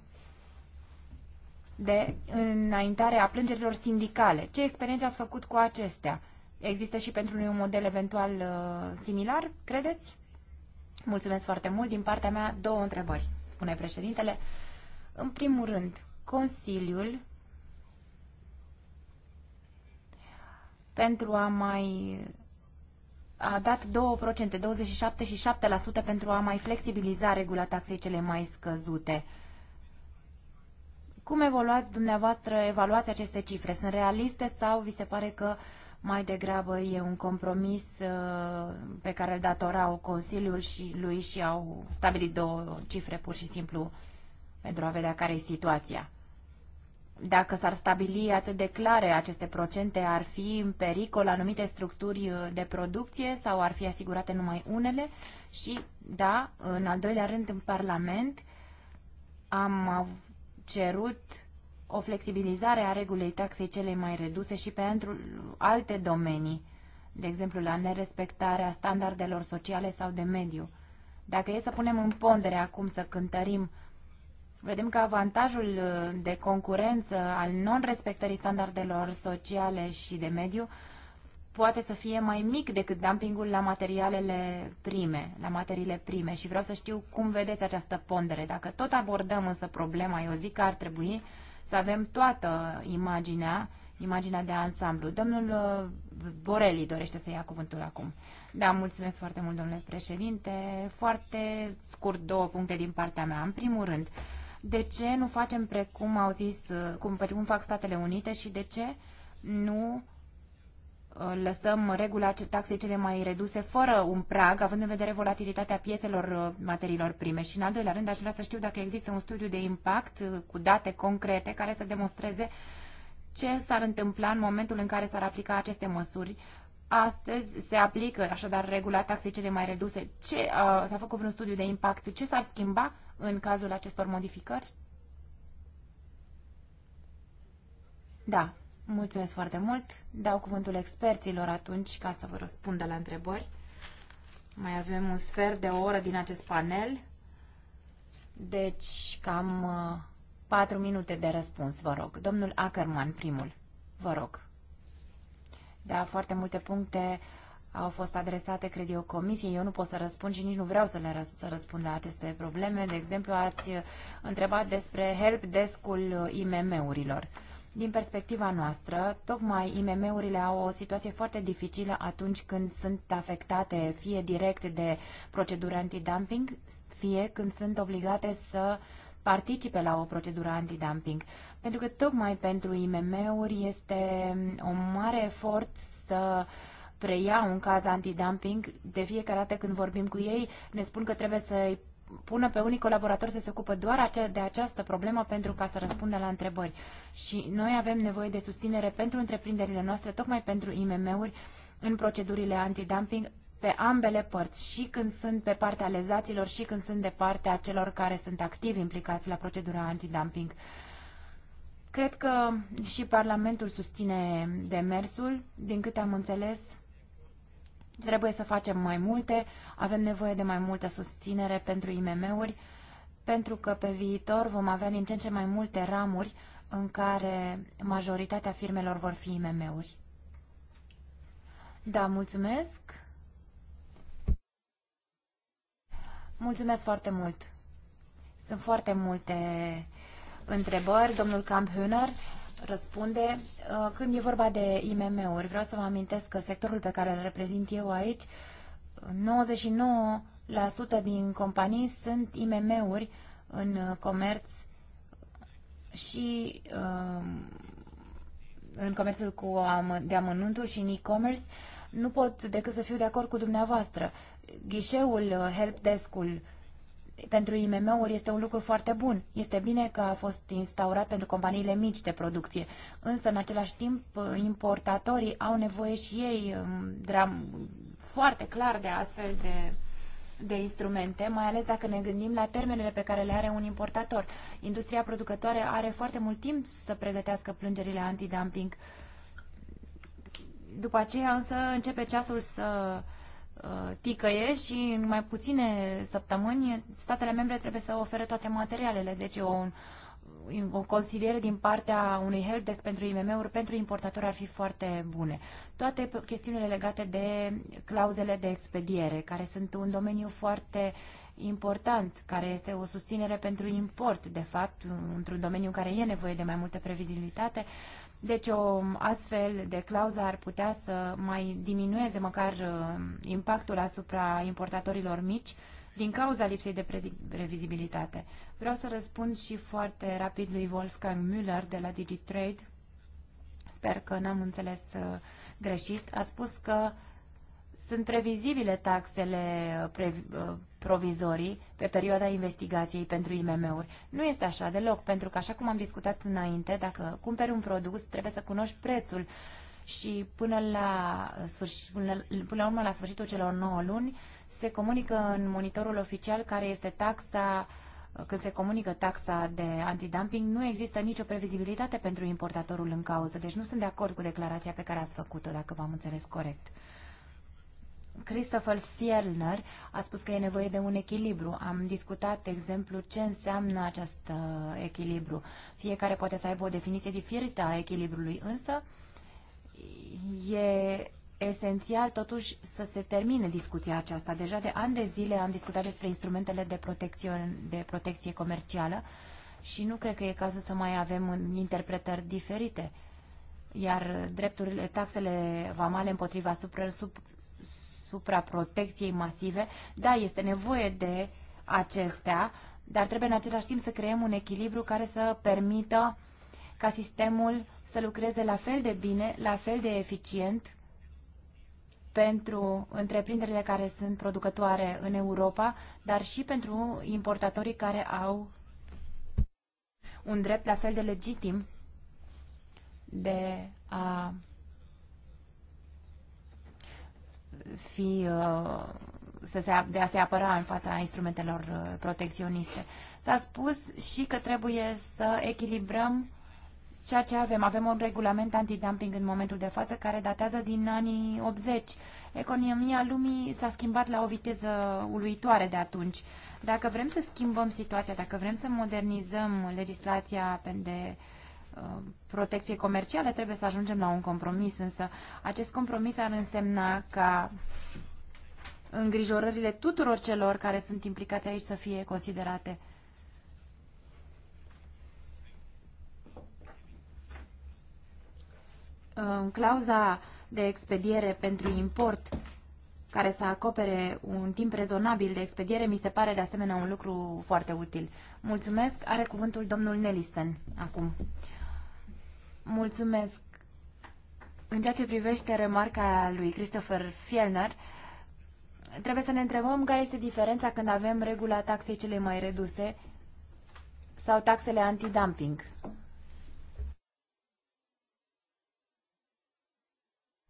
de înaintare a plângerilor sindicale. Ce experiență ați făcut cu acestea? Există și pentru noi un model eventual uh, similar, credeți? Mulțumesc foarte mult. Din partea mea, două întrebări, spune președintele. În primul rând, Consiliul pentru a mai a dat 2%, 27 și 7% pentru a mai flexibiliza regula taxei cele mai scăzute. Uh, cum evoluați dumneavoastră, evaluați aceste cifre? Sunt realiste sau vi se pare că mai degrabă e un compromis uh, pe care îl datorau Consiliul și lui și au stabilit două cifre pur și simplu pentru a vedea care e situația? Dacă s-ar stabili atât de clare aceste procente, ar fi în pericol anumite structuri uh, de producție sau ar fi asigurate numai unele? Și, da, în al doilea rând, în Parlament am cerut o flexibilizare a regulii taxei cele mai reduse și pentru alte domenii, de exemplu la nerespectarea standardelor sociale sau de mediu. Dacă e să punem în pondere acum să cântărim, vedem că avantajul uh, de concurență al non-respectării standardelor sociale și de mediu poate să fie mai mic decât dumpingul la materialele prime, la materiile prime și vreau să știu cum vedeți această pondere. Dacă tot abordăm însă problema, eu zic că ar trebui să avem toată imaginea, imaginea de ansamblu. Domnul uh, Borelli dorește să ia cuvântul acum. Da, mulțumesc foarte mult, domnule președinte. Foarte scurt două puncte din partea mea. În primul rând, de ce nu facem precum au zis, uh, cum, precum fac Statele Unite și de ce nu Uh, lăsăm regula taxei cele mai reduse fără un prag, având în vedere volatilitatea piețelor uh, materiilor prime. Și în al doilea rând aș vrea să știu dacă există un studiu de impact uh, cu date concrete care să demonstreze ce s-ar întâmpla în momentul în care s-ar aplica aceste măsuri. Astăzi se aplică așadar regula taxei cele mai reduse. Ce, uh, s-a făcut vreun studiu de impact? Ce s-ar schimba în cazul acestor modificări? Da, Mulțumesc foarte mult. Dau cuvântul experților atunci ca să vă răspundă la întrebări. Mai avem un sfert de oră din acest panel. Deci, cam uh, patru minute de răspuns, vă rog. Domnul Ackerman, primul. Vă rog. Da, foarte multe puncte au fost adresate, cred eu, comisiei. Eu nu pot să răspund și nici nu vreau să le răs- să răspund la aceste probleme. De exemplu, ați uh, întrebat despre desk ul IMM-urilor. Uh, din perspectiva noastră, tocmai IMM-urile au o situație foarte dificilă atunci când sunt afectate fie direct de proceduri antidumping, fie când sunt obligate să participe la o procedură antidumping. Pentru că tocmai pentru IMM-uri este un mare efort să preia un caz antidumping. De fiecare dată când vorbim cu ei, ne spun că trebuie să-i pună pe unii colaboratori să se ocupă doar de această problemă pentru ca să răspundă la întrebări. Și noi avem nevoie de susținere pentru întreprinderile noastre, tocmai pentru IMM-uri, în procedurile antidumping pe ambele părți, și când sunt pe partea lezaților și când sunt de partea celor care sunt activi implicați la procedura antidumping. Cred că și Parlamentul susține demersul. Din câte am înțeles, Trebuie să facem mai multe, avem nevoie de mai multă susținere pentru IMM-uri, pentru că pe viitor vom avea din ce în ce mai multe ramuri în care majoritatea firmelor vor fi IMM-uri. Da, mulțumesc! Mulțumesc foarte mult! Sunt foarte multe întrebări, domnul Camp Hüner răspunde. Uh, când e vorba de IMM-uri, vreau să vă amintesc că sectorul pe care îl reprezint eu aici, 99% din companii sunt IMM-uri în uh, comerț și uh, în comerțul cu am, de amănuntul și în e-commerce. Nu pot decât să fiu de acord cu dumneavoastră. Ghișeul, helpdesk-ul, pentru IMM-uri este un lucru foarte bun. Este bine că a fost instaurat pentru companiile mici de producție, însă în același timp importatorii au nevoie și ei um, dram, foarte clar de astfel de de instrumente, mai ales dacă ne gândim la termenele pe care le are un importator. Industria producătoare are foarte mult timp să pregătească plângerile antidumping. După aceea însă începe ceasul să uh, Uh, ticăie și în mai puține săptămâni statele membre trebuie să ofere toate materialele. Deci o, o consiliere din partea unui helpdesk pentru IMM-uri, pentru importatori ar fi foarte bune. Toate chestiunile legate de clauzele de expediere, care sunt un domeniu foarte important, care este o susținere pentru import, de fapt, într-un domeniu în care e nevoie de mai multă previzibilitate, uh, deci o astfel de clauză ar putea să mai diminueze măcar uh, impactul asupra importatorilor mici din cauza lipsei de previzibilitate. Vreau să răspund și foarte rapid lui Wolfgang Müller de la DigiTrade. Sper că n-am înțeles uh, greșit. A spus că sunt previzibile taxele uh, pre, provizorii pe perioada investigației pentru IMM-uri. Nu este așa deloc, pentru că, așa cum am discutat înainte, dacă cumperi un produs, trebuie să cunoști prețul și până la, uh, sfârșit, până, până la urmă, la sfârșitul celor 9 luni, se comunică în monitorul oficial care este taxa uh, când se comunică taxa de antidumping, nu există nicio previzibilitate pentru importatorul în cauză. Deci nu sunt de acord cu declarația pe care ați făcut-o, dacă v-am înțeles corect. Christopher Fjellner a spus că e nevoie de un echilibru. Am discutat, de exemplu, ce înseamnă acest uh, echilibru. Fiecare poate să aibă o definiție diferită a echilibrului, însă e esențial totuși să se termine discuția aceasta. Deja de ani de zile am discutat despre instrumentele de protecție, de protecție comercială și nu cred că e cazul să mai avem interpretări diferite. Iar drepturile, taxele vamale împotriva asupra protecției masive. Da, este nevoie de acestea, dar trebuie în același timp să creăm un echilibru care să permită ca sistemul să lucreze la fel de bine, la fel de eficient pentru întreprinderile care sunt producătoare în Europa, dar și pentru importatorii care au un drept la fel de legitim de a fi uh, să se, de a se apăra în fața instrumentelor uh, protecționiste. S-a spus și că trebuie să echilibrăm ceea ce avem. Avem un regulament antidumping în momentul de față care datează din anii 80. Economia lumii s-a schimbat la o viteză uluitoare de atunci. Dacă vrem să schimbăm situația, dacă vrem să modernizăm legislația pentru Uh, protecție comercială, trebuie să ajungem la un compromis, însă acest compromis ar însemna ca îngrijorările tuturor celor care sunt implicați aici să fie considerate. În clauza de expediere pentru import care să acopere un timp rezonabil de expediere, mi se pare de asemenea un lucru foarte util. Mulțumesc. Are cuvântul domnul Nelison acum. Mulțumesc. În ceea ce privește remarca lui Christopher Fielner, trebuie să ne întrebăm care este diferența când avem regula taxei cele mai reduse sau taxele antidumping.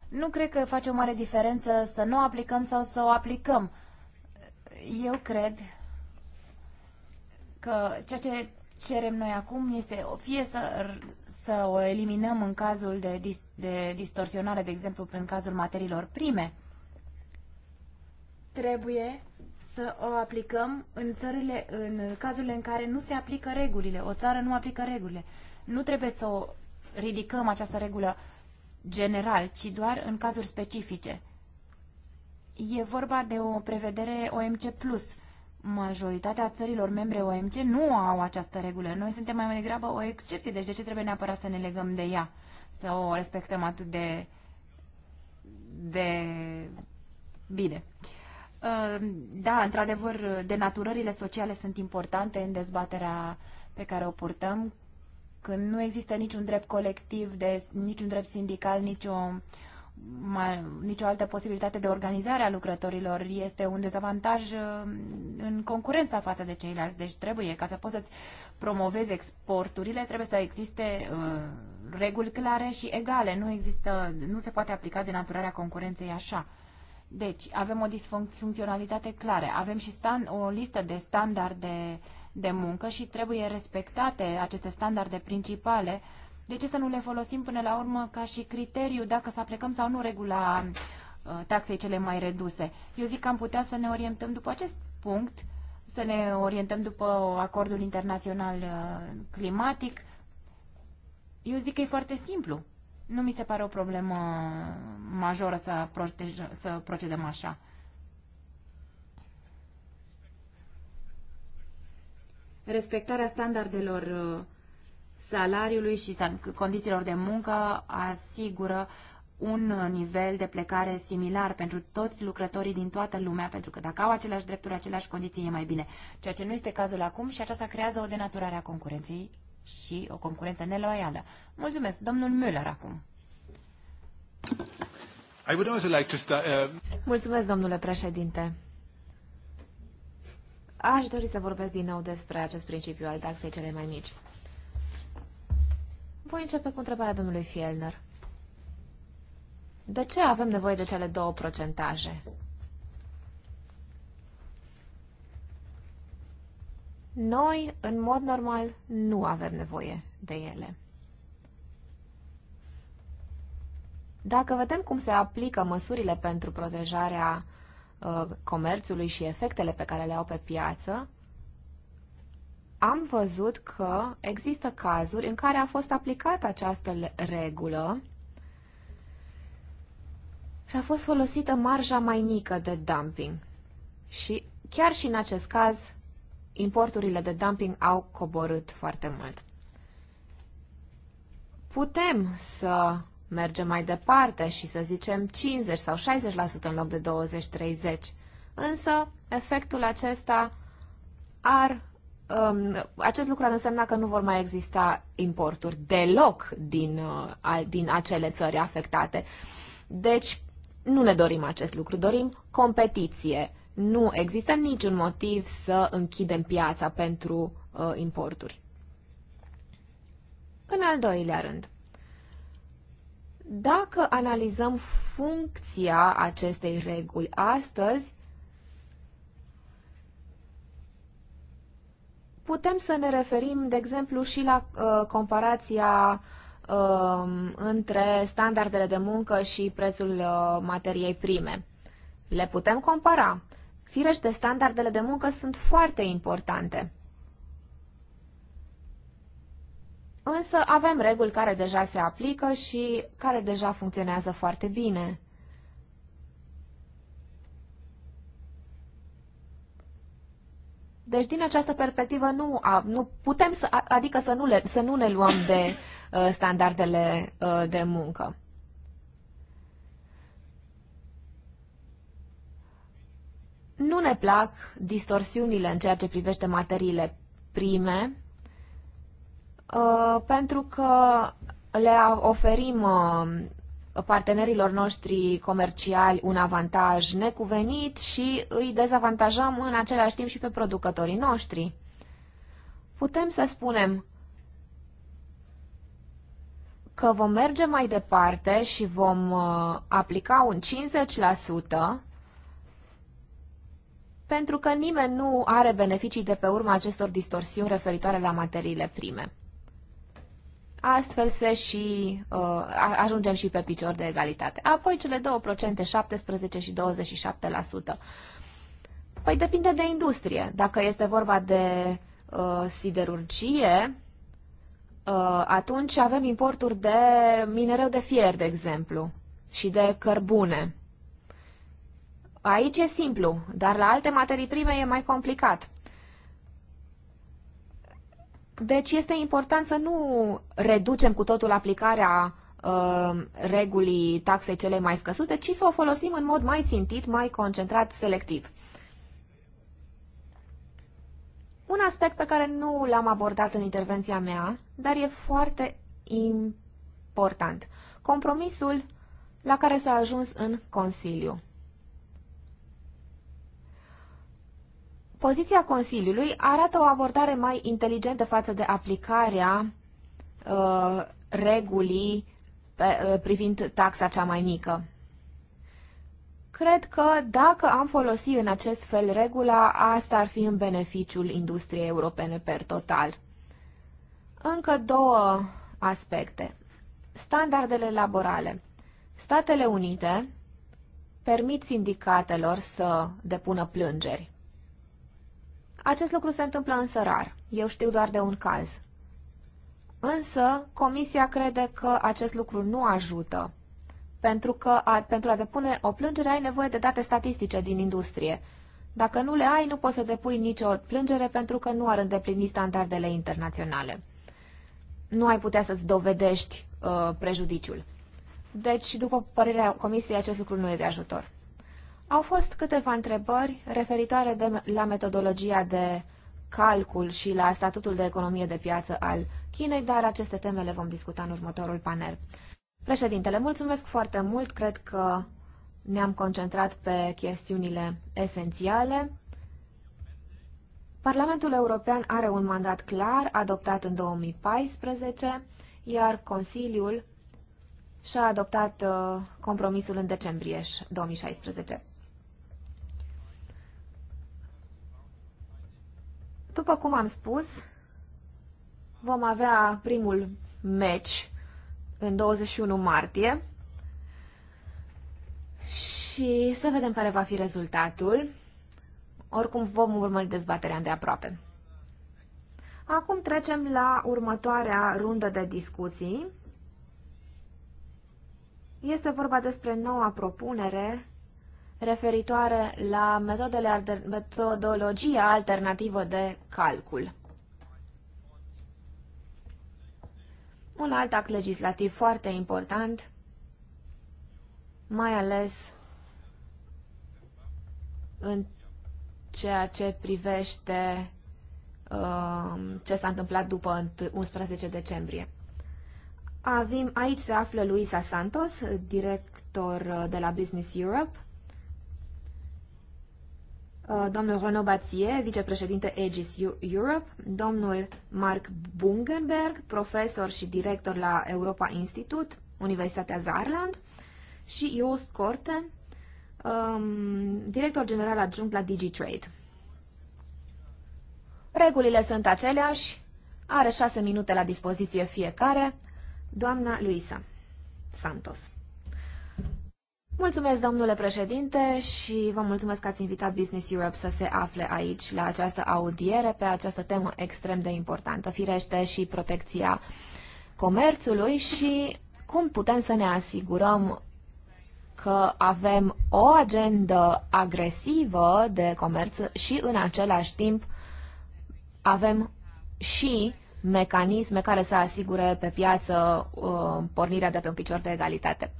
Nu cred că face o mare diferență să nu o aplicăm sau să o aplicăm. Eu cred că ceea ce cerem noi acum este fie să să o eliminăm în cazul de, dis- de distorsionare, de exemplu, în cazul materiilor prime, trebuie să o aplicăm în țările, în cazurile în care nu se aplică regulile, o țară nu aplică regulile. Nu trebuie să o ridicăm această regulă general, ci doar în cazuri specifice. E vorba de o prevedere OMC+, plus, majoritatea țărilor membre OMC nu au această regulă. Noi suntem mai degrabă o excepție, deci de ce trebuie neapărat să ne legăm de ea, să o respectăm atât de, de bine? Uh, da, într-adevăr, denaturările sociale sunt importante în dezbaterea pe care o purtăm, când nu există niciun drept colectiv, de, niciun drept sindical, nicio mai, nicio altă posibilitate de organizare a lucrătorilor. Este un dezavantaj uh, în concurența față de ceilalți. Deci trebuie, ca să poți să-ți promovezi exporturile, trebuie să existe uh, reguli clare și egale. Nu, există, nu se poate aplica denaturarea concurenței așa. Deci, avem o disfuncționalitate clară. Avem și stan, o listă de standarde de muncă și trebuie respectate aceste standarde principale uh, de ce să nu le folosim până la urmă ca și criteriu dacă să aplicăm sau nu regula uh, taxei cele mai reduse? Eu zic că am putea să ne orientăm după acest punct, să ne orientăm după acordul internațional uh, climatic. Eu zic că e foarte simplu. Nu mi se pare o problemă majoră să, protej- să procedăm așa. Respectarea standardelor uh, salariului și condițiilor de muncă asigură un nivel de plecare similar pentru toți lucrătorii din toată lumea, pentru că dacă au aceleași drepturi, aceleași condiții, e mai bine. Ceea ce nu este cazul acum și aceasta creează o denaturare a concurenței și o concurență neloială. Mulțumesc, domnul Müller, acum. I would also like to start, uh... Mulțumesc, domnule președinte. Aș dori să vorbesc din nou despre acest principiu al taxei cele mai mici. Voi începe cu întrebarea domnului Fielner. De ce avem nevoie de cele două procentaje? Noi, în mod normal, nu avem nevoie de ele. Dacă vedem cum se aplică măsurile pentru protejarea uh, comerțului și efectele pe care le au pe piață, am văzut că există cazuri în care a fost aplicată această regulă și a fost folosită marja mai mică de dumping. Și chiar și în acest caz, importurile de dumping au coborât foarte mult. Putem să mergem mai departe și să zicem 50 sau 60% în loc de 20-30%, însă efectul acesta ar um, acest lucru ar însemna că nu vor mai exista importuri deloc din, uh, din acele țări afectate. Deci, nu ne dorim acest lucru, dorim competiție. Nu există niciun motiv să închidem piața pentru uh, importuri. În al doilea rând, dacă analizăm funcția acestei reguli astăzi, Putem să ne referim, de exemplu, și la uh, comparația uh, între standardele de muncă și prețul uh, materiei prime. Le putem compara. Firește, standardele de muncă sunt foarte importante. Însă avem reguli care deja se aplică și care deja funcționează foarte bine. Deci, din această perspectivă, nu, nu putem să, adică să nu, le, să nu ne luăm de [coughs] uh, standardele uh, de muncă. Nu ne plac distorsiunile în ceea ce privește materiile prime, uh, pentru că le oferim uh, partenerilor noștri comerciali un avantaj necuvenit și îi dezavantajăm în același timp și pe producătorii noștri. Putem să spunem că vom merge mai departe și vom uh, aplica un 50% pentru că nimeni nu are beneficii de pe urma acestor distorsiuni referitoare la materiile prime. Astfel se și uh, ajungem și pe picior de egalitate. Apoi cele două procente, 17 și 27%. Păi depinde de industrie. Dacă este vorba de uh, siderurgie, uh, atunci avem importuri de minereu de fier, de exemplu, și de cărbune. Aici e simplu, dar la alte materii prime e mai complicat. Deci este important să nu reducem cu totul aplicarea uh, regulii taxei cele mai scăzute, ci să o folosim în mod mai țintit, mai concentrat, selectiv. Un aspect pe care nu l-am abordat în intervenția mea, dar e foarte important. Compromisul la care s-a ajuns în Consiliu. Poziția Consiliului arată o abordare mai inteligentă față de aplicarea uh, regulii pe, uh, privind taxa cea mai mică. Cred că dacă am folosi în acest fel regula, asta ar fi în beneficiul industriei europene per total. Încă două aspecte. Standardele laborale. Statele Unite permit sindicatelor să depună plângeri. Acest lucru se întâmplă însă rar. Eu știu doar de un caz. Însă, comisia crede că acest lucru nu ajută, pentru că a, pentru a depune o plângere ai nevoie de date statistice din industrie. Dacă nu le ai, nu poți să depui nicio plângere pentru că nu ar îndeplini standardele internaționale. Nu ai putea să-ți dovedești uh, prejudiciul. Deci, după părerea comisiei, acest lucru nu e de ajutor. Au fost câteva întrebări referitoare de, la metodologia de calcul și la statutul de economie de piață al Chinei, dar aceste teme le vom discuta în următorul panel. Președintele, mulțumesc foarte mult, cred că ne-am concentrat pe chestiunile esențiale. Parlamentul European are un mandat clar, adoptat în 2014, iar Consiliul și-a adoptat uh, compromisul în decembrie 2016. După cum am spus, vom avea primul meci în 21 martie și să vedem care va fi rezultatul. Oricum vom urmări dezbaterea de aproape. Acum trecem la următoarea rundă de discuții. Este vorba despre noua propunere referitoare la metodele, metodologia alternativă de calcul. Un alt act legislativ foarte important, mai ales în ceea ce privește um, ce s-a întâmplat după 11 decembrie. Avem, aici se află Luisa Santos, director uh, de la Business Europe, Uh, domnul Renaud Bație, vicepreședinte Aegis Europe, domnul Mark Bungenberg, profesor și director la Europa Institute, Universitatea Zarland, și Joost Corte, um, director general adjunct la DigiTrade. Regulile sunt aceleași, are șase minute la dispoziție fiecare, doamna Luisa Santos. Mulțumesc, domnule președinte, și vă mulțumesc că ați invitat Business Europe să se afle aici la această audiere pe această temă extrem de importantă, firește și protecția comerțului și cum putem să ne asigurăm că avem o agendă agresivă de comerț și în același timp avem și mecanisme care să asigure pe piață uh, pornirea de pe un picior de egalitate.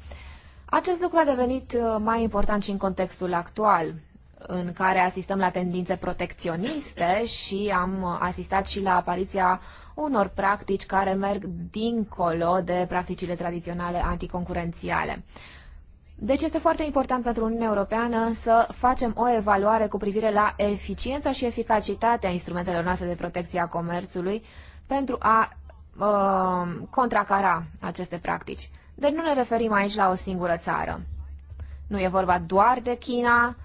Acest lucru a devenit uh, mai important și în contextul actual, în care asistăm la tendințe protecționiste și am uh, asistat și la apariția unor practici care merg dincolo de practicile tradiționale anticoncurențiale. Deci este foarte important pentru Uniunea Europeană să facem o evaluare cu privire la eficiența și eficacitatea instrumentelor noastre de protecție a comerțului pentru a uh, contracara aceste practici. Deci nu ne referim aici la o singură țară. Nu e vorba doar de China,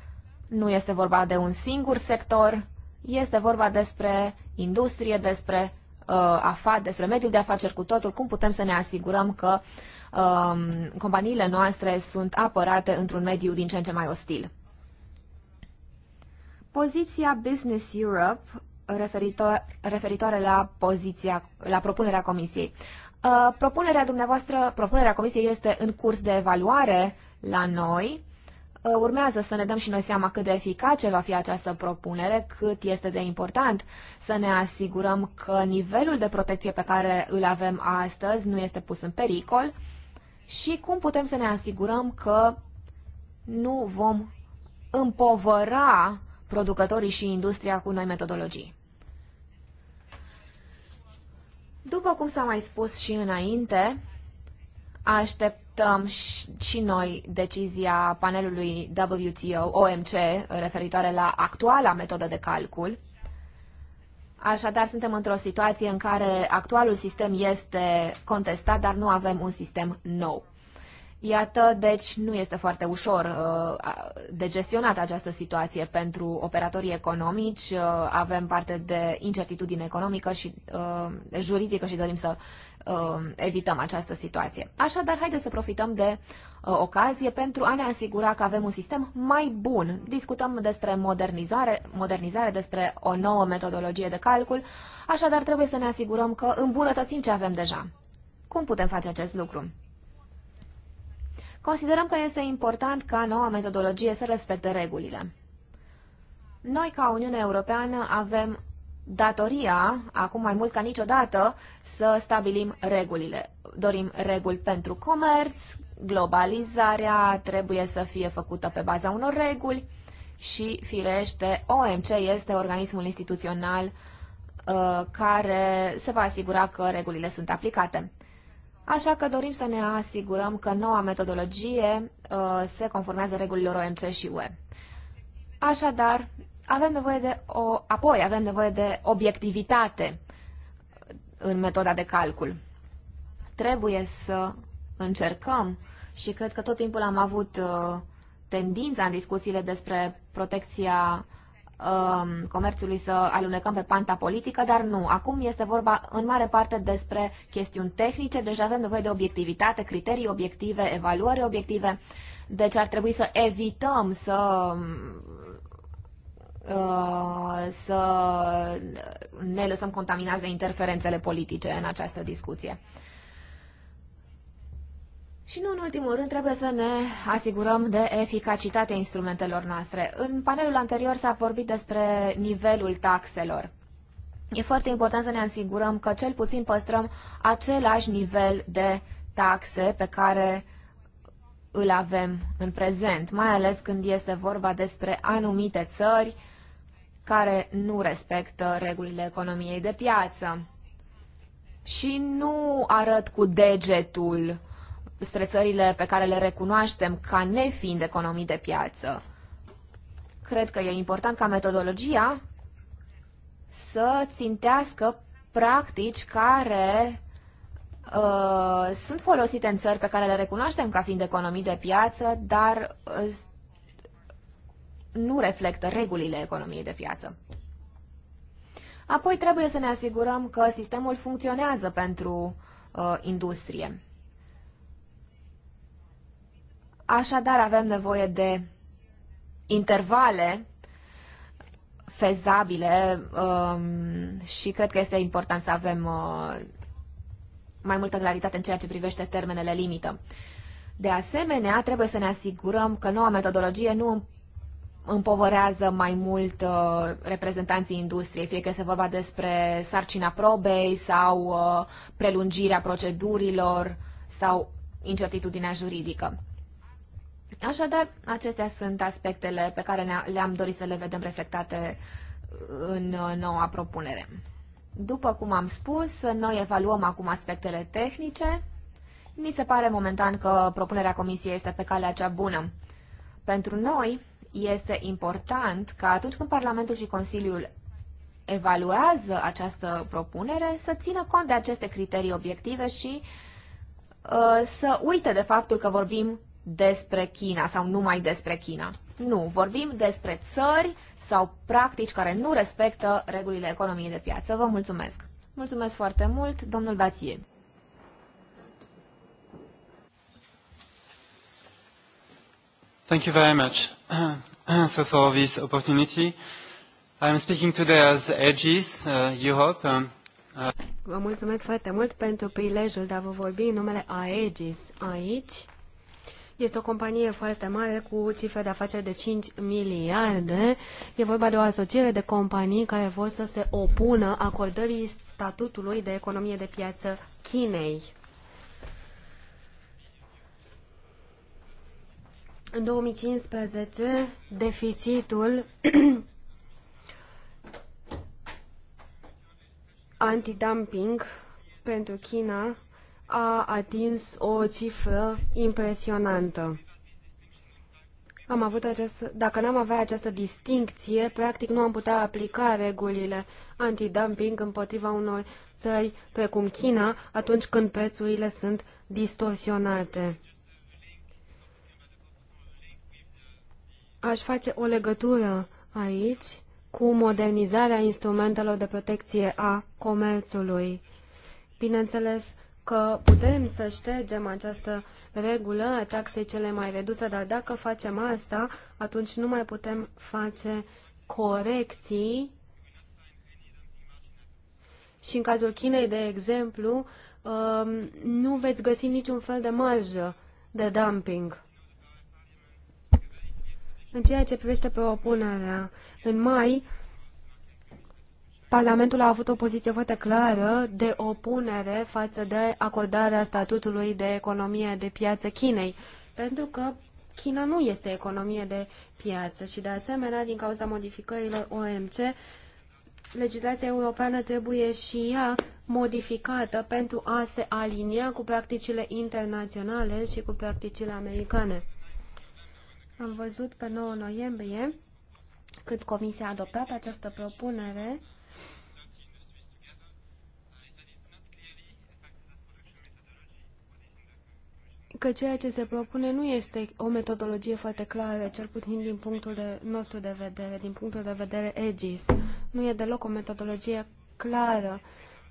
nu este vorba de un singur sector, este vorba despre industrie, despre uh, afaceri, despre mediul de afaceri cu totul, cum putem să ne asigurăm că um, companiile noastre sunt apărate într-un mediu din ce în ce mai ostil. Poziția Business Europe referitor, referitoare la poziția, la propunerea Comisiei. Uh, propunerea dumneavoastră, propunerea comisiei este în curs de evaluare la noi. Uh, urmează să ne dăm și noi seama cât de eficace va fi această propunere, cât este de important să ne asigurăm că nivelul de protecție pe care îl avem astăzi nu este pus în pericol și cum putem să ne asigurăm că nu vom împovăra producătorii și industria cu noi metodologii. După cum s-a mai spus și înainte, așteptăm și, noi decizia panelului WTO, OMC, referitoare la actuala metodă de calcul. Așadar, suntem într-o situație în care actualul sistem este contestat, dar nu avem un sistem nou. Iată, deci nu este foarte ușor uh, de gestionat această situație pentru operatorii economici. Uh, avem parte de incertitudine economică și uh, juridică și dorim să evităm această situație. Așadar, haideți să profităm de ocazie pentru a ne asigura că avem un sistem mai bun. Discutăm despre modernizare, modernizare despre o nouă metodologie de calcul, așadar trebuie să ne asigurăm că îmbunătățim ce avem deja. Cum putem face acest lucru? Considerăm că este important ca noua metodologie să respecte regulile. Noi, ca Uniune Europeană, avem datoria, acum mai mult ca niciodată, să stabilim regulile. Dorim reguli pentru comerț, globalizarea trebuie să fie făcută pe baza unor reguli și, firește, OMC este organismul instituțional uh, care se va asigura că regulile sunt aplicate. Așa că dorim să ne asigurăm că noua metodologie uh, se conformează regulilor OMC și UE. Așadar, avem nevoie de o, apoi avem nevoie de obiectivitate în metoda de calcul. Trebuie să încercăm și cred că tot timpul am avut uh, tendința în discuțiile despre protecția Um, comerțului să alunecăm pe panta politică, dar nu. Acum este vorba în mare parte despre chestiuni tehnice, deja avem nevoie de obiectivitate, criterii obiective, evaluări obiective, deci ar trebui să evităm să uh, să ne lăsăm contaminați de interferențele politice în această discuție. Și nu în ultimul rând trebuie să ne asigurăm de eficacitatea instrumentelor noastre. În panelul anterior s-a vorbit despre nivelul taxelor. E foarte important să ne asigurăm că cel puțin păstrăm același nivel de taxe pe care îl avem în prezent, mai ales când este vorba despre anumite țări care nu respectă regulile economiei de piață. Și nu arăt cu degetul spre țările pe care le recunoaștem ca nefiind economii de piață. Cred că e important ca metodologia să țintească practici care uh, sunt folosite în țări pe care le recunoaștem ca fiind economii de piață, dar uh, nu reflectă regulile economiei de piață. Apoi trebuie să ne asigurăm că sistemul funcționează pentru uh, industrie. Așadar, avem nevoie de intervale fezabile um, și cred că este important să avem uh, mai multă claritate în ceea ce privește termenele limită. De asemenea, trebuie să ne asigurăm că noua metodologie nu împovărează mai mult uh, reprezentanții industriei, fie că se vorba despre sarcina probei sau uh, prelungirea procedurilor sau incertitudinea juridică. Așadar, acestea sunt aspectele pe care le-am dorit să le vedem reflectate uh, în uh, noua propunere. După cum am spus, noi evaluăm acum aspectele tehnice. Mi se pare momentan că propunerea comisiei este pe calea cea bună. Pentru noi este important ca atunci când Parlamentul și Consiliul evaluează această propunere să țină cont de aceste criterii obiective și uh, să uite de faptul că vorbim despre China sau numai despre China. Nu, vorbim despre țări sau practici care nu respectă regulile economiei de piață. Vă mulțumesc! Mulțumesc foarte mult, domnul Bație! Thank you very much. [clears throat] so for this opportunity, I'm speaking today as Aegis uh, Europe. Um, uh... Vă mulțumesc foarte mult pentru prilejul de a vă vorbi în numele Aegis aici. Este o companie foarte mare cu cifre de afaceri de 5 miliarde. E vorba de o asociere de companii care vor să se opună acordării statutului de economie de piață Chinei. În 2015, deficitul [clears throat] antidumping pentru China a atins o cifră impresionantă. Am avut această, dacă n-am avea această distincție, practic nu am putea aplica regulile antidumping împotriva unor țări precum China atunci când prețurile sunt distorsionate. Aș face o legătură aici cu modernizarea instrumentelor de protecție a comerțului. Bineînțeles, că putem să ștergem această regulă a taxei cele mai reduse, dar dacă facem asta, atunci nu mai putem face corecții și în cazul Chinei, de exemplu, um, nu veți găsi niciun fel de marjă de dumping. În ceea ce privește propunerea, în mai Parlamentul a avut o poziție foarte clară de opunere față de acordarea statutului de economie de piață Chinei, pentru că China nu este economie de piață și, de asemenea, din cauza modificărilor OMC, legislația europeană trebuie și ea modificată pentru a se alinia cu practicile internaționale și cu practicile americane. Am văzut pe 9 noiembrie cât Comisia a adoptat această propunere că ceea ce se propune nu este o metodologie foarte clară, cel puțin din punctul de, nostru de vedere, din punctul de vedere EGIS. Nu e deloc o metodologie clară.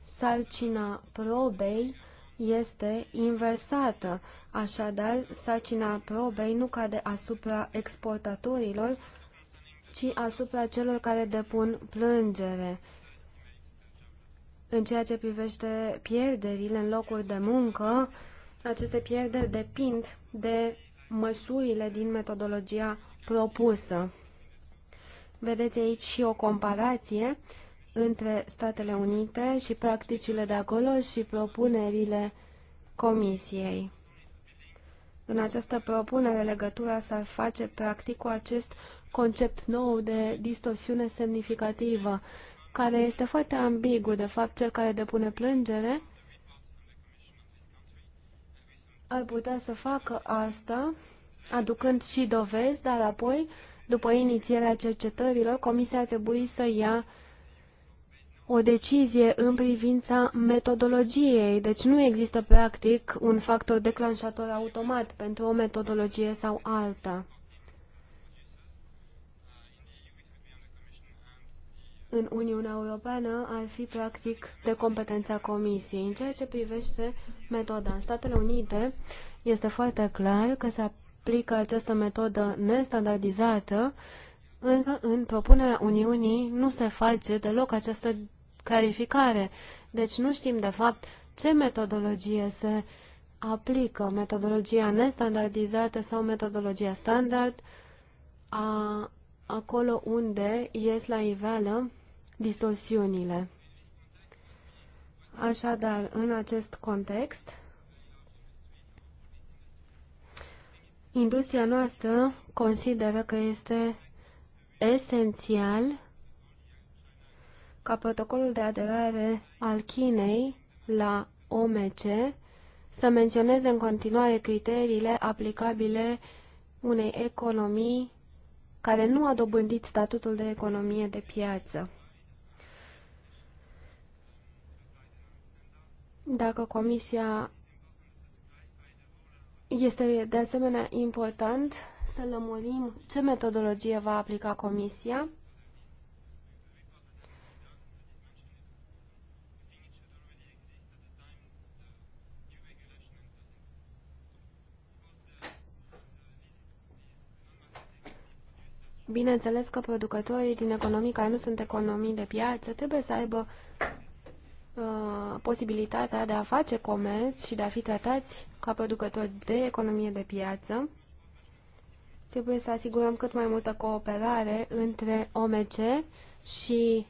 Sarcina probei este inversată, așadar sarcina probei nu cade asupra exportatorilor, ci asupra celor care depun plângere. În ceea ce privește pierderile în locuri de muncă, aceste pierderi depind de măsurile din metodologia propusă. Vedeți aici și o comparație între Statele Unite și practicile de acolo și propunerile Comisiei. În această propunere, legătura s-ar face practic cu acest concept nou de distorsiune semnificativă, care este foarte ambigu, de fapt cel care depune plângere ar putea să facă asta, aducând și dovezi, dar apoi, după inițierea cercetărilor, comisia ar trebui să ia o decizie în privința metodologiei. Deci nu există practic un factor declanșator automat pentru o metodologie sau alta. în Uniunea Europeană ar fi practic de competența Comisiei. În ceea ce privește metoda în Statele Unite, este foarte clar că se aplică această metodă nestandardizată, însă în propunerea Uniunii nu se face deloc această clarificare. Deci nu știm de fapt ce metodologie se aplică, metodologia nestandardizată sau metodologia standard, a, acolo unde ies la iveală distorsiunile. Așadar, în acest context, industria noastră consideră că este esențial ca protocolul de aderare al Chinei la OMC să menționeze în continuare criteriile aplicabile unei economii care nu a dobândit statutul de economie de piață. dacă Comisia este de asemenea important să lămurim ce metodologie va aplica Comisia Bineînțeles că producătorii din economii care nu sunt economii de piață trebuie să aibă Uh, posibilitatea de a face comerț și de a fi tratați ca producători de economie de piață. Trebuie să asigurăm cât mai multă cooperare între OMC și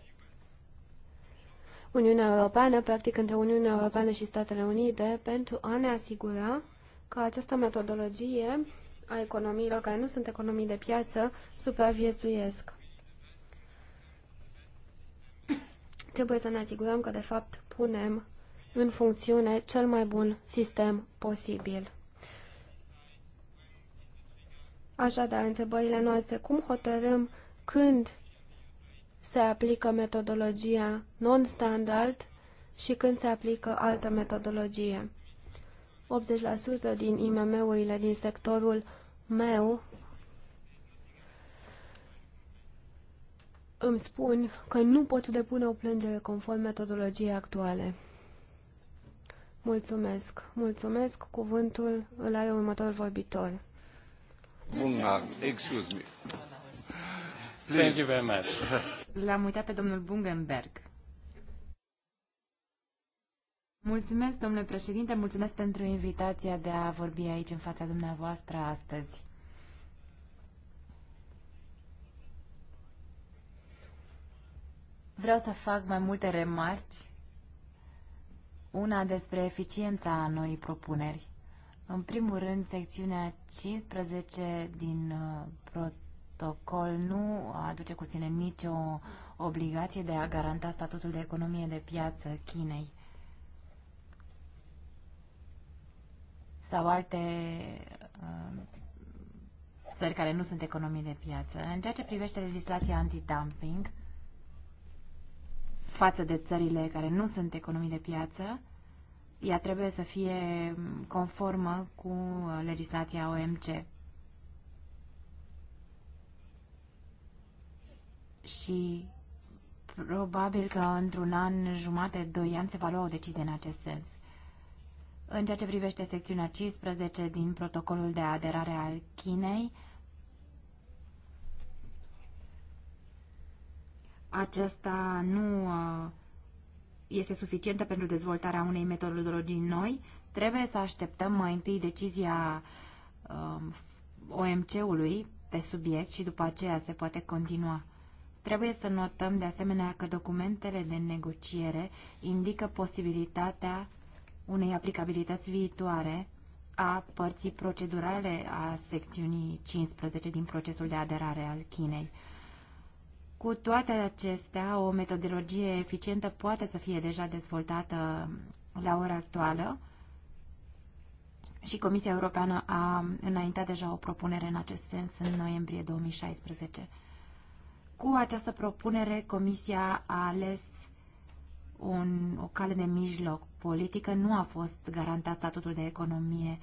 Uniunea Europeană, practic între Uniunea Europeană și Statele Unite, pentru a ne asigura că această metodologie a economiilor care nu sunt economii de piață supraviețuiesc. Trebuie să ne asigurăm că, de fapt, punem în funcțiune cel mai bun sistem posibil. Așadar, întrebările noastre, cum hotărâm când se aplică metodologia non-standard și când se aplică altă metodologie? 80% din IMM-urile din sectorul meu îmi spun că nu pot depune o plângere conform metodologiei actuale. Mulțumesc. Mulțumesc. Cuvântul îl are următor vorbitor. Bunga, da, excuse me. Please. Thank you very much. L-am uitat pe domnul Bungenberg. Mulțumesc, domnule președinte, mulțumesc pentru invitația de a vorbi aici în fața dumneavoastră astăzi. Vreau să fac mai multe remarci, una despre eficiența noii propuneri. În primul rând, secțiunea 15 din uh, protocol nu aduce cu sine nicio obligație de a garanta statutul de economie de piață Chinei sau alte uh, țări care nu sunt economii de piață. În ceea ce privește legislația antidumping, față de țările care nu sunt economii de piață, ea trebuie să fie conformă cu uh, legislația OMC. Și probabil că într-un an jumate, doi ani, se va lua o decizie în acest sens. În ceea ce privește secțiunea 15 din protocolul de aderare al Chinei, aceasta nu uh, este suficientă pentru dezvoltarea unei metodologii noi, trebuie să așteptăm mai întâi decizia um, OMC-ului pe subiect și după aceea se poate continua. Trebuie să notăm de asemenea că documentele de negociere indică posibilitatea unei aplicabilități viitoare a părții procedurale a secțiunii 15 din procesul de aderare al Chinei. Cu toate acestea, o metodologie eficientă poate să fie deja dezvoltată la ora actuală și Comisia Europeană a înaintat deja o propunere în acest sens în noiembrie 2016. Cu această propunere, Comisia a ales un, o cale de mijloc politică. Nu a fost garantat statutul de economie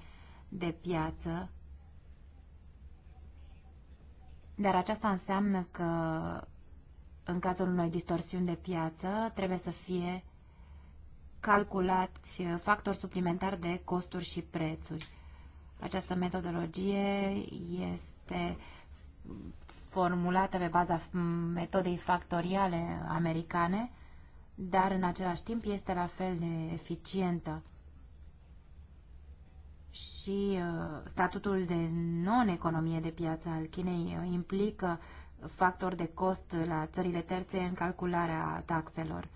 de piață, dar aceasta înseamnă că în cazul unei distorsiuni de piață, trebuie să fie calculați uh, factori suplimentari de costuri și prețuri. Această metodologie este formulată pe baza metodei factoriale americane, dar în același timp este la fel de eficientă. Și uh, statutul de non-economie de piață al Chinei uh, implică uh, factor de cost la țările terțe în calcularea taxelor.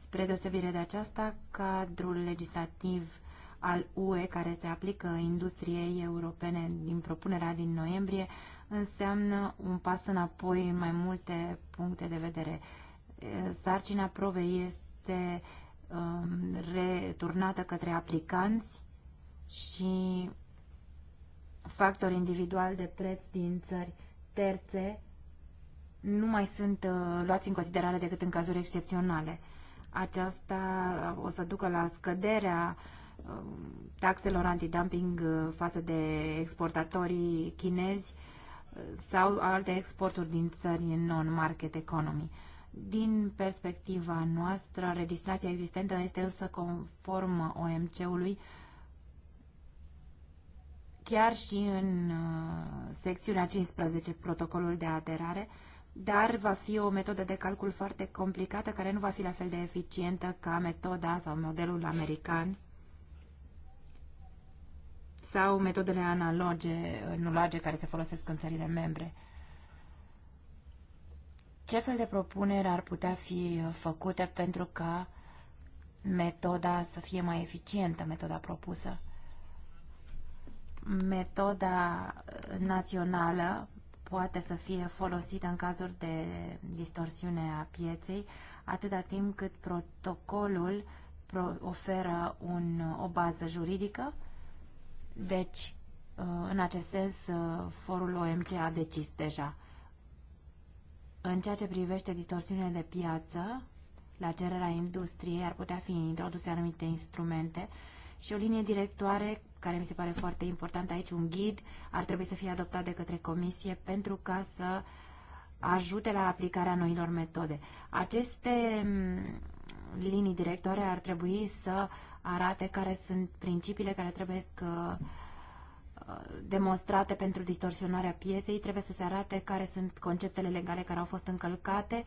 Spre deosebire de aceasta, cadrul legislativ al UE care se aplică industriei europene din propunerea din noiembrie înseamnă un pas înapoi în mai multe puncte de vedere. Sarcina probei este um, returnată către aplicanți și factor individual de preț din țări terțe nu mai sunt uh, luați în considerare decât în cazuri excepționale. Aceasta uh, o să ducă la scăderea uh, taxelor antidumping uh, față de exportatorii chinezi sau alte exporturi din țări non-market economy. Din perspectiva noastră, registrația existentă este însă conform OMC-ului chiar și în secțiunea 15, protocolul de aderare, dar va fi o metodă de calcul foarte complicată care nu va fi la fel de eficientă ca metoda sau modelul american sau metodele analoge, nuloage care se folosesc în țările membre. Ce fel de propuneri ar putea fi făcute pentru ca metoda să fie mai eficientă, metoda propusă? Metoda națională poate să fie folosită în cazuri de distorsiune a pieței, atâta timp cât protocolul oferă un, o bază juridică. Deci, uh, în acest sens, uh, forul OMC a decis deja. În ceea ce privește distorsiunea de piață, la cererea industriei ar putea fi introduse anumite instrumente și o linie directoare care mi se pare foarte important aici, un ghid, ar trebui să fie adoptat de către comisie pentru ca să ajute la aplicarea noilor metode. Aceste mm, linii directoare ar trebui să arate care sunt principiile care trebuie să uh, demonstrate pentru distorsionarea pieței, trebuie să se arate care sunt conceptele legale care au fost încălcate,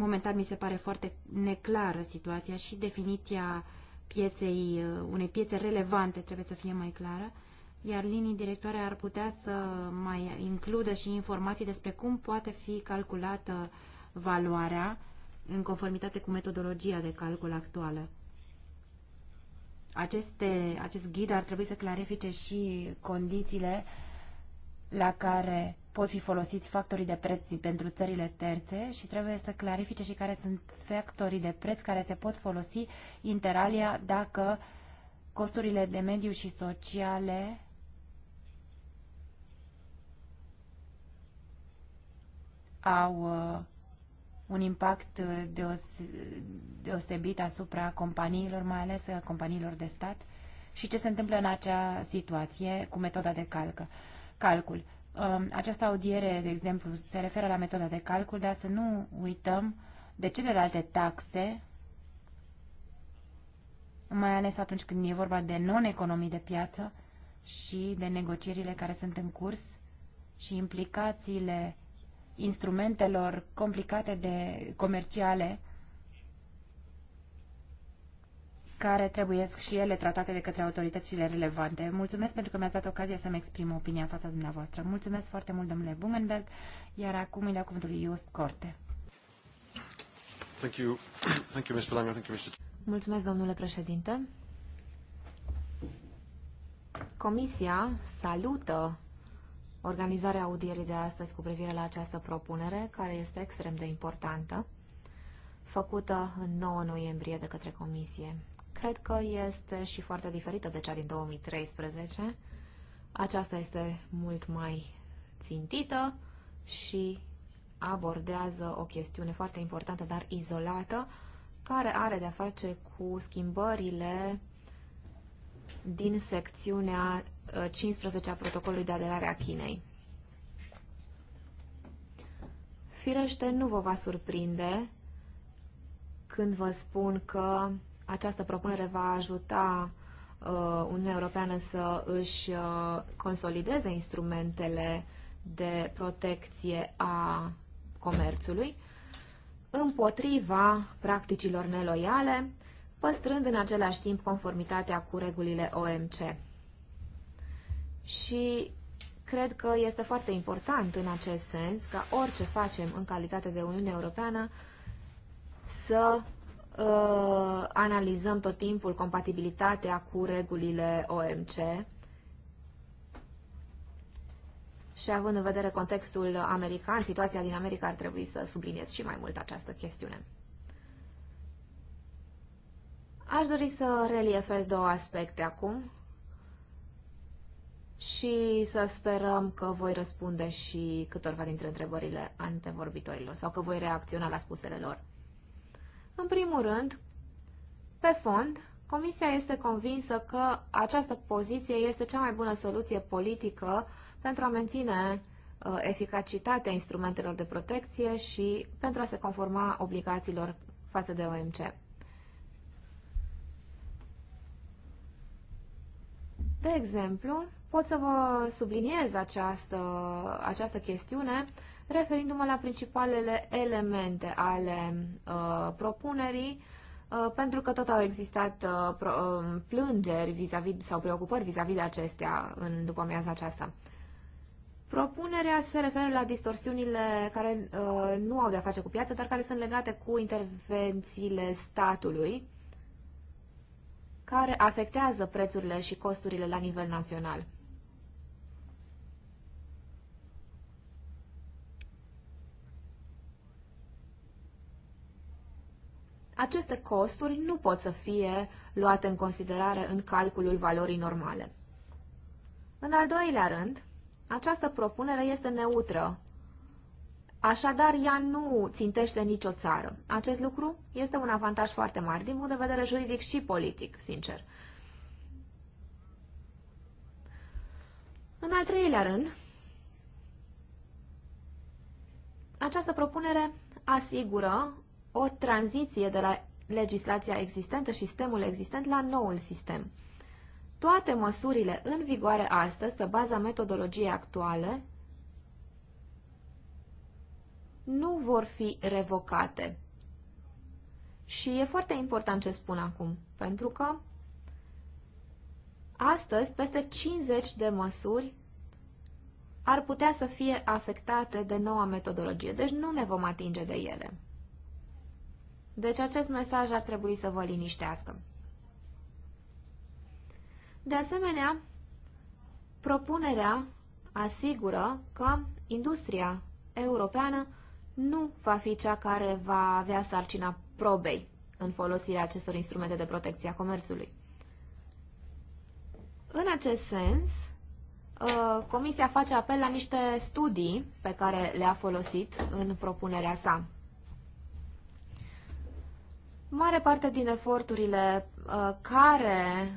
Momentan mi se pare foarte neclară situația și definiția pieței, uh, unei piețe relevante trebuie să fie mai clară, iar linii directoare ar putea să mai includă și informații despre cum poate fi calculată valoarea în conformitate cu metodologia de calcul actuală. Aceste, acest ghid ar trebui să clarifice și condițiile la care pot fi folosiți factorii de preț pentru țările terțe și trebuie să clarifice și care sunt factorii de preț care se pot folosi interalia dacă costurile de mediu și sociale au uh, un impact deosebit asupra companiilor, mai ales uh, companiilor de stat, și ce se întâmplă în acea situație cu metoda de calcă, calcul. Um, această audiere, de exemplu, se referă la metoda de calcul, dar să nu uităm de celelalte taxe, mai ales atunci când e vorba de non-economii de piață și de negocierile care sunt în curs și implicațiile instrumentelor complicate de comerciale care trebuie și ele tratate de către autoritățile relevante. Mulțumesc pentru că mi-ați dat ocazia să-mi exprim opinia fața dumneavoastră. Mulțumesc foarte mult, domnule Bungenberg, iar acum îi dau cuvântul lui Just Corte. Thank you. [clears throat] Thank you, Mr. Lange. Thank you, Mr. Mulțumesc, domnule președinte. Comisia salută organizarea audierii de astăzi cu privire la această propunere, care este extrem de importantă, făcută în 9 noiembrie de către Comisie cred că este și foarte diferită de cea din 2013. Aceasta este mult mai țintită și abordează o chestiune foarte importantă, dar izolată, care are de-a face cu schimbările din secțiunea 15 uh, a protocolului de aderare a Chinei. Firește, nu vă va surprinde când vă spun că această propunere va ajuta uh, Uniunea Europeană să își uh, consolideze instrumentele de protecție a comerțului împotriva practicilor neloiale, păstrând în același timp conformitatea cu regulile OMC. Și cred că este foarte important în acest sens ca orice facem în calitate de Uniune Europeană să uh, analizăm tot timpul compatibilitatea cu regulile OMC și având în vedere contextul american, situația din America ar trebui să subliniez și mai mult această chestiune. Aș dori să reliefez două aspecte acum și să sperăm că voi răspunde și câtorva dintre întrebările antevorbitorilor sau că voi reacționa la spusele lor. În primul rând, pe fond, Comisia este convinsă că această poziție este cea mai bună soluție politică pentru a menține uh, eficacitatea instrumentelor de protecție și pentru a se conforma obligațiilor față de OMC. De exemplu, pot să vă subliniez această, această chestiune referindu-mă la principalele elemente ale uh, propunerii, uh, pentru că tot au existat uh, pro, uh, plângeri vis-a-vis sau preocupări vis-a-vis -vis de acestea în după amiaza aceasta. Propunerea se referă la distorsiunile care uh, nu au de-a face cu piață, dar care sunt legate cu intervențiile statului, care afectează prețurile și costurile la nivel național. aceste costuri nu pot să fie luate în considerare în calculul valorii normale. În al doilea rând, această propunere este neutră, așadar ea nu țintește nicio țară. Acest lucru este un avantaj foarte mare din punct de vedere juridic și politic, sincer. În al treilea rând, această propunere asigură o tranziție de la legislația existentă și sistemul existent la noul sistem. Toate măsurile în vigoare astăzi, pe baza metodologiei actuale, nu vor fi revocate. Și e foarte important ce spun acum, pentru că astăzi peste 50 de măsuri ar putea să fie afectate de noua metodologie, deci nu ne vom atinge de ele. Deci acest mesaj ar trebui să vă liniștească. De asemenea, propunerea asigură că industria europeană nu va fi cea care va avea sarcina probei în folosirea acestor instrumente de protecție a comerțului. În acest sens, ă, Comisia face apel la niște studii pe care le-a folosit în propunerea sa. Mare parte din eforturile uh, care,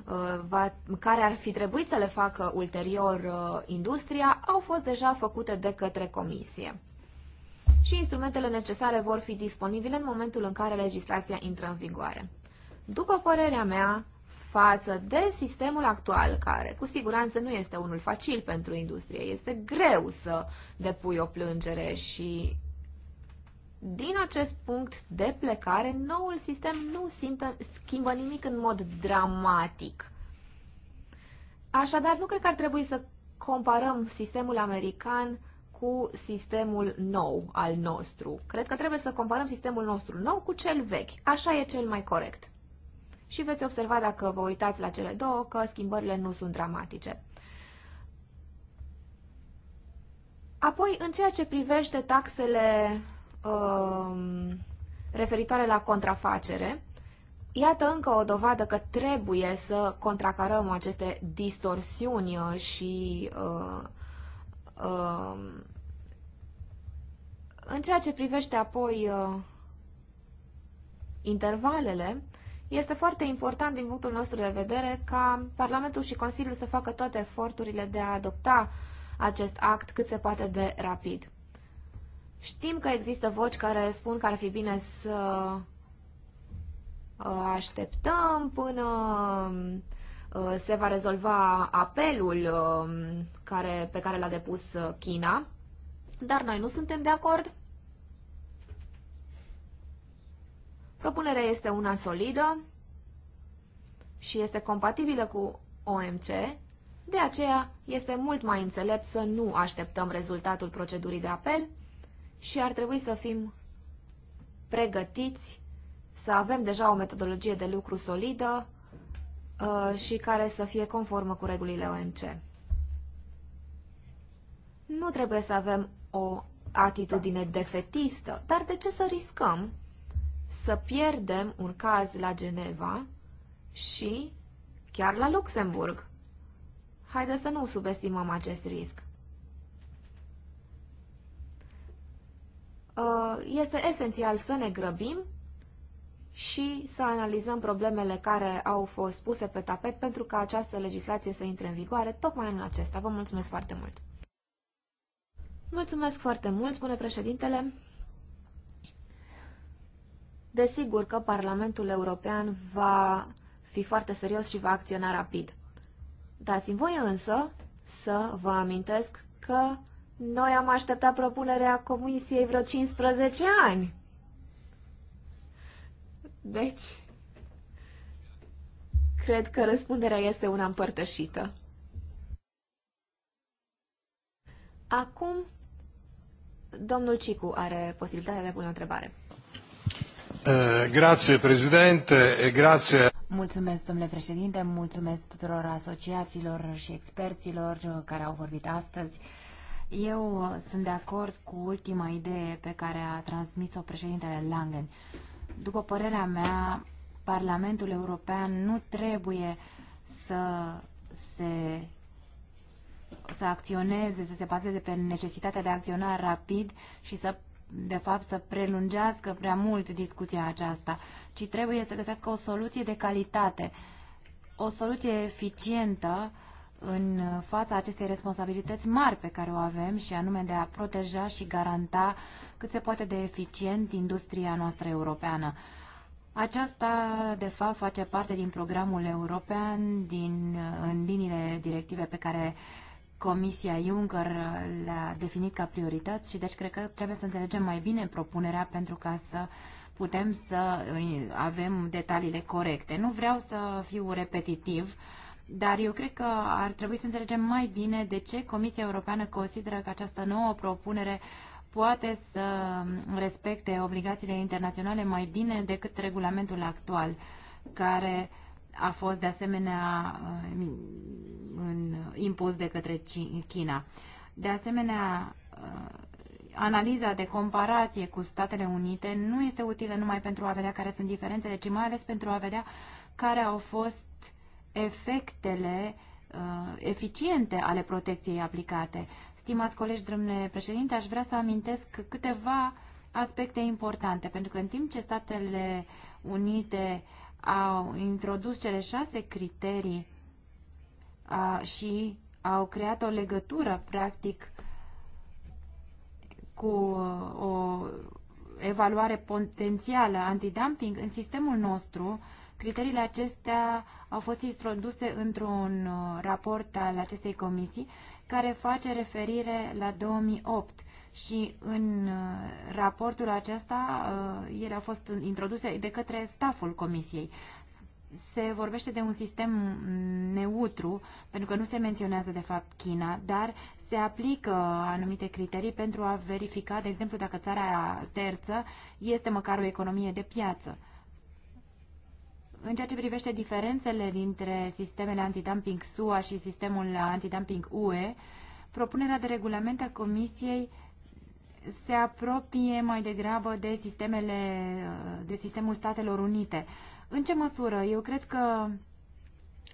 uh, va, care ar fi trebuit să le facă ulterior uh, industria au fost deja făcute de către comisie. Și instrumentele necesare vor fi disponibile în momentul în care legislația intră în vigoare. După părerea mea, față de sistemul actual, care cu siguranță nu este unul facil pentru industrie, este greu să depui o plângere și din acest punct de plecare, noul sistem nu simtă, schimbă nimic în mod dramatic. Așadar, nu cred că ar trebui să comparăm sistemul american cu sistemul nou al nostru. Cred că trebuie să comparăm sistemul nostru nou cu cel vechi. Așa e cel mai corect. Și veți observa dacă vă uitați la cele două că schimbările nu sunt dramatice. Apoi, în ceea ce privește taxele Um, referitoare la contrafacere. Iată încă o dovadă că trebuie să contracarăm aceste distorsiuni uh, și uh, uh, în ceea ce privește apoi uh, intervalele, este foarte important din punctul nostru de vedere ca Parlamentul și Consiliul să facă toate eforturile de a adopta acest act cât se poate de rapid. Știm că există voci care spun că ar fi bine să uh, așteptăm până uh, se va rezolva apelul um, care, pe care l-a depus uh, China, dar noi nu suntem de acord. Propunerea este una solidă și este compatibilă cu OMC, de aceea este mult mai înțelept să nu așteptăm rezultatul procedurii de apel, și ar trebui să fim pregătiți, să avem deja o metodologie de lucru solidă uh, și care să fie conformă cu regulile OMC. Nu trebuie să avem o atitudine defetistă, dar de ce să riscăm să pierdem un caz la Geneva și chiar la Luxemburg? Haideți să nu subestimăm acest risc. Uh, este esențial să ne grăbim și să analizăm problemele care au fost puse pe tapet pentru ca această legislație să intre în vigoare tocmai în acesta. Vă mulțumesc foarte mult! Mulțumesc foarte mult, spune președintele. Desigur că Parlamentul European va fi foarte serios și va acționa rapid. Dați-mi voie însă să vă amintesc că noi am așteptat propunerea comisiei vreo 15 ani. Deci, cred că răspunderea este una împărtășită. Acum, domnul Cicu are posibilitatea de a pune o întrebare. Uh, grazie, președinte, grazie. Mulțumesc, domnule președinte, mulțumesc tuturor asociațiilor și experților care au vorbit astăzi. Eu uh, sunt de acord cu ultima idee pe care a transmis-o președintele Langen. După părerea mea, Parlamentul European nu trebuie să se să acționeze, să se bazeze pe necesitatea de a acționa rapid și să de fapt să prelungească prea mult discuția aceasta, ci trebuie să găsească o soluție de calitate, o soluție eficientă în fața acestei responsabilități mari pe care o avem și anume de a proteja și garanta cât se poate de eficient industria noastră europeană. Aceasta, de fapt, face parte din programul european, din, în liniile directive pe care Comisia Juncker le-a definit ca priorități și deci cred că trebuie să înțelegem mai bine propunerea pentru ca să putem să avem detaliile corecte. Nu vreau să fiu repetitiv, dar eu cred că ar trebui să înțelegem mai bine de ce Comisia Europeană consideră că această nouă propunere poate să respecte obligațiile internaționale mai bine decât regulamentul actual, care a fost de asemenea uh, impus de către China. De asemenea, uh, analiza de comparație cu Statele Unite nu este utilă numai pentru a vedea care sunt diferențele, ci mai ales pentru a vedea care au fost efectele uh, eficiente ale protecției aplicate. Stimați colegi, domnule președinte, aș vrea să amintesc câteva aspecte importante, pentru că în timp ce Statele Unite au introdus cele șase criterii a, și au creat o legătură, practic, cu o evaluare potențială antidumping, în sistemul nostru, criteriile acestea au fost introduse într-un uh, raport al acestei comisii care face referire la 2008 și în uh, raportul acesta uh, ele au fost introduse de către staful comisiei. Se vorbește de un sistem neutru, pentru că nu se menționează de fapt China, dar se aplică anumite criterii pentru a verifica, de exemplu, dacă țara terță este măcar o economie de piață. În ceea ce privește diferențele dintre sistemele antidumping SUA și sistemul antidumping UE, propunerea de regulament a Comisiei se apropie mai degrabă de, sistemele, de sistemul Statelor Unite. În ce măsură? Eu cred că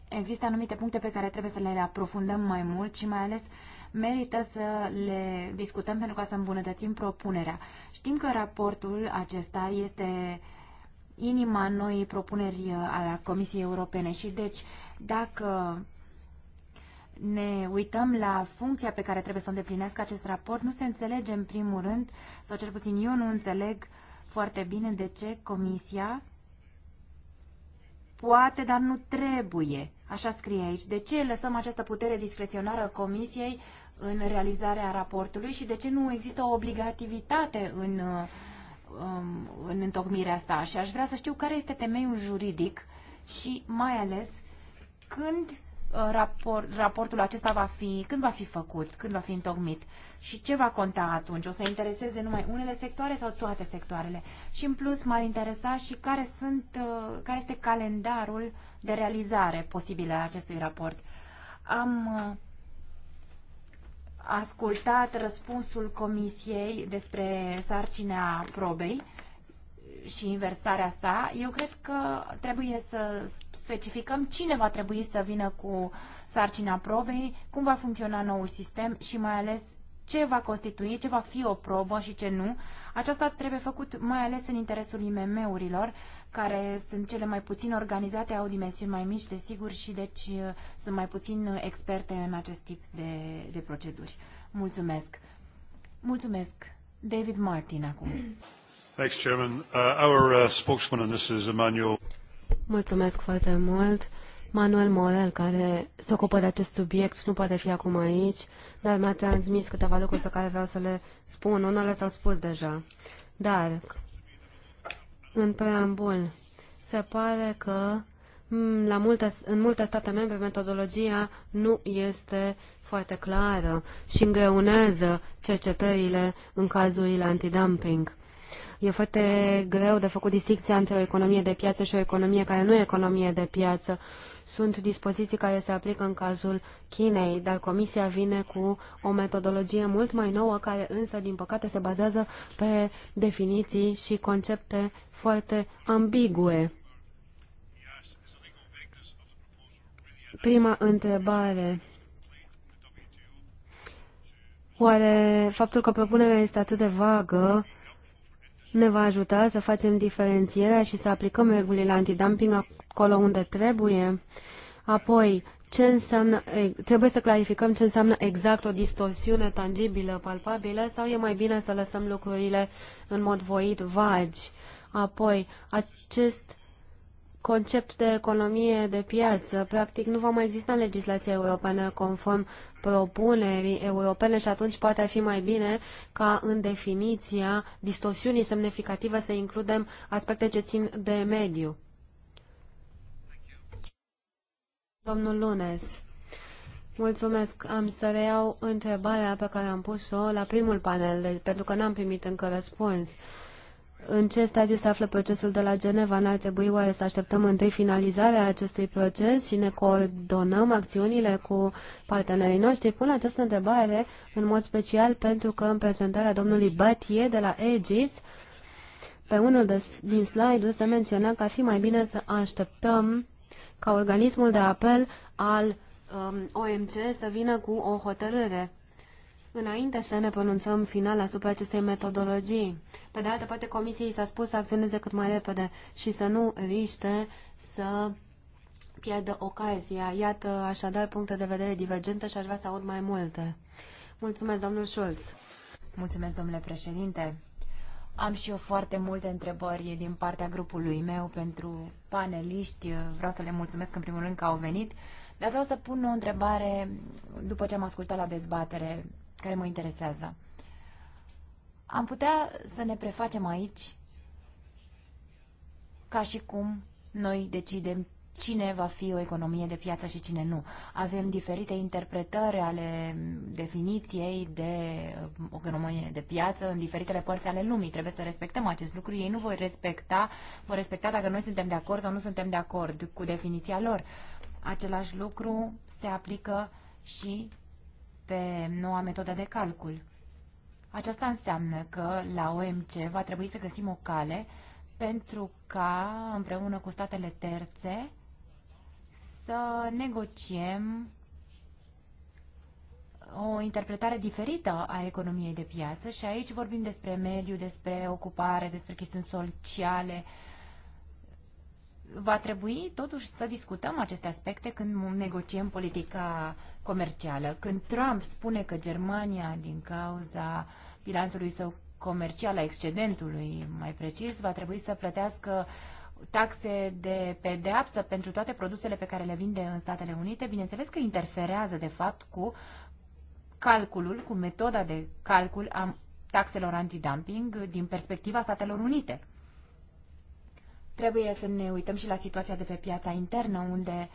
există anumite puncte pe care trebuie să le aprofundăm mai mult și mai ales merită să le discutăm pentru ca să îmbunătățim propunerea. Știm că raportul acesta este uh, inima noii propuneri uh, a Comisiei Europene și deci dacă ne uităm la funcția pe care trebuie să o îndeplinească acest raport, nu se înțelege în primul rând, sau cel puțin eu nu înțeleg foarte bine de ce Comisia poate, dar nu trebuie, așa scrie aici. De ce lăsăm această putere discreționară Comisiei în realizarea raportului și de ce nu există o obligativitate în uh, um, în întocmirea sa și aș vrea să știu care este temeiul juridic și mai ales când uh, rapor, raportul acesta va fi, când va fi făcut, când va fi întocmit și ce va conta atunci? O să intereseze numai unele sectoare sau toate sectoarele? Și în plus m-ar interesa și care, sunt, uh, care este calendarul de realizare posibilă a acestui raport. Am uh, ascultat răspunsul comisiei despre sarcina probei și inversarea sa, eu cred că trebuie să specificăm cine va trebui să vină cu sarcina probei, cum va funcționa noul sistem și mai ales ce va constitui, ce va fi o probă și ce nu. Aceasta trebuie făcut mai ales în interesul IMM-urilor, care sunt cele mai puțin organizate, au dimensiuni mai mici, desigur, și deci uh, sunt mai puțin uh, experte în acest tip de, de proceduri. Mulțumesc. Mulțumesc. David Martin acum. Thanks, Chairman. Uh, our uh, spokesman on this is Emmanuel. Mulțumesc foarte mult. Manuel Morel, care se ocupă de acest subiect, nu poate fi acum aici, dar mi-a transmis câteva lucruri pe care vreau să le spun. Unele s-au spus deja. Dar în preambul. Se pare că mm, la multe, în multe state membre metodologia nu este foarte clară și îngreunează cercetările în cazurile antidumping. E foarte greu de făcut distinția între o economie de piață și o economie care nu e economie de piață sunt dispoziții care se aplică în cazul Chinei, dar Comisia vine cu o metodologie mult mai nouă, care însă, din păcate, se bazează pe definiții și concepte foarte ambigue. Prima întrebare. Oare faptul că propunerea este atât de vagă ne va ajuta să facem diferențierea și să aplicăm regulile antidumping acolo unde trebuie. Apoi, ce înseamnă, trebuie să clarificăm ce înseamnă exact o distorsiune tangibilă, palpabilă, sau e mai bine să lăsăm lucrurile în mod voit, vagi. Apoi, acest concept de economie de piață. Practic nu va mai exista în legislația europeană conform propunerii europene și atunci poate ar fi mai bine ca în definiția distorsiunii semnificative să includem aspecte ce țin de mediu. Domnul Lunes. Mulțumesc. Am să reiau întrebarea pe care am pus-o la primul panel, de, pentru că n-am primit încă răspuns. Uh, în ce stadiu se află procesul de la Geneva? N-ar trebui oare să așteptăm întâi finalizarea acestui proces și ne coordonăm acțiunile cu partenerii noștri? Pun această întrebare în mod special pentru că în prezentarea domnului Batie de la Aegis, pe unul de, din slide-uri se menționa că ar fi mai bine să așteptăm ca organismul de apel al um, OMC să vină cu o hotărâre Înainte să ne pronunțăm final asupra acestei metodologii, pe de altă parte comisiei s-a spus să acționeze cât mai repede și să nu riște să pierdă ocazia. Iată așadar puncte de vedere divergente și aș vrea să aud mai multe. Mulțumesc, domnul Schulz. Mulțumesc, domnule președinte. Am și eu foarte multe întrebări din partea grupului meu pentru paneliști. Vreau să le mulțumesc în primul rând că au venit, dar vreau să pun o întrebare după ce am ascultat la dezbatere care mă interesează. Am putea să ne prefacem aici ca și cum noi decidem cine va fi o economie de piață și cine nu. Avem diferite interpretări ale definiției de uh, o economie de piață în diferitele părți ale lumii. Trebuie să respectăm acest lucru. Ei nu vor respecta, vor respecta dacă noi suntem de acord sau nu suntem de acord cu definiția lor. Același lucru se aplică și pe noua metodă de calcul. Aceasta înseamnă că la OMC va trebui să găsim o cale pentru ca, împreună cu statele terțe, să negociem o interpretare diferită a economiei de piață și aici vorbim despre mediu, despre ocupare, despre chestiuni sociale, uh, va trebui totuși să discutăm aceste aspecte când negociem politica comercială. Când Trump spune că Germania, din cauza bilanțului său comercial, a excedentului mai precis, va trebui să plătească taxe de pedeapsă pentru toate produsele pe care le vinde în Statele Unite, bineînțeles că interferează, de fapt, cu calculul, cu metoda de calcul a taxelor antidumping din perspectiva Statelor Unite. Trebuie să ne uităm și la situația de pe piața internă, unde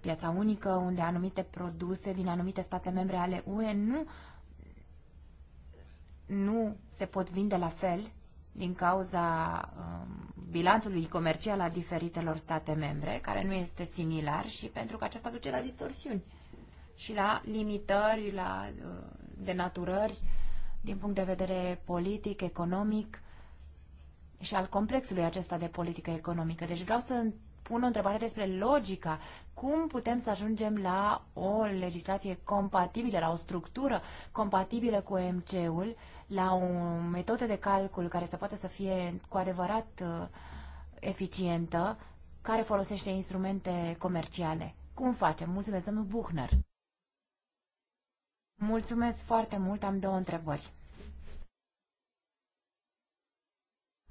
piața unică, unde anumite produse din anumite state membre ale UE nu, nu se pot vinde la fel din cauza um, bilanțului comercial a diferitelor state membre, care nu este similar și pentru că aceasta duce la distorsiuni și la limitări, la uh, denaturări din punct de vedere politic, economic și al complexului acesta de politică economică. Deci vreau să pun o întrebare despre logica. Cum putem să ajungem la o legislație compatibilă, la o structură compatibilă cu OMC-ul, la o metodă de calcul care să poată să fie cu adevărat uh, eficientă, care folosește instrumente comerciale? Cum facem? Mulțumesc, domnul Buchner. Mulțumesc foarte mult, am două întrebări.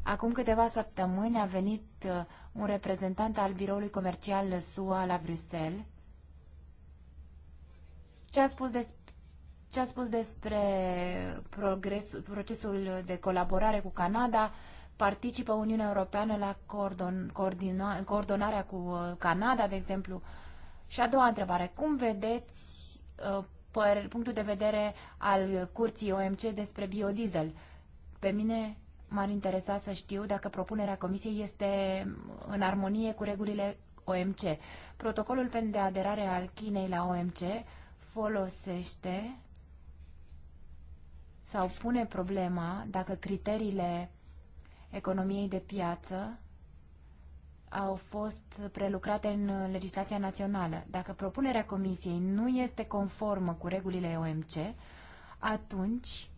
Acum câteva săptămâni a venit uh, un reprezentant al biroului comercial SUA la Bruxelles. Ce a spus despre ce a spus despre progres, procesul de colaborare cu Canada, participă Uniunea Europeană la coordon, coordina, coordonarea cu uh, Canada, de exemplu. Și a doua întrebare, cum vedeți uh, punctul de vedere al curții OMC despre biodiesel? Pe mine M-ar interesa să știu dacă propunerea Comisiei este în armonie cu regulile OMC. Protocolul de aderare al Chinei la OMC folosește sau pune problema dacă criteriile economiei de piață au fost prelucrate în legislația națională. Dacă propunerea Comisiei nu este conformă cu regulile OMC, atunci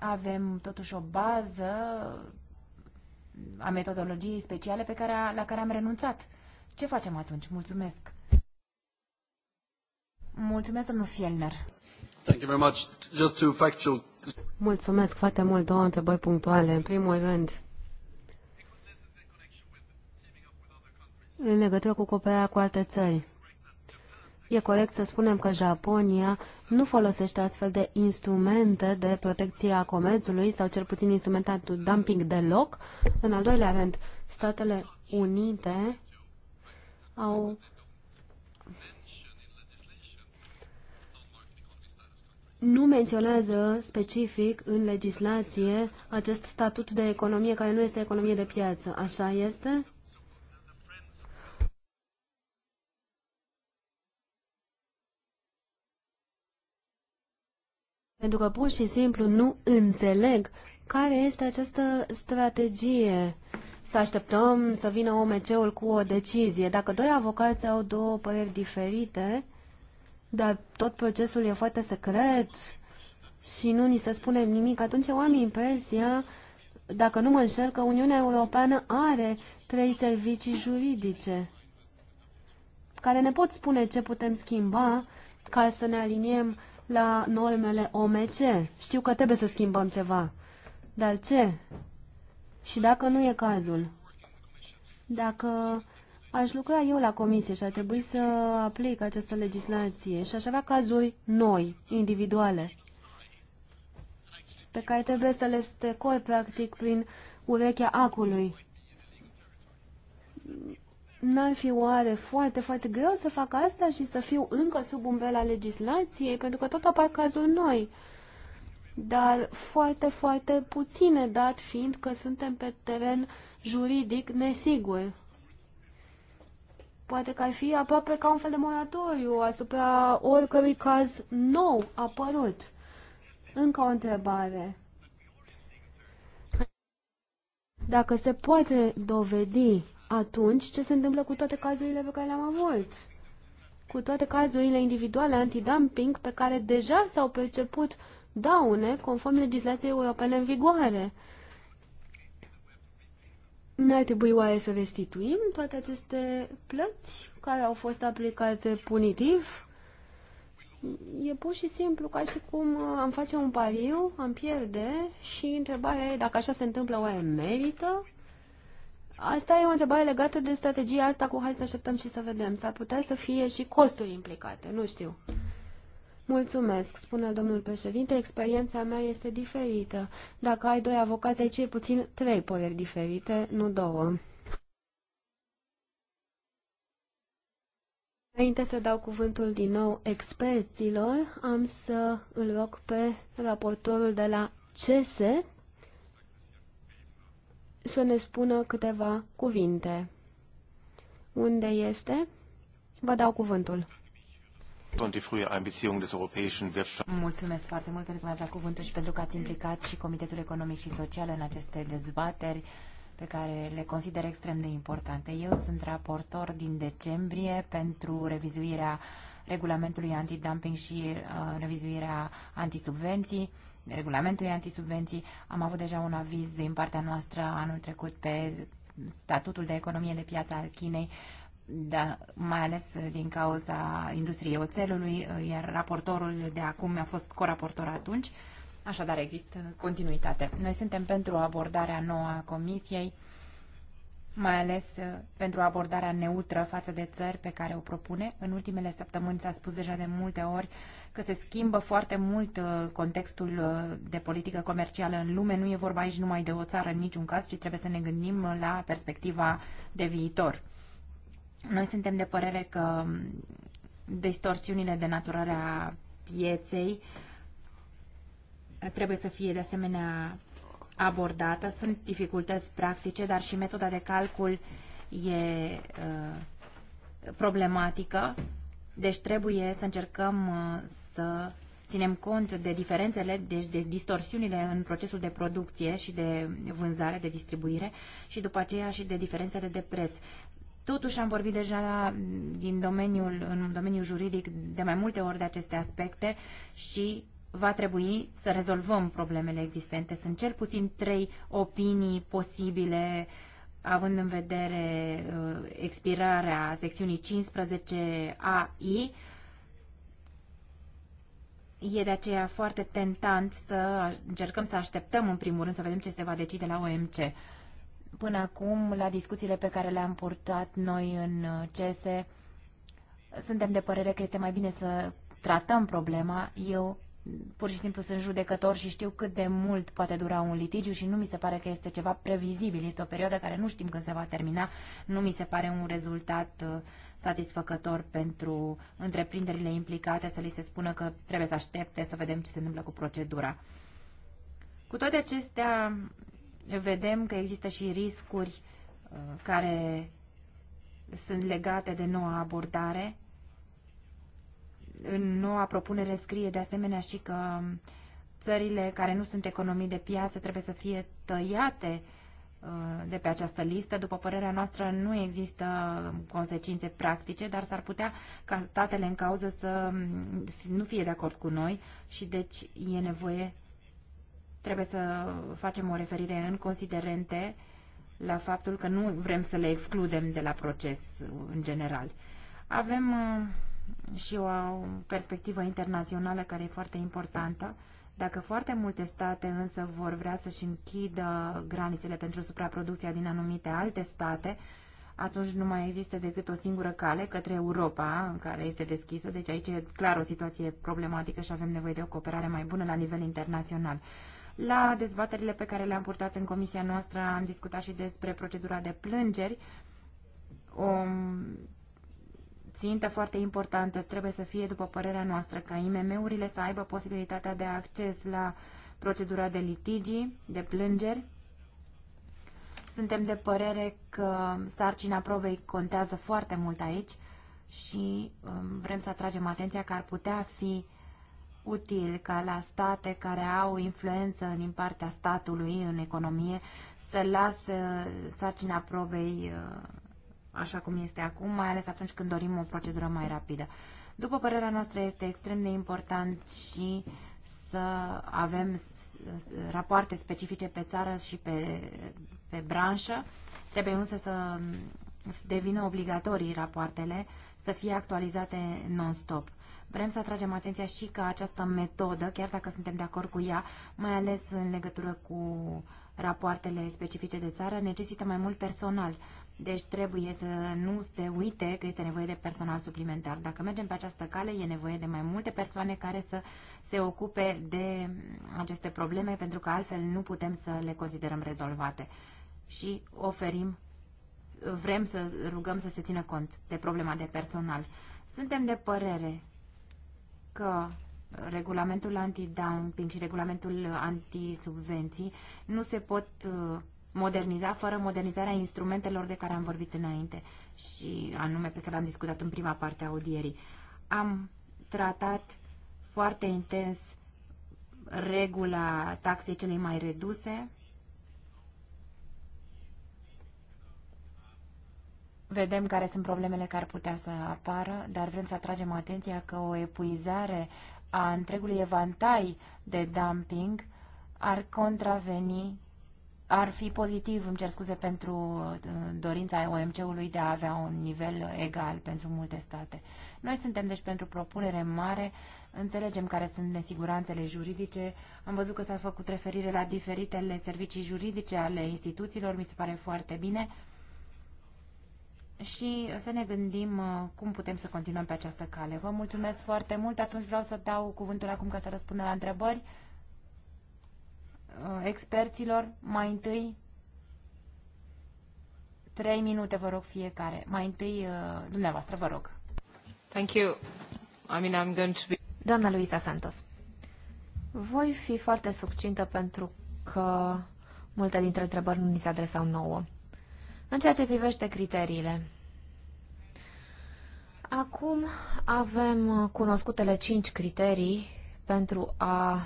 avem totuși o bază a metodologiei speciale pe care, la care am renunțat. Ce facem atunci? Mulțumesc! Mulțumesc, domnul Fielner! Thank you very much. Just to factual... Mulțumesc foarte mult. Două întrebări punctuale. În primul rând, în legătură cu cooperarea cu alte țări. E corect să spunem că Japonia nu folosește astfel de instrumente de protecție a comerțului sau cel puțin instrumentul dumping deloc. În al doilea rând, Statele Unite au nu menționează specific în legislație acest statut de economie care nu este economie de piață. Așa este? Pentru că pur și simplu nu înțeleg care este această strategie. Să așteptăm să vină OMC-ul cu o decizie. Dacă doi avocați au două păreri diferite, dar tot procesul e foarte secret și nu ni se spune nimic, atunci eu am impresia, dacă nu mă înșel, că Uniunea Europeană are trei servicii juridice care ne pot spune ce putem schimba ca să ne aliniem la normele OMC. Știu că trebuie să schimbăm ceva. Dar ce? Și dacă nu e cazul? Dacă aș lucra eu la comisie și ar trebui să aplic această legislație și aș avea cazuri noi, individuale, pe care trebuie să le stecor practic prin urechea acului. N-ar fi oare foarte, foarte greu să fac asta și să fiu încă sub umbrela legislației? Pentru că tot apar cazuri noi. Dar foarte, foarte puține, dat fiind că suntem pe teren juridic nesigur. Poate că ar fi aproape ca un fel de moratoriu asupra oricărui caz nou apărut. Încă o întrebare. Dacă se poate dovedi atunci ce se întâmplă cu toate cazurile pe care le-am avut? Cu toate cazurile individuale antidumping pe care deja s-au perceput daune conform legislației europene în vigoare. N-ar trebui oare să restituim toate aceste plăți care au fost aplicate punitiv? E pur și simplu ca și cum uh, am face un pariu, am pierde și întrebarea e dacă așa se întâmplă, oare merită? Asta e o întrebare legată de strategia asta cu hai să așteptăm și să vedem. S-ar putea să fie și costuri implicate, nu știu. Mulțumesc, spune domnul președinte, experiența mea este diferită. Dacă ai doi avocați, ai cel puțin trei păreri diferite, nu două. Înainte să dau cuvântul din nou experților, am să îl rog pe raportorul de la CESE să ne spună câteva cuvinte. Unde este? Vă dau cuvântul. Mulțumesc foarte mult pentru că mi-a dat cuvântul și pentru că ați implicat și Comitetul Economic și Social în aceste dezbateri pe care le consider extrem de importante. Eu sunt raportor din decembrie pentru revizuirea regulamentului antidumping și uh, revizuirea antisubvenții. Uh, regulamentului antisubvenții. Am avut deja un aviz din partea noastră anul trecut pe statutul de economie de piață al Chinei, da, mai ales din cauza industriei oțelului, iar raportorul de acum a fost coraportor atunci. Așadar, există continuitate. Noi suntem pentru abordarea nouă a Comisiei, mai ales uh, pentru abordarea neutră față de țări pe care o propune. În ultimele săptămâni s-a spus deja de multe ori că se schimbă foarte mult uh, contextul uh, de politică comercială în lume. Nu e vorba aici numai de o țară în niciun caz, ci trebuie să ne gândim la perspectiva de viitor. Noi suntem de părere că um, distorsiunile de a pieței uh, trebuie să fie de asemenea abordată. Sunt dificultăți practice, dar și metoda de calcul e uh, problematică deci trebuie să încercăm uh, să ținem cont de diferențele, deci de distorsiunile în procesul de producție și de vânzare, de distribuire și după aceea și de diferențele de preț. Totuși am vorbit deja din domeniul, în domeniul juridic de mai multe ori de aceste aspecte și va trebui să rezolvăm problemele existente. Sunt cel puțin trei opinii posibile uh, având în vedere uh, expirarea secțiunii 15AI, E de aceea foarte tentant să încercăm să așteptăm în primul rând să vedem ce se va decide la OMC. Până acum, la discuțiile pe care le-am purtat noi în uh, CESE, suntem de părere că este mai bine să tratăm problema. Eu pur și simplu sunt judecător și știu cât de mult poate dura un litigiu și nu mi se pare că este ceva previzibil. Este o perioadă care nu știm când se va termina. Nu mi se pare un rezultat uh, satisfăcător pentru întreprinderile implicate să li se spună că trebuie să aștepte să vedem ce se întâmplă cu procedura. Cu toate acestea, vedem că există și riscuri uh, care sunt legate de noua abordare în noua propunere scrie de asemenea și că țările care nu sunt economii de piață trebuie să fie tăiate uh, de pe această listă. După părerea noastră, nu există consecințe practice, dar s-ar putea ca statele în cauză să mm, nu fie de acord cu noi și deci e nevoie, trebuie să facem o referire în considerente la faptul că nu vrem să le excludem de la proces uh, în general. Avem uh, și o perspectivă internațională care e foarte importantă. Dacă foarte multe state însă vor vrea să-și închidă granițele pentru supraproducția din anumite alte state, atunci nu mai există decât o singură cale către Europa, în care este deschisă. Deci aici e clar o situație problematică și avem nevoie de o cooperare mai bună la nivel internațional. La dezbaterile pe care le-am purtat în comisia noastră am discutat și despre procedura de plângeri. O ținte foarte importantă trebuie să fie, după părerea noastră, ca IMM-urile să aibă posibilitatea de acces la procedura de litigi, de plângeri. Suntem de părere că sarcina probei contează foarte mult aici și um, vrem să atragem atenția că ar putea fi util ca la state care au influență din partea statului în economie să lasă sarcina probei uh, așa cum este acum, mai ales atunci când dorim o procedură mai rapidă. După părerea noastră, este extrem de important și să avem rapoarte specifice pe țară și pe, pe branșă. Trebuie însă să devină obligatorii rapoartele să fie actualizate non-stop. Vrem să atragem atenția și că această metodă, chiar dacă suntem de acord cu ea, mai ales în legătură cu rapoartele specifice de țară, necesită mai mult personal. Deci trebuie să nu se uite că este nevoie de personal suplimentar. Dacă mergem pe această cale, e nevoie de mai multe persoane care să se ocupe de aceste probleme, pentru că altfel nu putem să le considerăm rezolvate. Și oferim, vrem să rugăm să se țină cont de problema de personal. Suntem de părere că regulamentul anti-dumping și regulamentul anti anti-subvenții nu se pot uh, moderniza fără modernizarea instrumentelor de care am vorbit înainte și anume pe care am discutat în prima parte a audierii. Am tratat foarte intens regula taxei celei mai reduse. Vedem care sunt problemele care ar putea să apară, dar vrem să atragem atenția că o epuizare a întregului evantai de dumping ar contraveni ar fi pozitiv, îmi cer scuze, pentru uh, dorința OMC-ului de a avea un nivel egal pentru multe state. Noi suntem deci pentru propunere mare, înțelegem care sunt nesiguranțele juridice, am văzut că s-a făcut referire la diferitele servicii juridice ale instituțiilor, mi se pare foarte bine și să ne gândim uh, cum putem să continuăm pe această cale. Vă mulțumesc foarte mult, atunci vreau să dau cuvântul acum ca să răspundă la întrebări. Uh, experților. Mai întâi, trei minute, vă rog, fiecare. Mai întâi, uh, dumneavoastră, vă rog. Thank you. I mean, I'm going to be... Doamna Luisa Santos, voi fi foarte succintă pentru că multe dintre întrebări nu ni se adresau nouă. În ceea ce privește criteriile, acum avem cunoscutele cinci criterii pentru a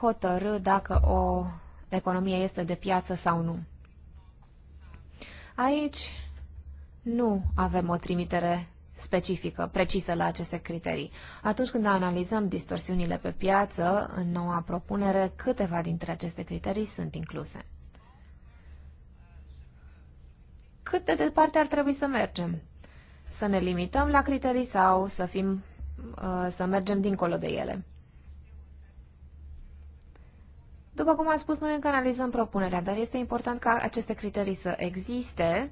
hotărâ dacă o economie este de piață sau nu. Aici nu avem o trimitere specifică, precisă la aceste criterii. Atunci când analizăm distorsiunile pe piață, în noua propunere, câteva dintre aceste criterii sunt incluse. Cât de departe ar trebui să mergem? Să ne limităm la criterii sau să, fim, uh, să mergem dincolo de ele? După cum am spus, noi încă analizăm propunerea, dar este important ca aceste criterii să existe,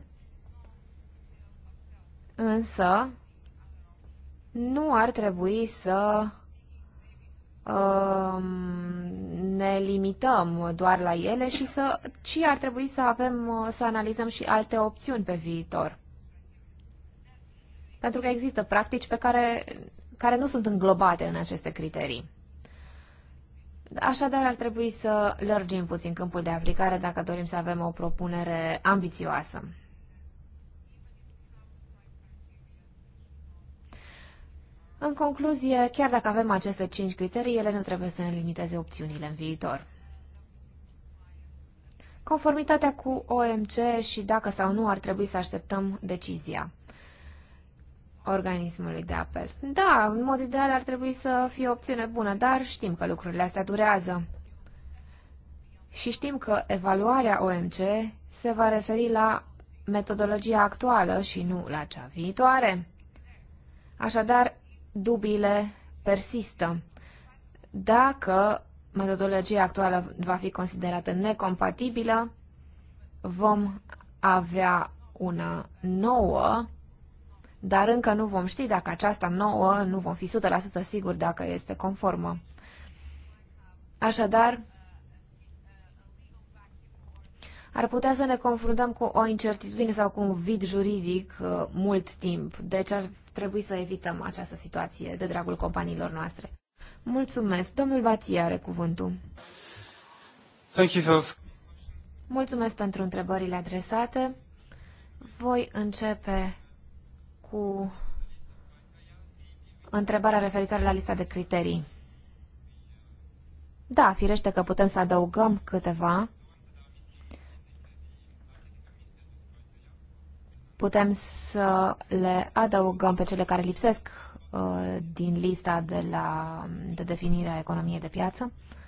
însă nu ar trebui să um, ne limităm doar la ele și să, ci ar trebui să avem, să analizăm și alte opțiuni pe viitor. Pentru că există practici pe care, care nu sunt înglobate în aceste criterii. Așadar, ar trebui să lărgim puțin câmpul de aplicare dacă dorim să avem o propunere ambițioasă. În concluzie, chiar dacă avem aceste cinci criterii, ele nu trebuie să ne limiteze opțiunile în viitor. Conformitatea cu OMC și dacă sau nu ar trebui să așteptăm decizia organismului de apel. Da, în mod ideal ar trebui să fie o opțiune bună, dar știm că lucrurile astea durează. Și știm că evaluarea OMC se va referi la metodologia actuală și nu la cea viitoare. Așadar, dubiile persistă. Dacă metodologia actuală va fi considerată necompatibilă, vom avea una nouă dar încă nu vom ști dacă aceasta nouă, nu vom fi 100% sigur dacă este conformă. Așadar, ar putea să ne confruntăm cu o incertitudine sau cu un vid juridic uh, mult timp. Deci ar trebui să evităm această situație de dragul companiilor noastre. Mulțumesc. Domnul Bație are cuvântul. Thank you for... Mulțumesc pentru întrebările adresate. Voi începe cu întrebarea referitoare la lista de criterii. Da, firește că putem să adăugăm câteva. Putem să le adăugăm pe cele care lipsesc uh, din lista de, la, de definire a economiei de piață. Uh,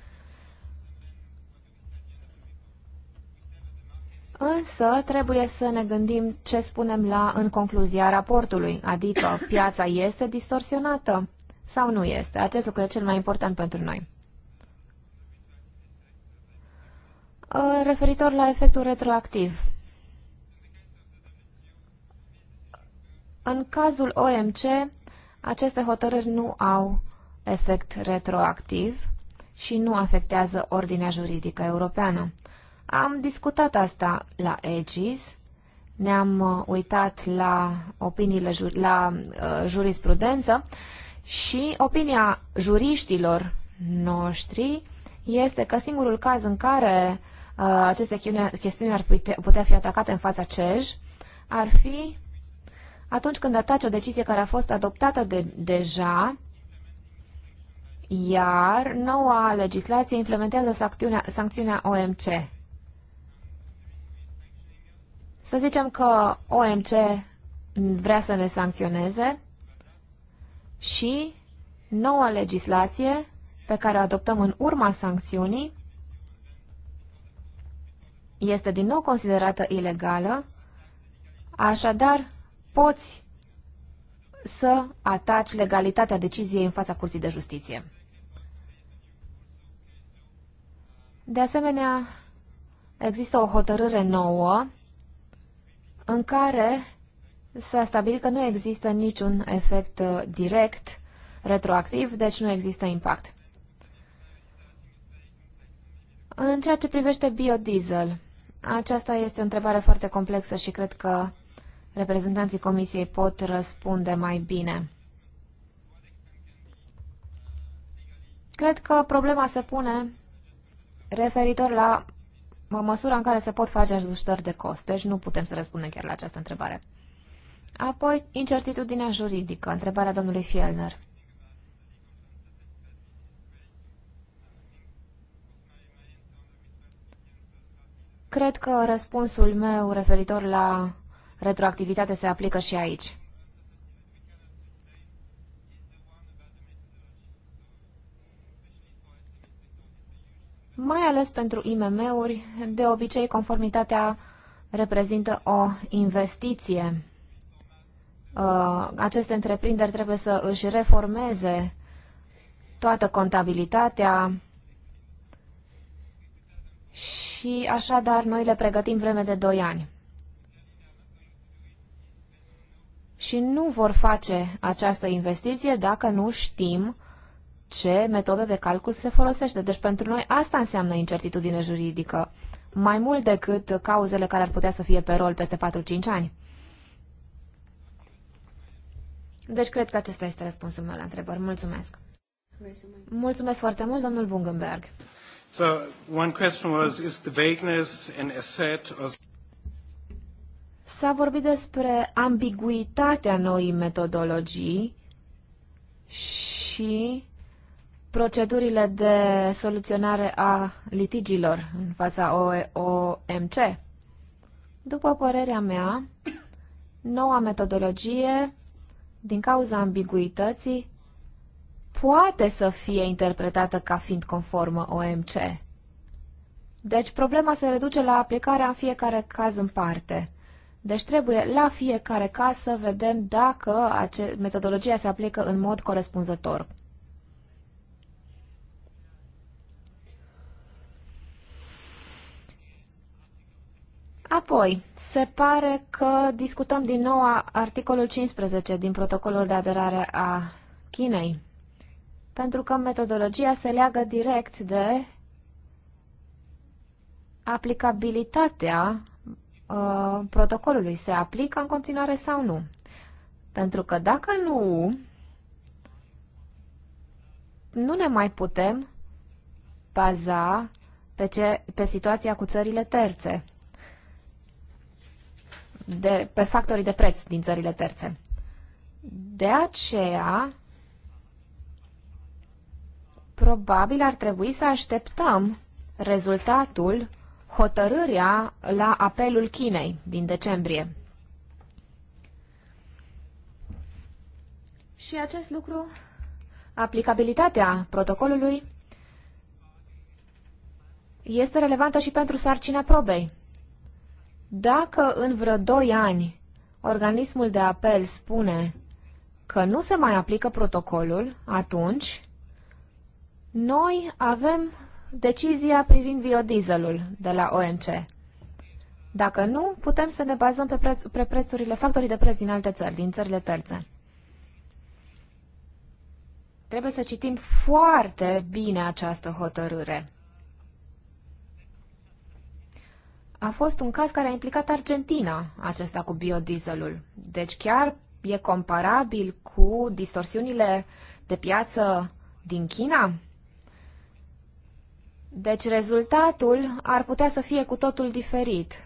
Însă trebuie să ne gândim ce spunem la în concluzia raportului, adică piața este distorsionată sau nu este. Acest lucru e cel mai important pentru noi. Ă, referitor la efectul retroactiv. În cazul OMC, aceste hotărâri nu au efect retroactiv și nu afectează ordinea juridică europeană. Am discutat asta la Aegis, ne-am uh, uitat la opiniile, la uh, jurisprudență și opinia juriștilor noștri este că singurul caz în care uh, aceste chestiuni ar putea, putea fi atacate în fața CEJ ar fi atunci când ataci o decizie care a fost adoptată de, deja, iar noua legislație implementează sancțiunea, sancțiunea OMC. Să zicem că OMC vrea să ne sancționeze și noua legislație pe care o adoptăm în urma sancțiunii este din nou considerată ilegală, așadar poți să ataci legalitatea deciziei în fața Curții de Justiție. De asemenea, există o hotărâre nouă în care s-a stabilit că nu există niciun efect uh, direct retroactiv, deci nu există impact. În ceea ce privește biodiesel, aceasta este o întrebare foarte complexă și cred că reprezentanții Comisiei pot răspunde mai bine. Cred că problema se pune referitor la măsura în care se pot face ajustări de cost. Deci nu putem să răspundem chiar la această întrebare. Apoi, incertitudinea juridică, întrebarea domnului Fielner. Cred că răspunsul meu referitor la retroactivitate se aplică și aici. mai ales pentru IMM-uri, de obicei conformitatea reprezintă o investiție. Uh, aceste întreprinderi trebuie să își reformeze toată contabilitatea și așadar noi le pregătim vreme de 2 ani. Și nu vor face această investiție dacă nu știm ce metodă de calcul se folosește. Deci pentru noi asta înseamnă incertitudine juridică, mai mult decât cauzele care ar putea să fie pe rol peste 4-5 ani. Deci cred că acesta este răspunsul meu la întrebări. Mulțumesc. Mulțumesc foarte mult, domnul Bungenberg. So, one question was, is the vagueness an asset or... S-a vorbit despre ambiguitatea noii metodologii și procedurile de soluționare a litigilor în fața OMC. După părerea mea, noua metodologie, din cauza ambiguității, poate să fie interpretată ca fiind conformă OMC. Deci problema se reduce la aplicarea în fiecare caz în parte. Deci trebuie la fiecare caz să vedem dacă metodologia se aplică în mod corespunzător Apoi, se pare că discutăm din nou articolul 15 din protocolul de aderare a Chinei, pentru că metodologia se leagă direct de aplicabilitatea uh, protocolului. Se aplică în continuare sau nu? Pentru că dacă nu, nu ne mai putem baza pe, ce, pe situația cu țările terțe de, pe factorii de preț din țările terțe. De aceea, probabil ar trebui să așteptăm rezultatul hotărârea la apelul Chinei din decembrie. Și acest lucru, aplicabilitatea protocolului, este relevantă și pentru sarcina probei. Dacă în vreo doi ani organismul de apel spune că nu se mai aplică protocolul, atunci noi avem decizia privind biodieselul de la OMC. Dacă nu, putem să ne bazăm pe, preț, pe prețurile, factorii de preț din alte țări, din țările terțe. Trebuie să citim foarte bine această hotărâre. a fost un caz care a implicat Argentina, acesta cu biodieselul. Deci chiar e comparabil cu distorsiunile de piață din China? Deci rezultatul ar putea să fie cu totul diferit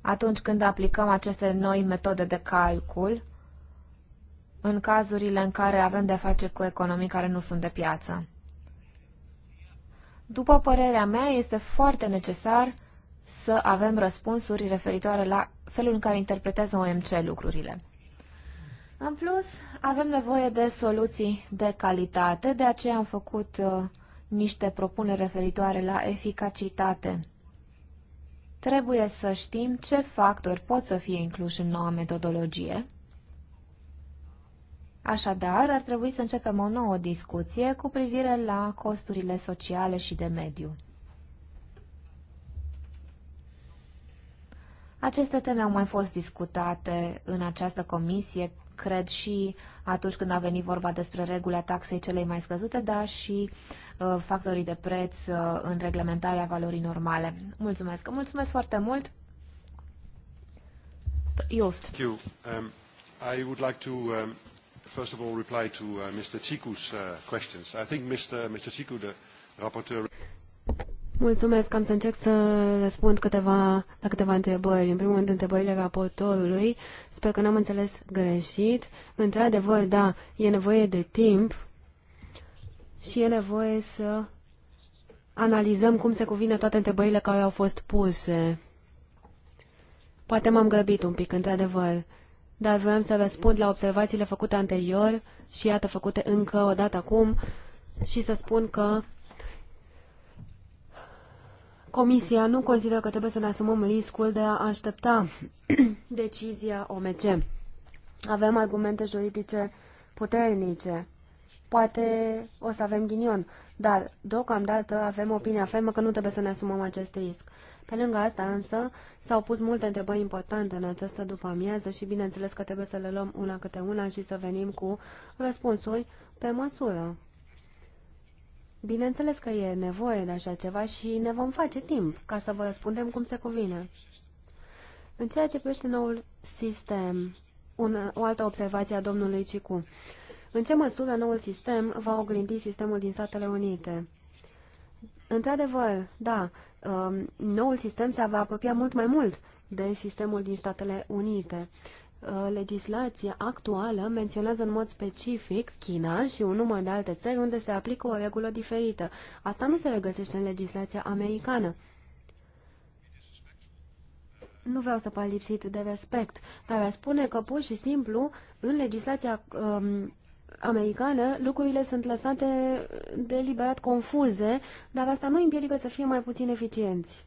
atunci când aplicăm aceste noi metode de calcul în cazurile în care avem de-a face cu economii care nu sunt de piață. După părerea mea, este foarte necesar să avem răspunsuri referitoare la felul în care interpretează OMC lucrurile. În plus, avem nevoie de soluții de calitate, de aceea am făcut uh, niște propuneri referitoare la eficacitate. Trebuie să știm ce factori pot să fie incluși în noua metodologie. Așadar, ar trebui să începem o nouă discuție cu privire la costurile sociale și de mediu. Aceste teme au mai fost discutate în această comisie, cred și atunci când a venit vorba despre regula taxei celei mai scăzute, dar și uh, factorii de preț uh, în reglementarea valorii normale. Mulțumesc! Mulțumesc foarte mult! Just. Thank you. Um, I would like to um, first of all reply to uh, Mr. Chiku's uh, questions. I think Mr. Mr. Chiku, the rapporteur... Mulțumesc, am să încerc să răspund câteva, la câteva întrebări. În primul rând, întrebările raportorului. Sper că n-am înțeles greșit. Într-adevăr, da, e nevoie de timp și e nevoie să analizăm cum se cuvine toate întrebările care au fost puse. Poate m-am grăbit un pic, într-adevăr, dar vreau să răspund la observațiile făcute anterior și iată făcute încă o dată acum și să spun că Comisia nu consideră că trebuie să ne asumăm riscul de a aștepta [clears throat] decizia OMC. Avem argumente juridice puternice. Poate o să avem ghinion, dar deocamdată avem opinia fermă că nu trebuie să ne asumăm acest risc. Pe lângă asta însă s-au pus multe întrebări importante în această după-amiază și bineînțeles că trebuie să le luăm una câte una și să venim cu răspunsuri pe măsură. Bineînțeles că e nevoie de așa ceva și ne vom face timp ca să vă răspundem cum se cuvine. În ceea ce privește noul sistem, un, o altă observație a domnului Cicu. În ce măsură noul sistem va oglindi sistemul din Statele Unite? Într-adevăr, da, um, noul sistem se va apropia mult mai mult de sistemul din Statele Unite. Uh, legislația actuală menționează în mod specific China și un număr de alte țări unde se aplică o regulă diferită. Asta nu se regăsește în legislația americană. Nu vreau să par lipsit de respect, dar aș spune că pur și simplu în legislația um, americană lucrurile sunt lăsate deliberat confuze, dar asta nu împiedică să fie mai puțin eficienți.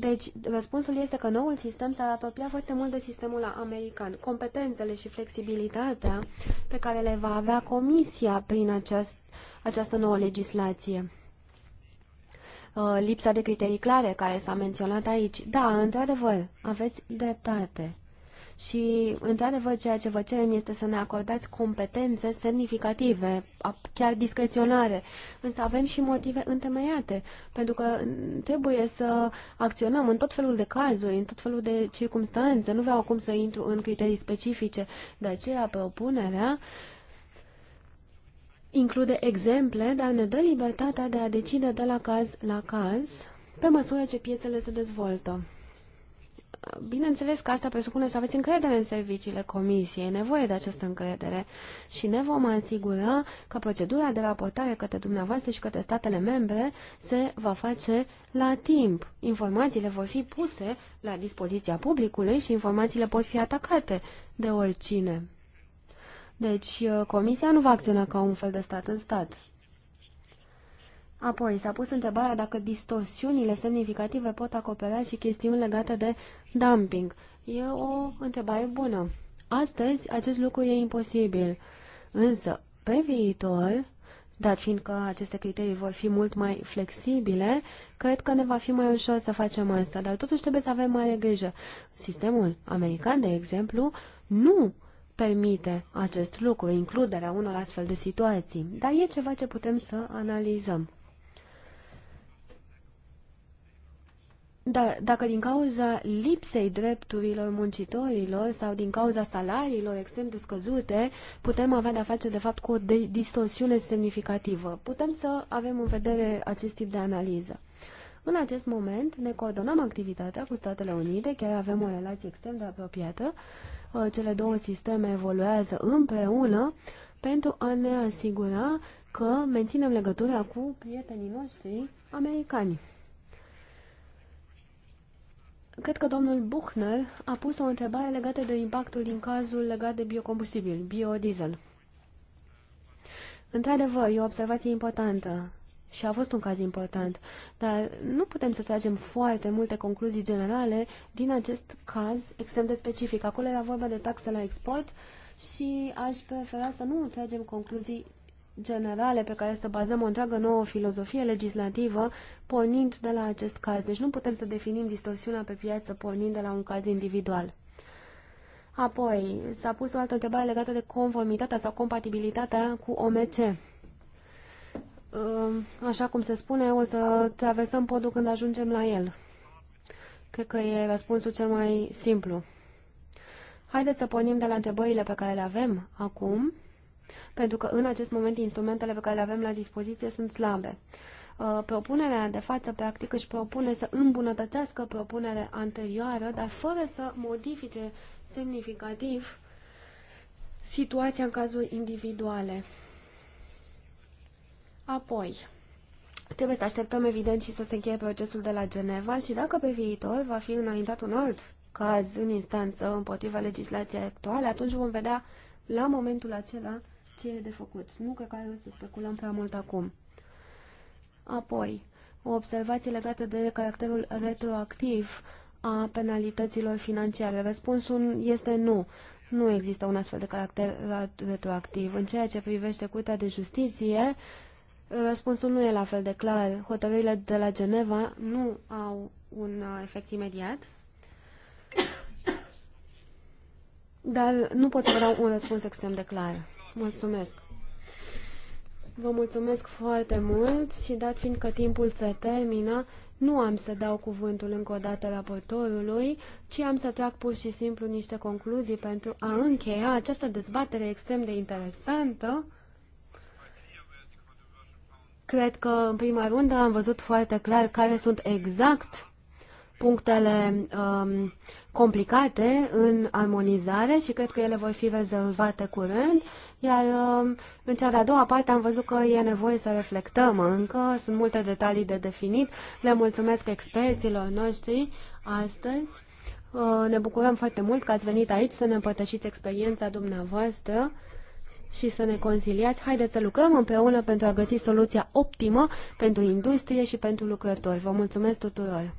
Deci, răspunsul este că noul sistem s-ar apropia foarte mult de sistemul american. Competențele și flexibilitatea pe care le va avea Comisia prin aceast, această nouă legislație. Uh, lipsa de criterii clare care s-a menționat aici. Da, într-adevăr, aveți dreptate. Și, într-adevăr, ceea ce vă cerem este să ne acordați competențe semnificative, chiar discreționare. Însă avem și motive întemeiate, pentru că mm, trebuie să acționăm în tot felul de cazuri, în tot felul de circunstanțe. Nu vreau acum să intru în criterii specifice. De aceea, propunerea include exemple, dar ne dă libertatea de a decide de la caz la caz, pe măsură ce piețele se dezvoltă. Bineînțeles că asta presupune să aveți încredere în serviciile comisiei, e nevoie de această încredere și ne vom asigura că procedura de raportare către dumneavoastră și către statele membre se va face la timp. Informațiile vor fi puse la dispoziția publicului și informațiile pot fi atacate de oricine. Deci, uh, comisia nu va acționa ca un fel de stat în stat. Apoi s-a pus întrebarea dacă distorsiunile semnificative pot acopera și chestiuni legate de dumping. E o întrebare bună. Astăzi acest lucru e imposibil, însă pe viitor, dar fiindcă aceste criterii vor fi mult mai flexibile, cred că ne va fi mai ușor să facem asta, dar totuși trebuie să avem mare grijă. Sistemul american, de exemplu, nu permite acest lucru, includerea unor astfel de situații, dar e ceva ce putem să analizăm. da, dacă din cauza lipsei drepturilor muncitorilor sau din cauza salariilor extrem de scăzute, putem avea de-a face, de fapt, cu o de- distorsiune semnificativă. Putem să avem în vedere acest tip de analiză. În acest moment ne coordonăm activitatea cu Statele Unite, chiar avem o relație extrem de apropiată. Uh, cele două sisteme evoluează împreună pentru a ne asigura că menținem legătura cu prietenii noștri americani. Cred că domnul Buchner a pus o întrebare legată de impactul din cazul legat de biocombustibil, biodiesel. Într-adevăr, e o observație importantă și a fost un caz important, dar nu putem să tragem foarte multe concluzii generale din acest caz extrem de specific. Acolo era vorba de taxe la export și aș prefera să nu tragem concluzii generale pe care să bazăm o întreagă nouă filozofie legislativă pornind de la acest caz. Deci nu putem să definim distorsiunea pe piață pornind de la un caz individual. Apoi, s-a pus o altă întrebare legată de conformitatea sau compatibilitatea cu OMC. Ă, așa cum se spune, o să traversăm podul când ajungem la el. Cred că e răspunsul cel mai simplu. Haideți să pornim de la întrebările pe care le avem acum pentru că în acest moment instrumentele pe care le avem la dispoziție sunt slabe. Uh, propunerea de față, practic, își propune să îmbunătățească propunerea anterioară, dar fără să modifice semnificativ situația în cazuri individuale. Apoi, trebuie să așteptăm, evident, și să se încheie procesul de la Geneva și dacă pe viitor va fi înaintat un alt caz în instanță împotriva legislației actuale, atunci vom vedea la momentul acela ce e de făcut. Nu cred că are să speculăm prea mult acum. Apoi, o observație legată de caracterul retroactiv a penalităților financiare. Răspunsul este nu. Nu există un astfel de caracter retroactiv. În ceea ce privește Curtea de Justiție, răspunsul nu e la fel de clar. Hotărârile de la Geneva nu au un uh, efect imediat, dar nu pot să vă dau un răspuns extrem de clar. Mulțumesc! Vă mulțumesc foarte mult și dat fiind timpul se termină, nu am să dau cuvântul încă o dată raportorului, ci am să trag pur și simplu niște concluzii pentru a încheia această dezbatere extrem de interesantă. Cred că în prima rundă am văzut foarte clar care sunt exact punctele um, complicate în armonizare și cred că ele vor fi rezolvate curând iar um, în cea de-a doua parte am văzut că e nevoie să reflectăm încă, sunt multe detalii de definit. Le mulțumesc experților noștri astăzi. Uh, ne bucurăm foarte mult că ați venit aici să ne împărtășiți experiența dumneavoastră și să ne conciliați. Haideți să lucrăm împreună pentru a găsi soluția optimă pentru industrie și pentru lucrători. Vă mulțumesc tuturor!